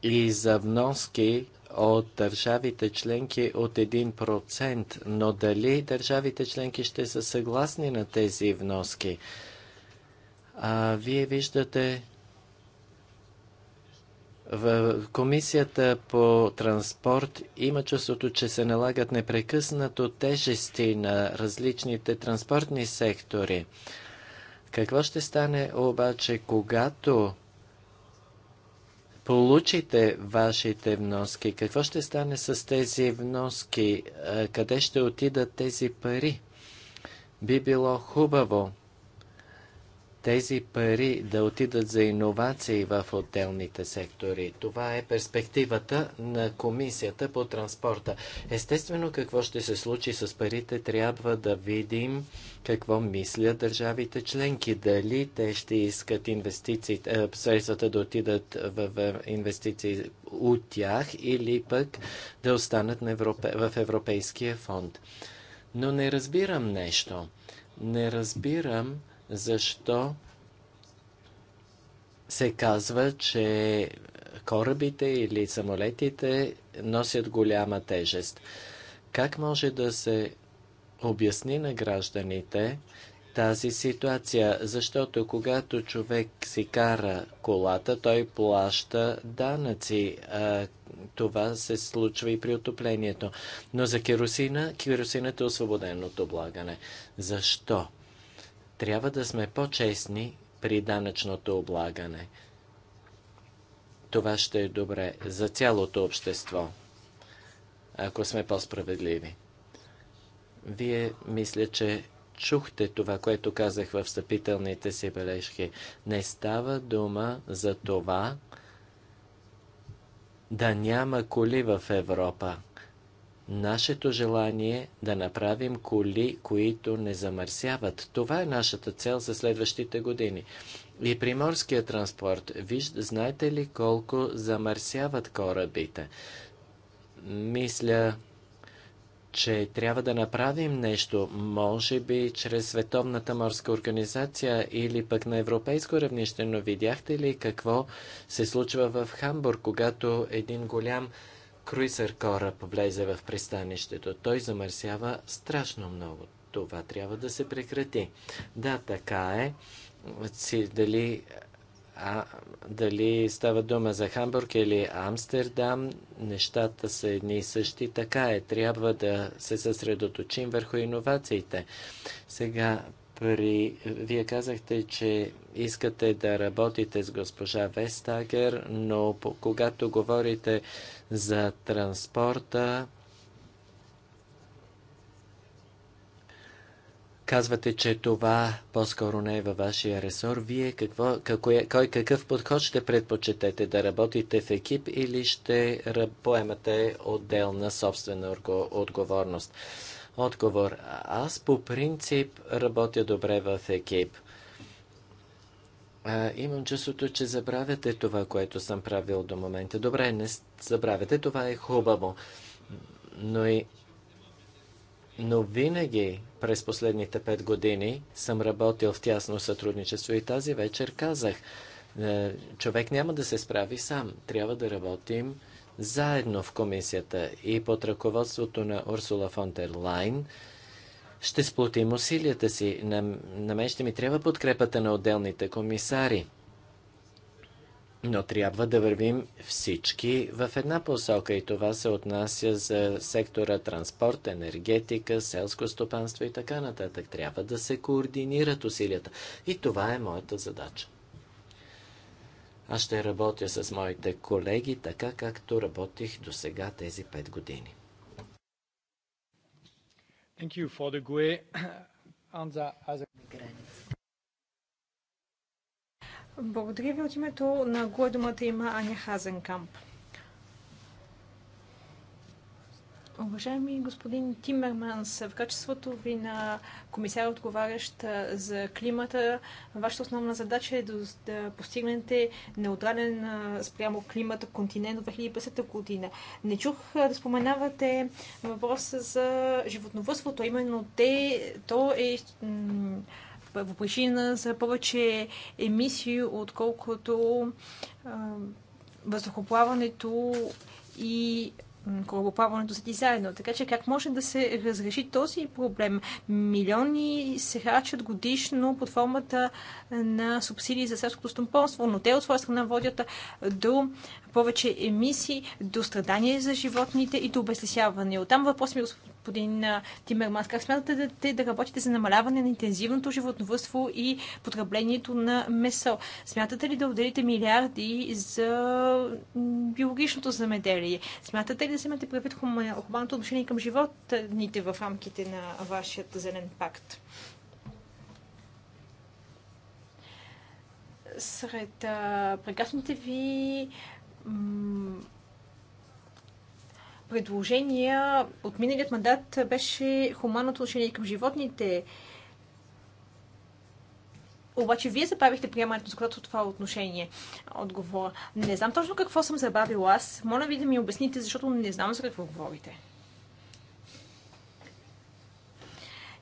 и за вноски от държавите членки от 1%, но дали държавите членки ще са съгласни на тези вноски? А, вие виждате в комисията по транспорт има чувството, че се налагат непрекъснато тежести на различните транспортни сектори. Какво ще стане обаче, когато получите вашите вноски? Какво ще стане с тези вноски? Къде ще отидат тези пари? Би било хубаво тези пари да отидат за иновации в отделните сектори. Това е перспективата на Комисията по транспорта. Естествено, какво ще се случи с парите, трябва да видим какво мислят държавите членки. Дали те ще искат инвестиции, е, средствата да отидат в, в инвестиции от тях или пък да останат на Европе, в Европейския фонд. Но не разбирам нещо. Не разбирам защо се казва, че корабите или самолетите носят голяма тежест. Как може да се обясни на гражданите тази ситуация? Защото когато човек си кара колата, той плаща данъци. А, това се случва и при отоплението. Но за керосина, керосината е освободен от облагане. Защо? Трябва да сме по-честни при данъчното облагане. Това ще е добре за цялото общество, ако сме по-справедливи. Вие мисля, че чухте това, което казах в встъпителните си бележки. Не става дума за това да няма коли в Европа нашето желание е да направим коли, които не замърсяват. Това е нашата цел за следващите години. И приморския транспорт. Виж, знаете ли колко замърсяват корабите? Мисля, че трябва да направим нещо, може би чрез Световната морска организация или пък на европейско равнище, но видяхте ли какво се случва в Хамбург, когато един голям круизър кораб влезе в пристанището. Той замърсява страшно много. Това трябва да се прекрати. Да, така е. Си, дали, а, дали става дума за Хамбург или Амстердам, нещата са едни и същи. Така е. Трябва да се съсредоточим върху иновациите. Сега при... Вие казахте, че искате да работите с госпожа Вестагер, но по... когато говорите за транспорта, Казвате, че това по-скоро не е във вашия ресор. Вие какво, какво е, кой, какъв подход ще предпочетете? Да работите в екип или ще поемате отделна собствена отговорност? Отговор. Аз по принцип работя добре в екип. А, имам чувството, че забравяте това, което съм правил до момента. Добре, не забравяте, това е хубаво. Но, и, но винаги през последните пет години съм работил в тясно сътрудничество и тази вечер казах, е, човек няма да се справи сам. Трябва да работим заедно в комисията и под ръководството на Урсула фон дер Лайн ще сплотим усилията си. На, на мен ще ми трябва подкрепата на отделните комисари. Но трябва да вървим всички в една посока и това се отнася за сектора транспорт, енергетика, селско стопанство и така нататък. Трябва да се координират усилията. И това е моята задача. Аз ще работя с моите колеги така, както работих до сега тези пет години. Thank you for the GUE. Anza, as Благодаря ви от името на ГУЕ думата има Аня Хазенкамп. Уважаеми господин Тимерманс, в качеството ви на комисар, отговарящ за климата, вашата основна задача е да, постигнете неутрален спрямо климата континент до 2050 година. Не чух да споменавате въпроса за животновътството, именно те, то е причина за повече емисии, отколкото въздухоплаването и корабоплаването са ти заедно. Така че как може да се разреши този проблем? Милиони се харчат годишно под формата на субсидии за селското стомпонство, но те от своя страна водят до повече емисии, до страдания за животните и до обезлесяване. Оттам въпрос ми, е, господин Тимерманс. Как смятате да, да работите за намаляване на интензивното животновътство и потреблението на месо? Смятате ли да отделите милиарди за биологичното замеделие? Смятате ли да имате предвид хуманното отношение към животните в рамките на вашият зелен пакт? Сред а, прекрасните ви предложения от миналият мандат беше хуманно отношение към животните. Обаче вие забавихте приемането за законодателство това отношение. Отговора. Не знам точно какво съм забавила аз. Моля ви да ми обясните, защото не знам за какво говорите.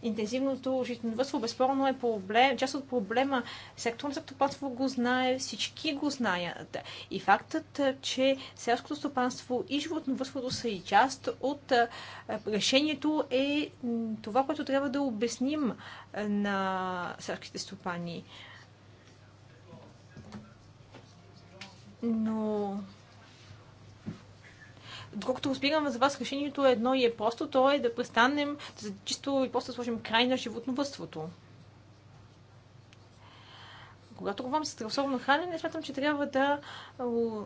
интензивното животновътство безспорно е проблем, част от проблема. Секторното стопанство го знае, всички го знаят. И фактът, че селското стопанство и животновътството са и част от решението е това, което трябва да обясним на селските стопани. Но доколкото разбирам за вас, решението е едно и е просто, то е да престанем, да чисто и просто сложим край на животновътството. Когато говорим за здравословно хранене, смятам, че трябва да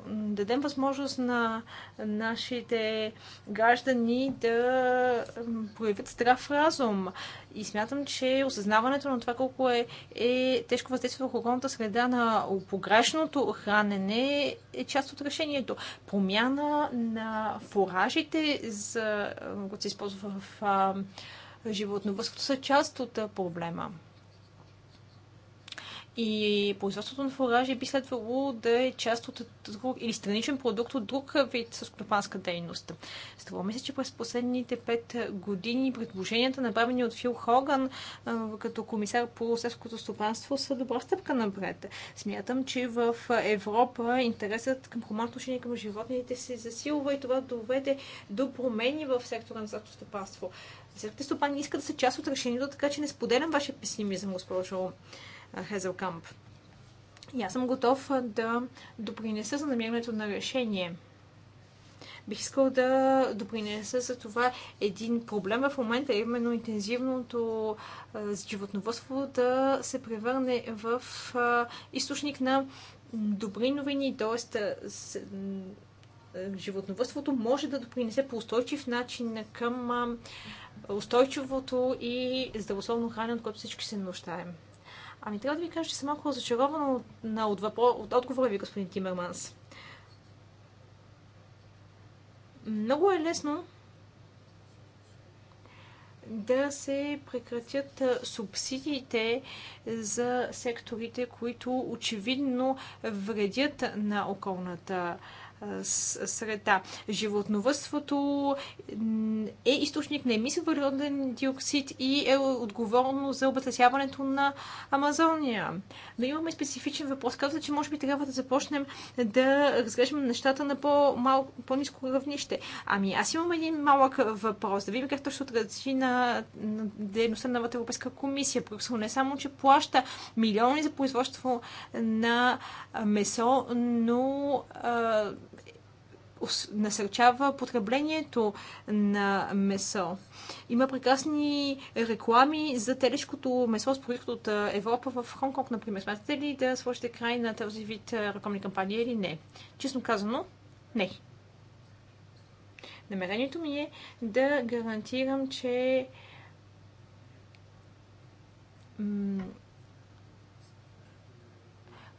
дадем възможност на нашите граждани да проявят здрав разум. И смятам, че осъзнаването на това колко е, е тежко въздействие върху околната среда на погрешното хранене е част от решението. Промяна на фуражите, за, които се използва в животновъзството, са част от проблема и производството на фуражи би следвало да е част от друг или страничен продукт от друг вид селскостопанска дейност. Струва ми се, че през последните пет години предложенията, направени от Фил Хоган като комисар по селското стопанство, са добра стъпка напред. Смятам, че в Европа интересът към хуманно отношение към животните се засилва и това доведе до промени в сектора на селското стопанство. Селските стопани искат да са част от решението, така че не споделям вашия песимизъм, госпожо Хезелкамп. И аз съм готов да допринеса за намирането на решение. Бих искал да допринеса за това един проблем в момента, е именно интензивното животновътство да се превърне в източник на добри новини, т.е. животновътството може да допринесе по устойчив начин към устойчивото и здравословно хранене, от което всички се нуждаем. Ами трябва да ви кажа, че съм малко разочарована от, въпро... от отговора ви, господин Тимерманс. Много е лесно да се прекратят субсидиите за секторите, които очевидно вредят на околната среда. Животновътството е източник на емисия въглероден диоксид и е отговорно за обезлесяването на Амазония. Но имаме специфичен въпрос. Казва, че може би трябва да започнем да разглеждаме нещата на по-низко по равнище. Ами аз имам един малък въпрос. Да видим как точно отрази на, на дейността на Европейска комисия. Брюксел не само, че плаща милиони за производство на месо, но насърчава потреблението на месо. Има прекрасни реклами за телешкото месо с продукт от Европа в Хонконг, например. Смятате ли да сложите край на този вид рекламни кампании или не? Честно казано, не. Намерението ми е да гарантирам, че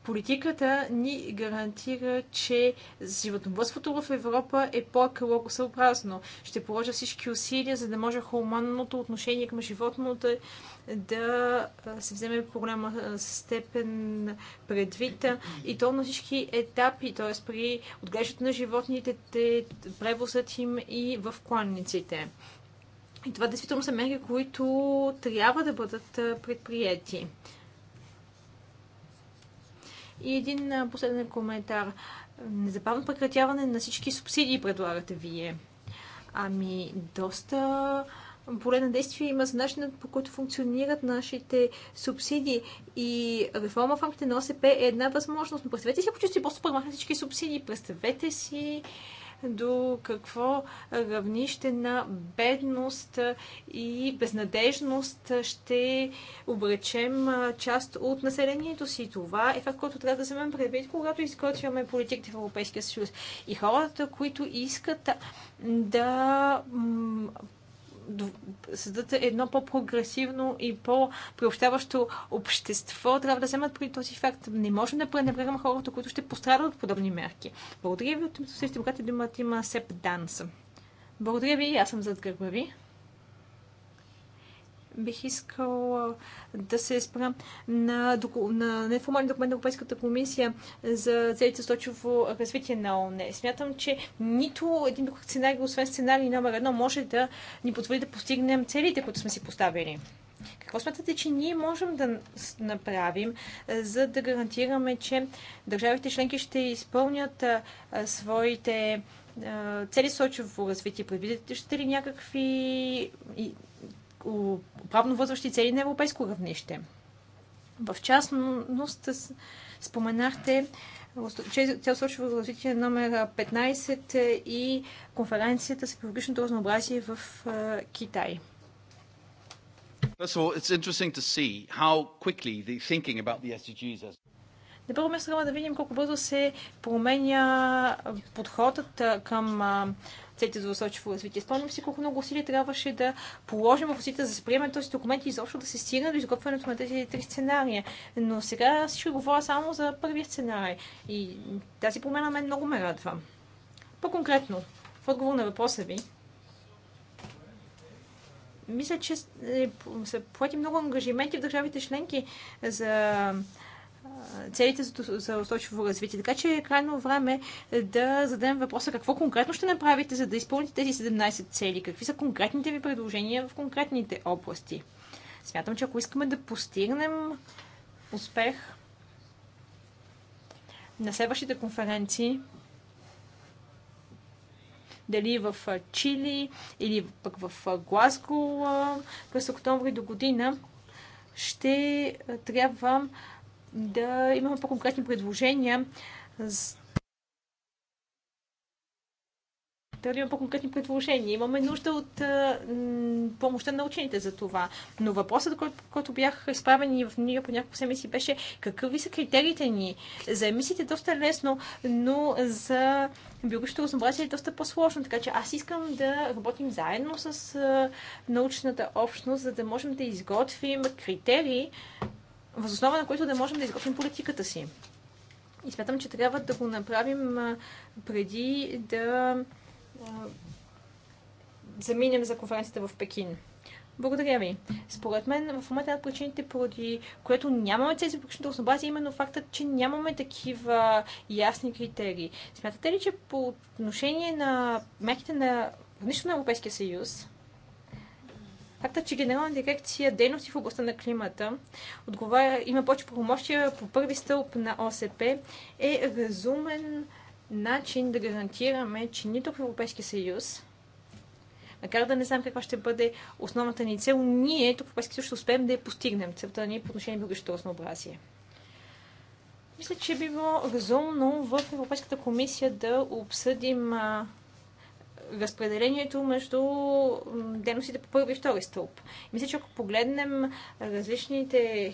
политиката ни гарантира, че животновътството в Европа е по-екологосъобразно. Ще положа всички усилия, за да може хуманното отношение към животното да се вземе по голяма степен предвид и то на всички етапи, т.е. при отглеждането на животните, превозът им и в кланниците. И това действително са мерки, които трябва да бъдат предприяти. И един последен коментар. Незабавно прекратяване на всички субсидии предлагате вие. Ами, доста поле на действие има за начинът по който функционират нашите субсидии. И реформа в рамките на ОСП е една възможност. Но представете си, ако чувствате просто премахнат всички субсидии, представете си до какво равнище на бедност и безнадежност ще обречем част от населението си. Това е факт, който трябва да вземем предвид, когато изготвяме политиките в Европейския съюз. И хората, които искат да създадат едно по-прогресивно и по-приобщаващо общество, трябва да вземат при този факт. Не можем да пренебрегаме хората, които ще пострадат от подобни мерки. Благодаря ви от името си, думат има Сеп данса. Благодаря ви и аз съм зад гърба ви бих искал да се спра на, на неформален документ на Европейската комисия за целите сточово развитие на ООН. Смятам, че нито един друг сценарий, освен сценарий номер едно, може да ни позволи да постигнем целите, които сме си поставили. Какво смятате, че ние можем да направим, за да гарантираме, че държавите членки ще изпълнят а, своите цели сочово развитие? Предвидите ли някакви правно възващи цели на европейско равнище. В частност, споменахте цел сочево развитие номер 15 и конференцията за екологичното разнообразие в Китай. First of all, it's interesting to see how quickly the thinking about the SDGs has на първо място трябва да видим колко бързо се променя подходът към целите за устойчиво развитие. Спомням си колко много усилия трябваше да положим в усилията за да се този документ и изобщо да се стигне до изготвянето на тези три сценария. Но сега всичко е говоря само за първия сценарий. И тази промена мен много ме радва. По-конкретно, в отговор на въпроса ви, мисля, че се поети много ангажименти в държавите членки за целите за устойчиво развитие. Така че е крайно време да зададем въпроса какво конкретно ще направите, за да изпълните тези 17 цели. Какви са конкретните ви предложения в конкретните области? Смятам, че ако искаме да постигнем успех на следващите конференции, дали в Чили или пък в Глазго през октомври до година, ще трябва да имаме по-конкретни предложения да имаме по-конкретни предложения. Имаме нужда от а, помощта на учените за това. Но въпросът, който, който бях и в ние по няколко седмици, беше какви са критериите ни. За емисиите е доста лесно, но за биологичното разнообразие е доста по-сложно. Така че аз искам да работим заедно с а, научната общност, за да можем да изготвим критерии, възоснова на които да можем да изготвим политиката си. И смятам, че трябва да го направим преди да заминем за конференцията в Пекин. Благодаря ви. Според мен в момента една от причините, поради което нямаме тези причини разнообразие, именно фактът, че нямаме такива ясни критерии. Смятате ли, че по отношение на мерките на нищо на Европейския съюз, Факта, че Генерална дирекция дейности в областта на климата отговаря, има повече правомощия по първи стълб на ОСП, е разумен начин да гарантираме, че нито в Европейския съюз, макар да не знам каква ще бъде основната ни цел, ние тук в Европейския съюз ще успеем да я постигнем, целта ни е по отношение на биологичното разнообразие. Мисля, че би било разумно в Европейската комисия да обсъдим разпределението между дейностите по първи и втори стълб. Мисля, че ако погледнем различните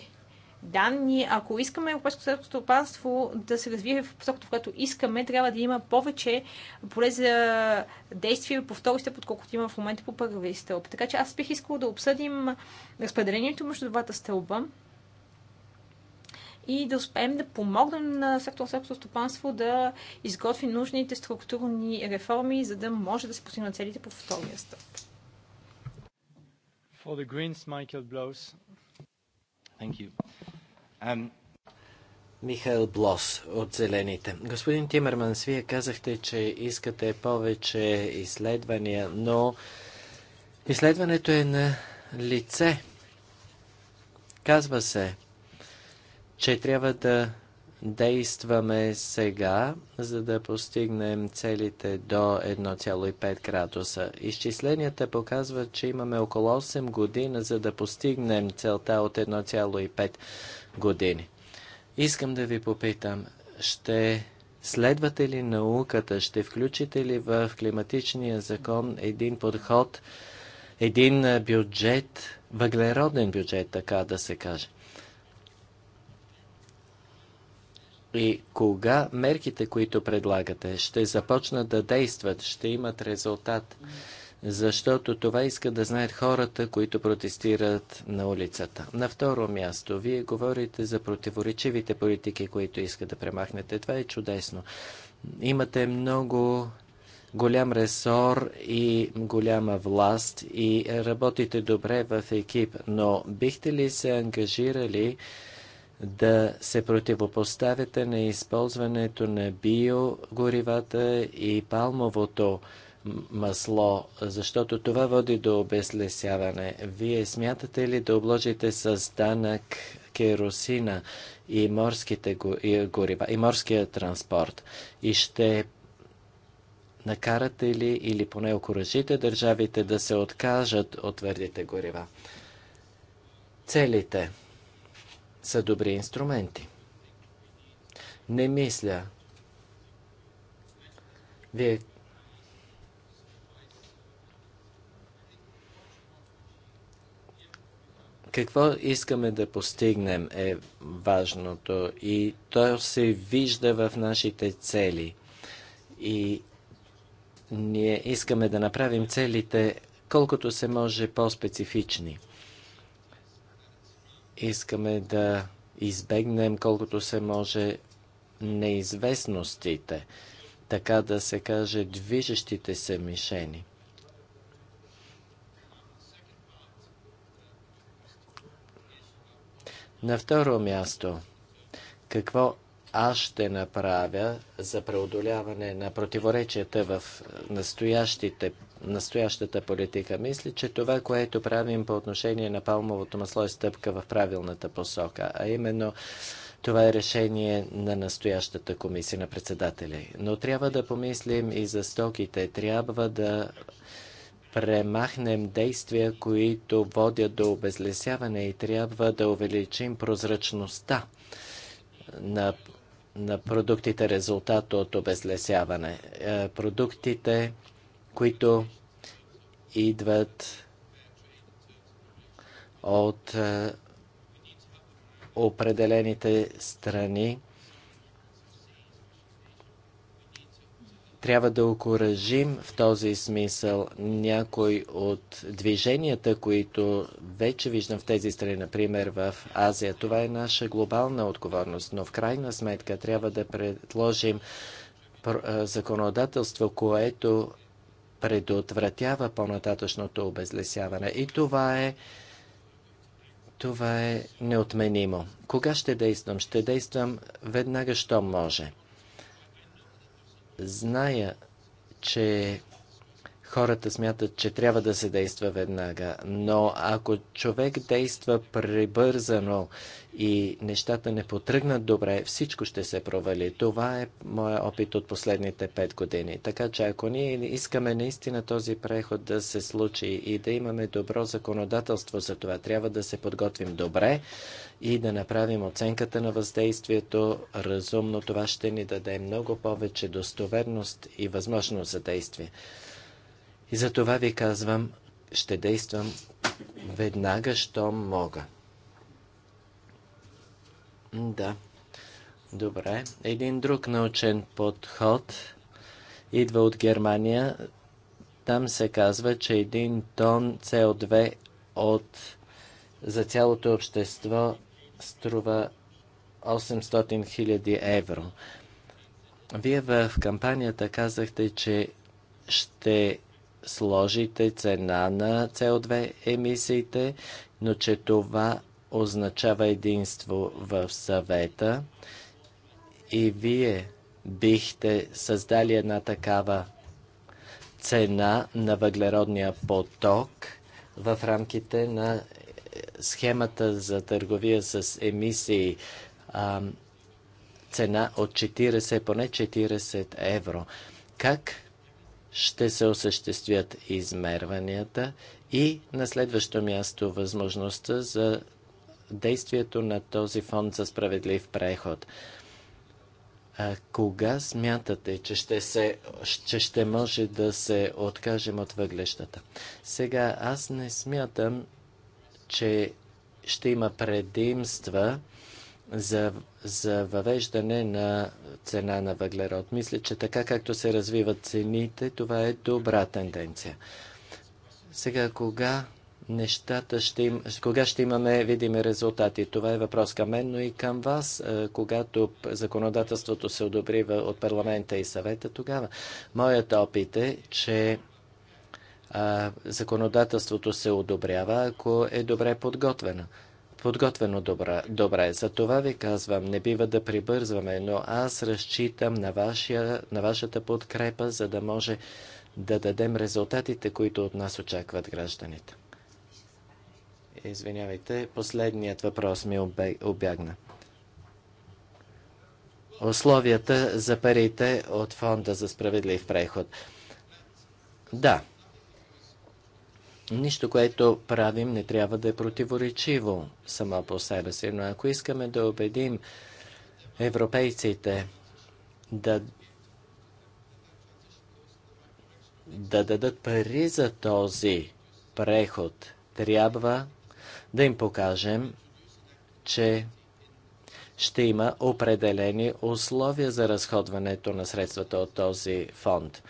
данни, ако искаме европейското селско стопанство да се развие в посоката, в която искаме, трябва да има повече поле за действие по втори стъп, отколкото има в момента по първи стълб. Така че аз бих искала да обсъдим разпределението между двата стълба и да успеем да помогнем на сектор селското стопанство да изготви нужните структурни реформи, за да може да се постигнат целите по втория стъп. For the Greens, Michael Blows. Thank you. Um... Михаил Блос от Зелените. Господин Тимерман, вие казахте, че искате повече изследвания, но изследването е на лице. Казва се, че трябва да действаме сега, за да постигнем целите до 1,5 градуса. Изчисленията показват, че имаме около 8 години, за да постигнем целта от 1,5 години. Искам да ви попитам, ще следвате ли науката, ще включите ли в климатичния закон един подход, един бюджет, въглероден бюджет, така да се каже? И кога мерките, които предлагате, ще започнат да действат, ще имат резултат? Защото това искат да знаят хората, които протестират на улицата. На второ място, вие говорите за противоречивите политики, които искат да премахнете. Това е чудесно. Имате много голям ресор и голяма власт и работите добре в екип, но бихте ли се ангажирали да се противопоставяте на използването на биогоривата и палмовото масло, защото това води до обезлесяване. Вие смятате ли да обложите с данък керосина и, морските горива, и морския транспорт? И ще накарате ли или поне окоръжите държавите да се откажат от твърдите горива? Целите – са добри инструменти. Не мисля. Вие какво искаме да постигнем е важното и то се вижда в нашите цели. И ние искаме да направим целите колкото се може по-специфични. Искаме да избегнем колкото се може неизвестностите, така да се каже движещите се мишени. На второ място, какво аз ще направя за преодоляване на противоречията в настоящите настоящата политика. Мисля, че това, което правим по отношение на палмовото масло е стъпка в правилната посока, а именно това е решение на настоящата комисия на председателя. Но трябва да помислим и за стоките. Трябва да премахнем действия, които водят до обезлесяване и трябва да увеличим прозрачността на, на продуктите резултат от обезлесяване. Е, продуктите които идват от е, определените страни. Трябва да окоръжим в този смисъл някой от движенията, които вече виждам в тези страни, например в Азия. Това е наша глобална отговорност, но в крайна сметка трябва да предложим е, законодателство, което предотвратява по-нататъчното обезлесяване. И това е, това е неотменимо. Кога ще действам? Ще действам веднага, що може. Зная, че хората смятат, че трябва да се действа веднага. Но ако човек действа прибързано и нещата не потръгнат добре, всичко ще се провали. Това е моя опит от последните пет години. Така че ако ние искаме наистина този преход да се случи и да имаме добро законодателство за това, трябва да се подготвим добре и да направим оценката на въздействието разумно. Това ще ни даде много повече достоверност и възможност за действие. И за това ви казвам, ще действам веднага, що мога. Да. Добре. Един друг научен подход идва от Германия. Там се казва, че един тон CO2 от за цялото общество струва 800 000 евро. Вие в кампанията казахте, че ще сложите цена на CO2 емисиите, но че това означава единство в съвета и вие бихте създали една такава цена на въглеродния поток в рамките на е, схемата за търговия с емисии а, цена от 40, поне 40 евро. Как ще се осъществят измерванията и на следващо място възможността за действието на този фонд за справедлив преход. А кога смятате, че ще, се, че ще може да се откажем от въглещата? Сега, аз не смятам, че ще има предимства за за въвеждане на цена на въглерод. Мисля, че така както се развиват цените, това е добра тенденция. Сега, кога нещата ще им... кога ще имаме видими резултати? Това е въпрос към мен, но и към вас, е, когато законодателството се одобрива от парламента и съвета тогава. Моят опит е, че законодателството се одобрява, ако е добре подготвено подготвено добра, добре. За това ви казвам, не бива да прибързваме, но аз разчитам на, вашия, на вашата подкрепа, за да може да дадем резултатите, които от нас очакват гражданите. Извинявайте, последният въпрос ми обягна. Условията за парите от Фонда за справедлив преход. Да. Нищо, което правим, не трябва да е противоречиво само по себе си, но ако искаме да убедим европейците да да дадат пари за този преход, трябва да им покажем, че ще има определени условия за разходването на средствата от този фонд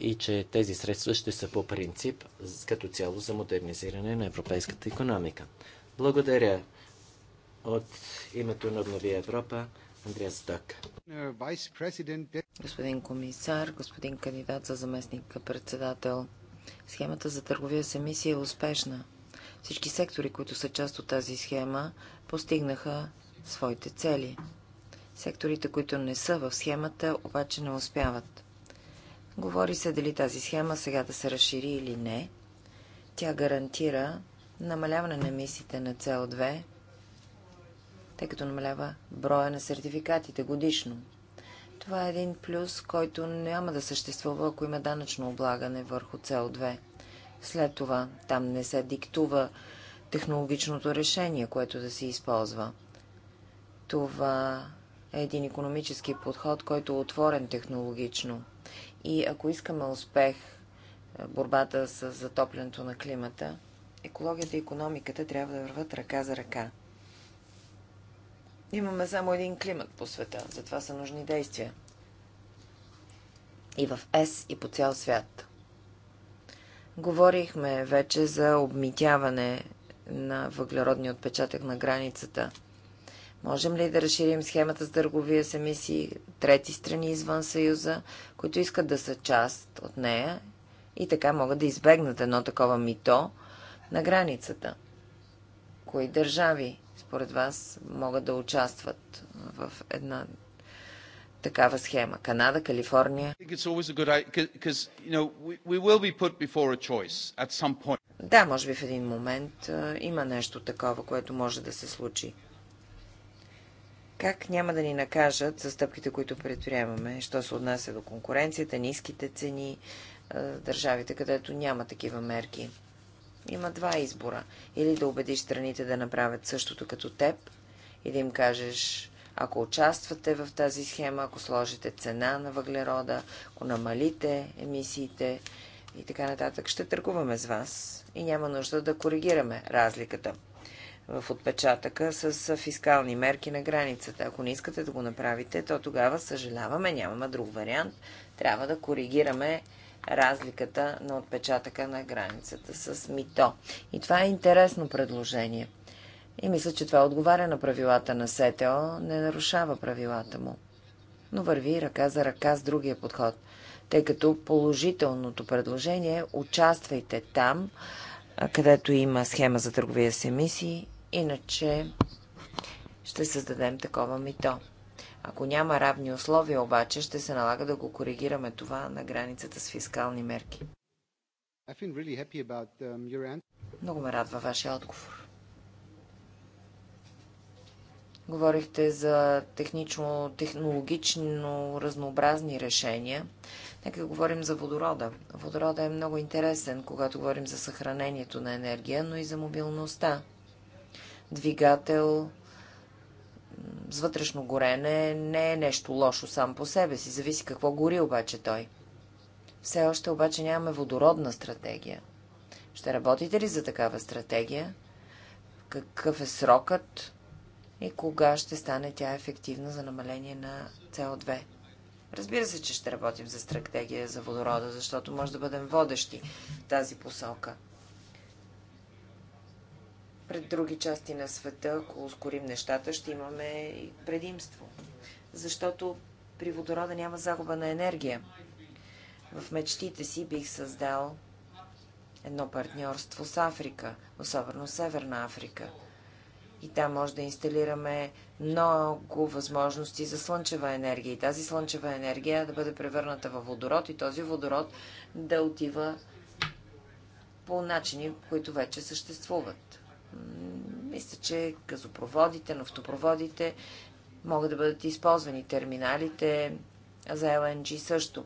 и че тези средства ще са по принцип като цяло за модернизиране на европейската економика. Благодаря от името на Обнови Европа. Андреас Стък. Господин комисар, господин кандидат за заместник председател, схемата за търговия с емисии е успешна. Всички сектори, които са част от тази схема, постигнаха своите цели. Секторите, които не са в схемата, обаче не успяват. Говори се дали тази схема сега да се разшири или не. Тя гарантира намаляване на емисиите на CO2, тъй като намалява броя на сертификатите годишно. Това е един плюс, който няма да съществува, ако има данъчно облагане върху CO2. След това там не се диктува технологичното решение, което да се използва. Това е един економически подход, който е отворен технологично – и ако искаме успех е, борбата с затоплянето на климата, екологията и економиката трябва да върват ръка за ръка. Имаме само един климат по света, затова са нужни действия. И в ЕС, и по цял свят. Говорихме вече за обмитяване на въглеродния отпечатък на границата – Можем ли да разширим схемата с търговия с емисии трети страни извън Съюза, които искат да са част от нея и така могат да избегнат едно такова мито на границата? Кои държави, според вас, могат да участват в една такава схема? Канада, Калифорния? Да, може би в един момент има нещо такова, което може да се случи как няма да ни накажат за стъпките, които предприемаме, що се отнася до конкуренцията, ниските цени, държавите, където няма такива мерки. Има два избора. Или да убедиш страните да направят същото като теб и да им кажеш, ако участвате в тази схема, ако сложите цена на въглерода, ако намалите емисиите и така нататък, ще търгуваме с вас и няма нужда да коригираме разликата в отпечатъка с фискални мерки на границата. Ако не искате да го направите, то тогава съжаляваме, нямаме друг вариант. Трябва да коригираме разликата на отпечатъка на границата с мито. И това е интересно предложение. И мисля, че това отговаря на правилата на СТО, не нарушава правилата му. Но върви ръка за ръка с другия подход, тъй като положителното предложение е участвайте там, където има схема за търговия с емисии Иначе ще създадем такова мито. Ако няма равни условия, обаче, ще се налага да го коригираме това на границата с фискални мерки. Um, много ме радва вашия отговор. Говорихте за технично-технологично разнообразни решения. Нека да говорим за водорода. Водорода е много интересен, когато говорим за съхранението на енергия, но и за мобилността двигател с вътрешно горене не е нещо лошо сам по себе си. Зависи какво гори обаче той. Все още обаче нямаме водородна стратегия. Ще работите ли за такава стратегия? Какъв е срокът? И кога ще стане тя ефективна за намаление на CO2? Разбира се, че ще работим за стратегия за водорода, защото може да бъдем водещи в тази посока пред други части на света, ако ускорим нещата, ще имаме и предимство. Защото при водорода няма загуба на енергия. В мечтите си бих създал едно партньорство с Африка, особено Северна Африка. И там може да инсталираме много възможности за слънчева енергия. И тази слънчева енергия да бъде превърната във водород и този водород да отива по начини, които вече съществуват. Мисля, че газопроводите, нафтопроводите могат да бъдат използвани. Терминалите за ЛНГ също.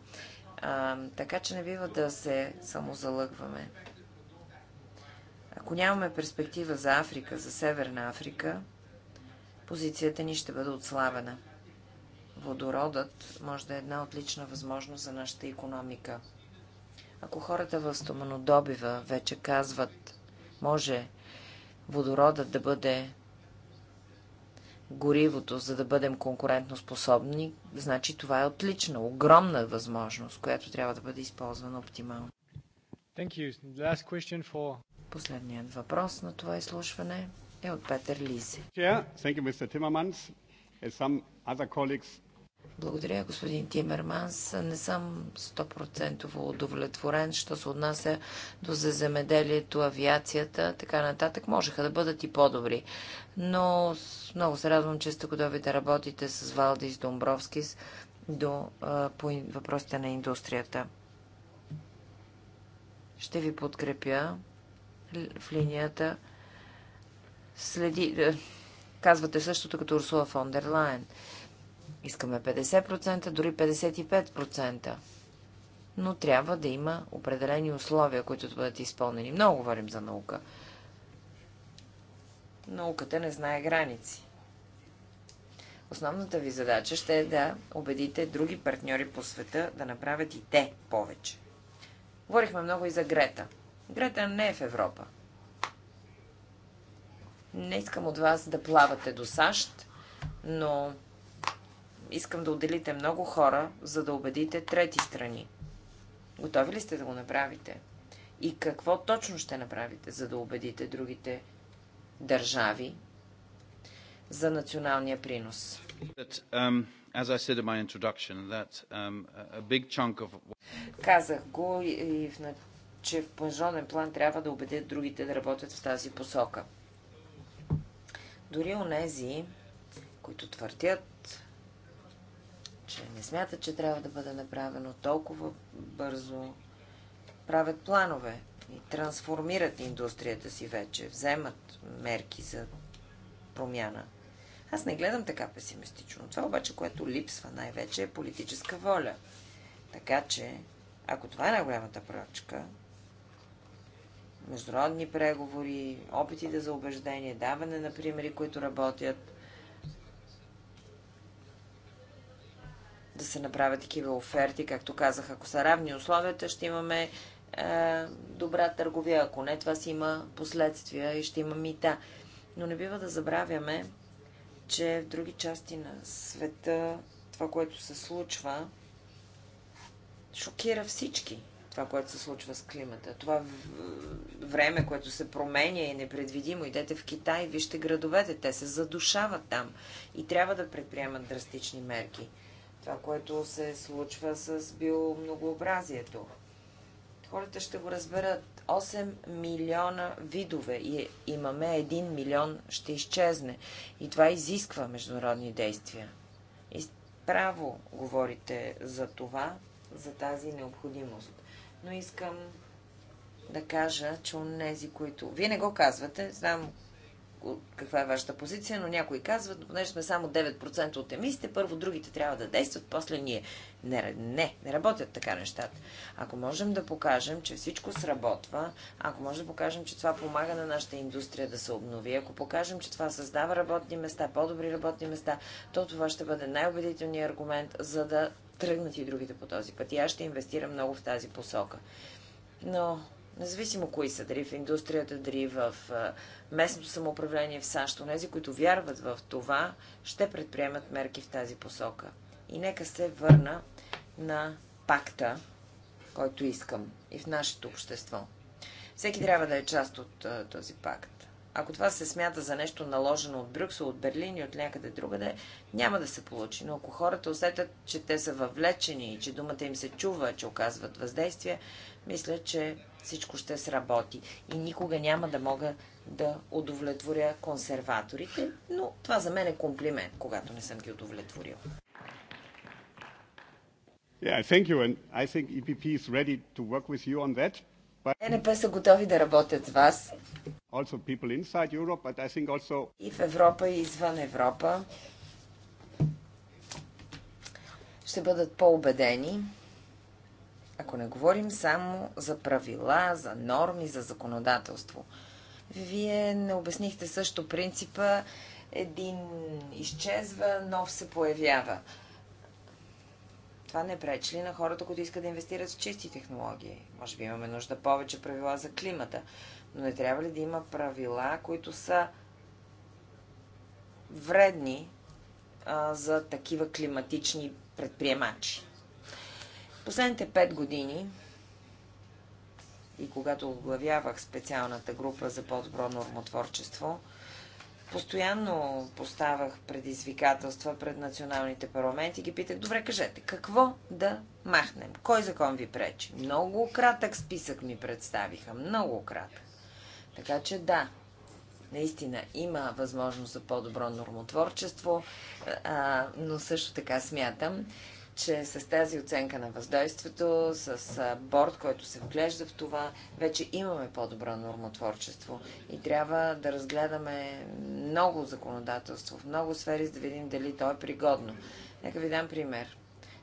А, така че не бива да се самозалъгваме. Ако нямаме перспектива за Африка, за Северна Африка, позицията ни ще бъде отслабена. Водородът може да е една отлична възможност за нашата економика. Ако хората в стоманодобива вече казват, може водородът да бъде горивото, за да бъдем конкурентно способни, значи това е отлична, огромна възможност, която трябва да бъде използвана оптимално. For... Последният въпрос на това изслушване е от Петър Лизи. Yeah. Благодаря, господин Тимерманс. Не съм 100% удовлетворен, що се отнася до заземеделието, земеделието, авиацията, така нататък. Можеха да бъдат и по-добри. Но много се радвам, че сте готови да работите с Валдис Домбровскис до, по въпросите на индустрията. Ще ви подкрепя в линията. Следи, е, казвате същото като Урсула фон дер Лайен. Искаме 50%, дори 55%. Но трябва да има определени условия, които да бъдат изпълнени. Много говорим за наука. Науката не знае граници. Основната ви задача ще е да убедите други партньори по света да направят и те повече. Говорихме много и за Грета. Грета не е в Европа. Не искам от вас да плавате до САЩ, но искам да отделите много хора, за да убедите трети страни. Готови ли сте да го направите? И какво точно ще направите, за да убедите другите държави за националния принос? Um, um, Казах го и в, че в пънжонен план трябва да убедят другите да работят в тази посока. Дори онези, които твърдят, че не смятат, че трябва да бъде направено толкова бързо. Правят планове и трансформират индустрията си вече, вземат мерки за промяна. Аз не гледам така песимистично. Това обаче, което липсва най-вече е политическа воля. Така че, ако това е най-голямата прачка, международни преговори, опитите за убеждение, даване на примери, които работят, да се направят такива оферти. Както казах, ако са равни условията, ще имаме е, добра търговия. Ако не, това си има последствия и ще има мита. Но не бива да забравяме, че в други части на света това, което се случва, шокира всички. Това, което се случва с климата. Това време, което се променя е непредвидимо. Идете в Китай, вижте градовете. Те се задушават там. И трябва да предприемат драстични мерки това, което се случва с биомногообразието. Хората ще го разберат. 8 милиона видове и имаме 1 милион ще изчезне. И това изисква международни действия. И право говорите за това, за тази необходимост. Но искам да кажа, че у нези, които... Вие не го казвате, знам каква е вашата позиция, но някои казват, понеже сме само 9% от емисите, първо другите трябва да действат, после ние. Не, не, не работят така нещата. Ако можем да покажем, че всичко сработва, ако можем да покажем, че това помага на нашата индустрия да се обнови, ако покажем, че това създава работни места, по-добри работни места, то това ще бъде най-убедителният аргумент, за да тръгнат и другите по този път. И аз ще инвестирам много в тази посока. Но независимо кои са, дали в индустрията, дали в местното самоуправление в САЩ, тези, които вярват в това, ще предприемат мерки в тази посока. И нека се върна на пакта, който искам и в нашето общество. Всеки трябва да е част от този пакт ако това се смята за нещо наложено от Брюксел, от Берлин и от някъде другаде, няма да се получи. Но ако хората усетят, че те са въвлечени, че думата им се чува, че оказват въздействие, мисля, че всичко ще сработи. И никога няма да мога да удовлетворя консерваторите, но това за мен е комплимент, когато не съм ги удовлетворил. Yeah, thank you, and I think EPP is ready to work with you on that. ЕНП са готови да работят с вас. Europe, also... И в Европа, и извън Европа ще бъдат по-убедени, ако не говорим само за правила, за норми, за законодателство. Вие не обяснихте също принципа един изчезва, нов се появява. Това не пречи ли на хората, които искат да инвестират в чисти технологии? Може би имаме нужда повече правила за климата, но не трябва ли да има правила, които са вредни а, за такива климатични предприемачи? Последните пет години и когато оглавявах специалната група за по-добро нормотворчество – постоянно поставах предизвикателства пред националните парламенти и ги питах, добре, кажете, какво да махнем? Кой закон ви пречи? Много кратък списък ми представиха, много кратък. Така че да, наистина има възможност за по-добро нормотворчество, а, но също така смятам, че с тази оценка на въздействието, с борт, който се вглежда в това, вече имаме по-добро нормотворчество и трябва да разгледаме много законодателство в много сфери, за да видим дали то е пригодно. Нека ви дам пример.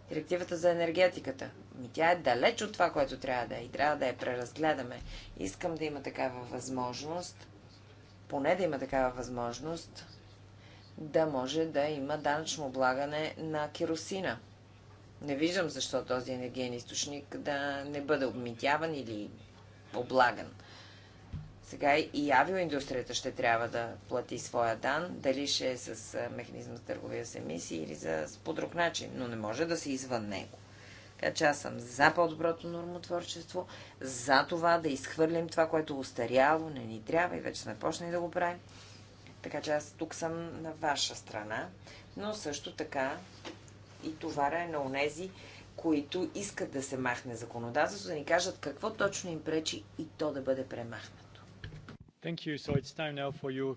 Директивата за енергетиката. Ми тя е далеч от това, което трябва да е и трябва да я преразгледаме. Искам да има такава възможност, поне да има такава възможност, да може да има данъчно облагане на керосина – не виждам защо този енергиен източник да не бъде обмитяван или облаган. Сега и авиоиндустрията ще трябва да плати своя дан, дали ще е с механизъм за търговия с емисии или за, по друг начин, но не може да се извън него. Така че аз съм за по-доброто нормотворчество, за това да изхвърлим това, което е устаряло, не ни трябва и вече сме почнали да го правим. Така че аз тук съм на ваша страна, но също така и товара е на онези, които искат да се махне законодателство, да ни кажат какво точно им пречи и то да бъде премахнато. So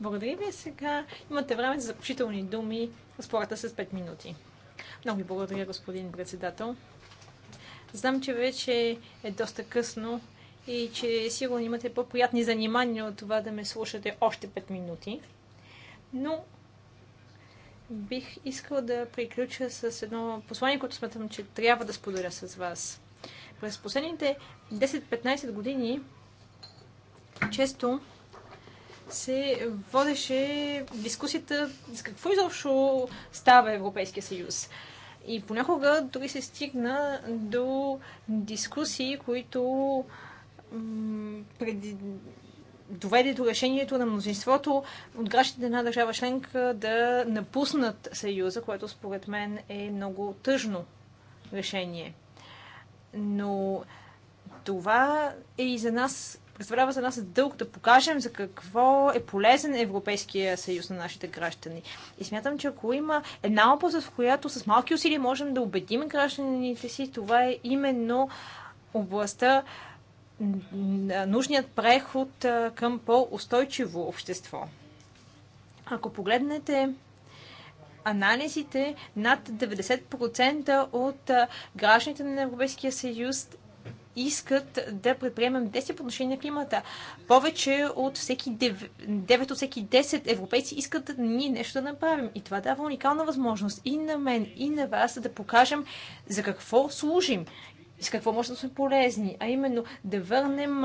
Благодаря ви. Сега имате време за заключителни думи. спората с 5 минути. Много ви благодаря, господин председател. Знам, че вече е доста късно и че сигурно имате по-приятни занимания от това да ме слушате още 5 минути. Но бих искал да приключа с едно послание, което смятам, че трябва да споделя с вас. През последните 10-15 години често се водеше дискусията с какво изобщо става Европейския съюз. И понякога дори се стигна до дискусии, които преди, доведе до решението на мнозинството от гражданите на една държава членка да напуснат Съюза, което според мен е много тъжно решение. Но това е и за нас, представлява за нас дълг да покажем за какво е полезен Европейския съюз на нашите граждани. И смятам, че ако има една област, в която с малки усилия можем да убедим гражданите си, това е именно областта нужният преход към по-устойчиво общество. Ако погледнете анализите, над 90% от гражданите на Европейския съюз искат да предприемем действия по отношение на климата. Повече от всеки 9, 9 от всеки 10 европейци искат да ние нещо да направим. И това дава уникална възможност и на мен, и на вас да покажем за какво служим и с какво може да сме полезни, а именно да върнем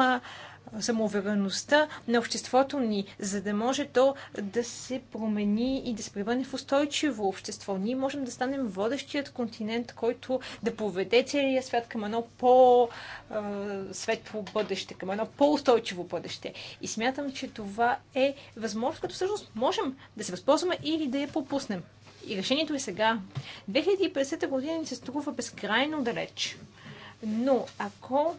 самоувереността на обществото ни, за да може то да се промени и да се превърне в устойчиво общество. Ние можем да станем водещият континент, който да поведе целия свят към едно по-светло бъдеще, към едно по-устойчиво бъдеще. И смятам, че това е възможност, като всъщност можем да се възползваме или да я пропуснем. И решението е сега. 2050 година ни се струва безкрайно далеч. Но ако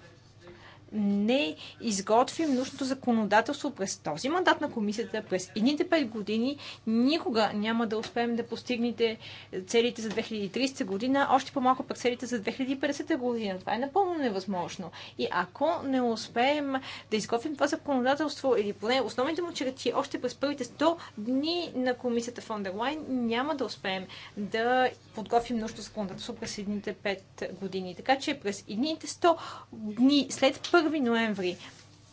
не изготвим нужното законодателство през този мандат на комисията, през едните 5 години, никога няма да успеем да постигнете целите за 2030 година, още по-малко пък целите за 2050 година. Това е напълно невъзможно. И ако не успеем да изготвим това законодателство или поне основните му черти още през първите 100 дни на комисията в дер няма да успеем да подготвим нужното законодателство през едните 5 години. Така че през едните 100 дни след първите 1 ноември.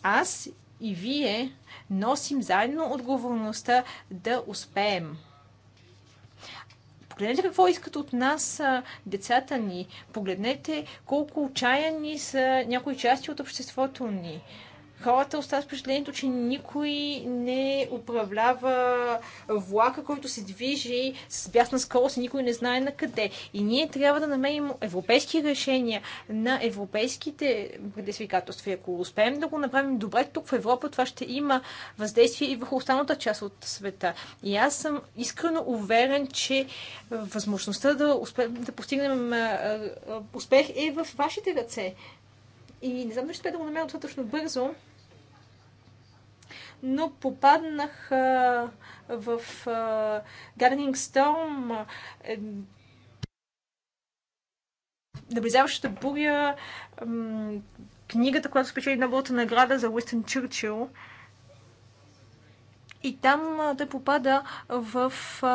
Аз и вие носим заедно отговорността да успеем. Погледнете какво искат от нас децата ни. Погледнете колко отчаяни са някои части от обществото ни хората остават впечатлението, че никой не управлява влака, който се движи с бясна скорост и никой не знае на къде. И ние трябва да намерим европейски решения на европейските предизвикателства. ако успеем да го направим добре тук в Европа, това ще има въздействие и върху останалата част от света. И аз съм искрено уверен, че възможността да, успе, да постигнем успех е в вашите ръце. И не знам дали ще да го намеря достатъчно бързо, но попаднах а, в Гарнинг Стоум е, Наблизаващата буря, книгата, която спечели Нобелата награда за Уистън Чърчил. И там а, да попада в а,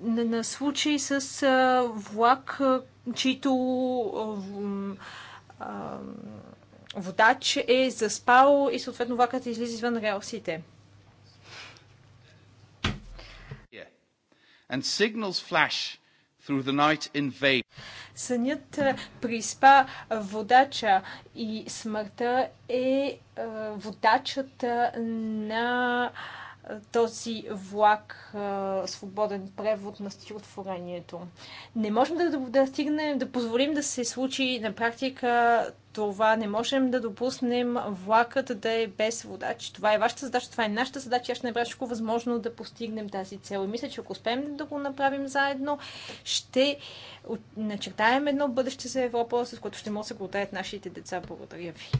на, на случай с а, влак, чийто а, а, водач е заспал и съответно влакът излиза извън релсите. And signals flash through the night in vain. Сънят е, приспа водача и смъртта е, е водачът е, на този влак, свободен превод на стихотворението. Не можем да, да, стигнем, да позволим да се случи на практика това. Не можем да допуснем влакът да е без вода. Това е вашата задача, това е нашата задача. Аз ще направя всичко възможно да постигнем тази цел. И мисля, че ако успеем да го направим заедно, ще начертаем едно бъдеще за Европа, с което ще могат да се гордаят нашите деца. Благодаря ви.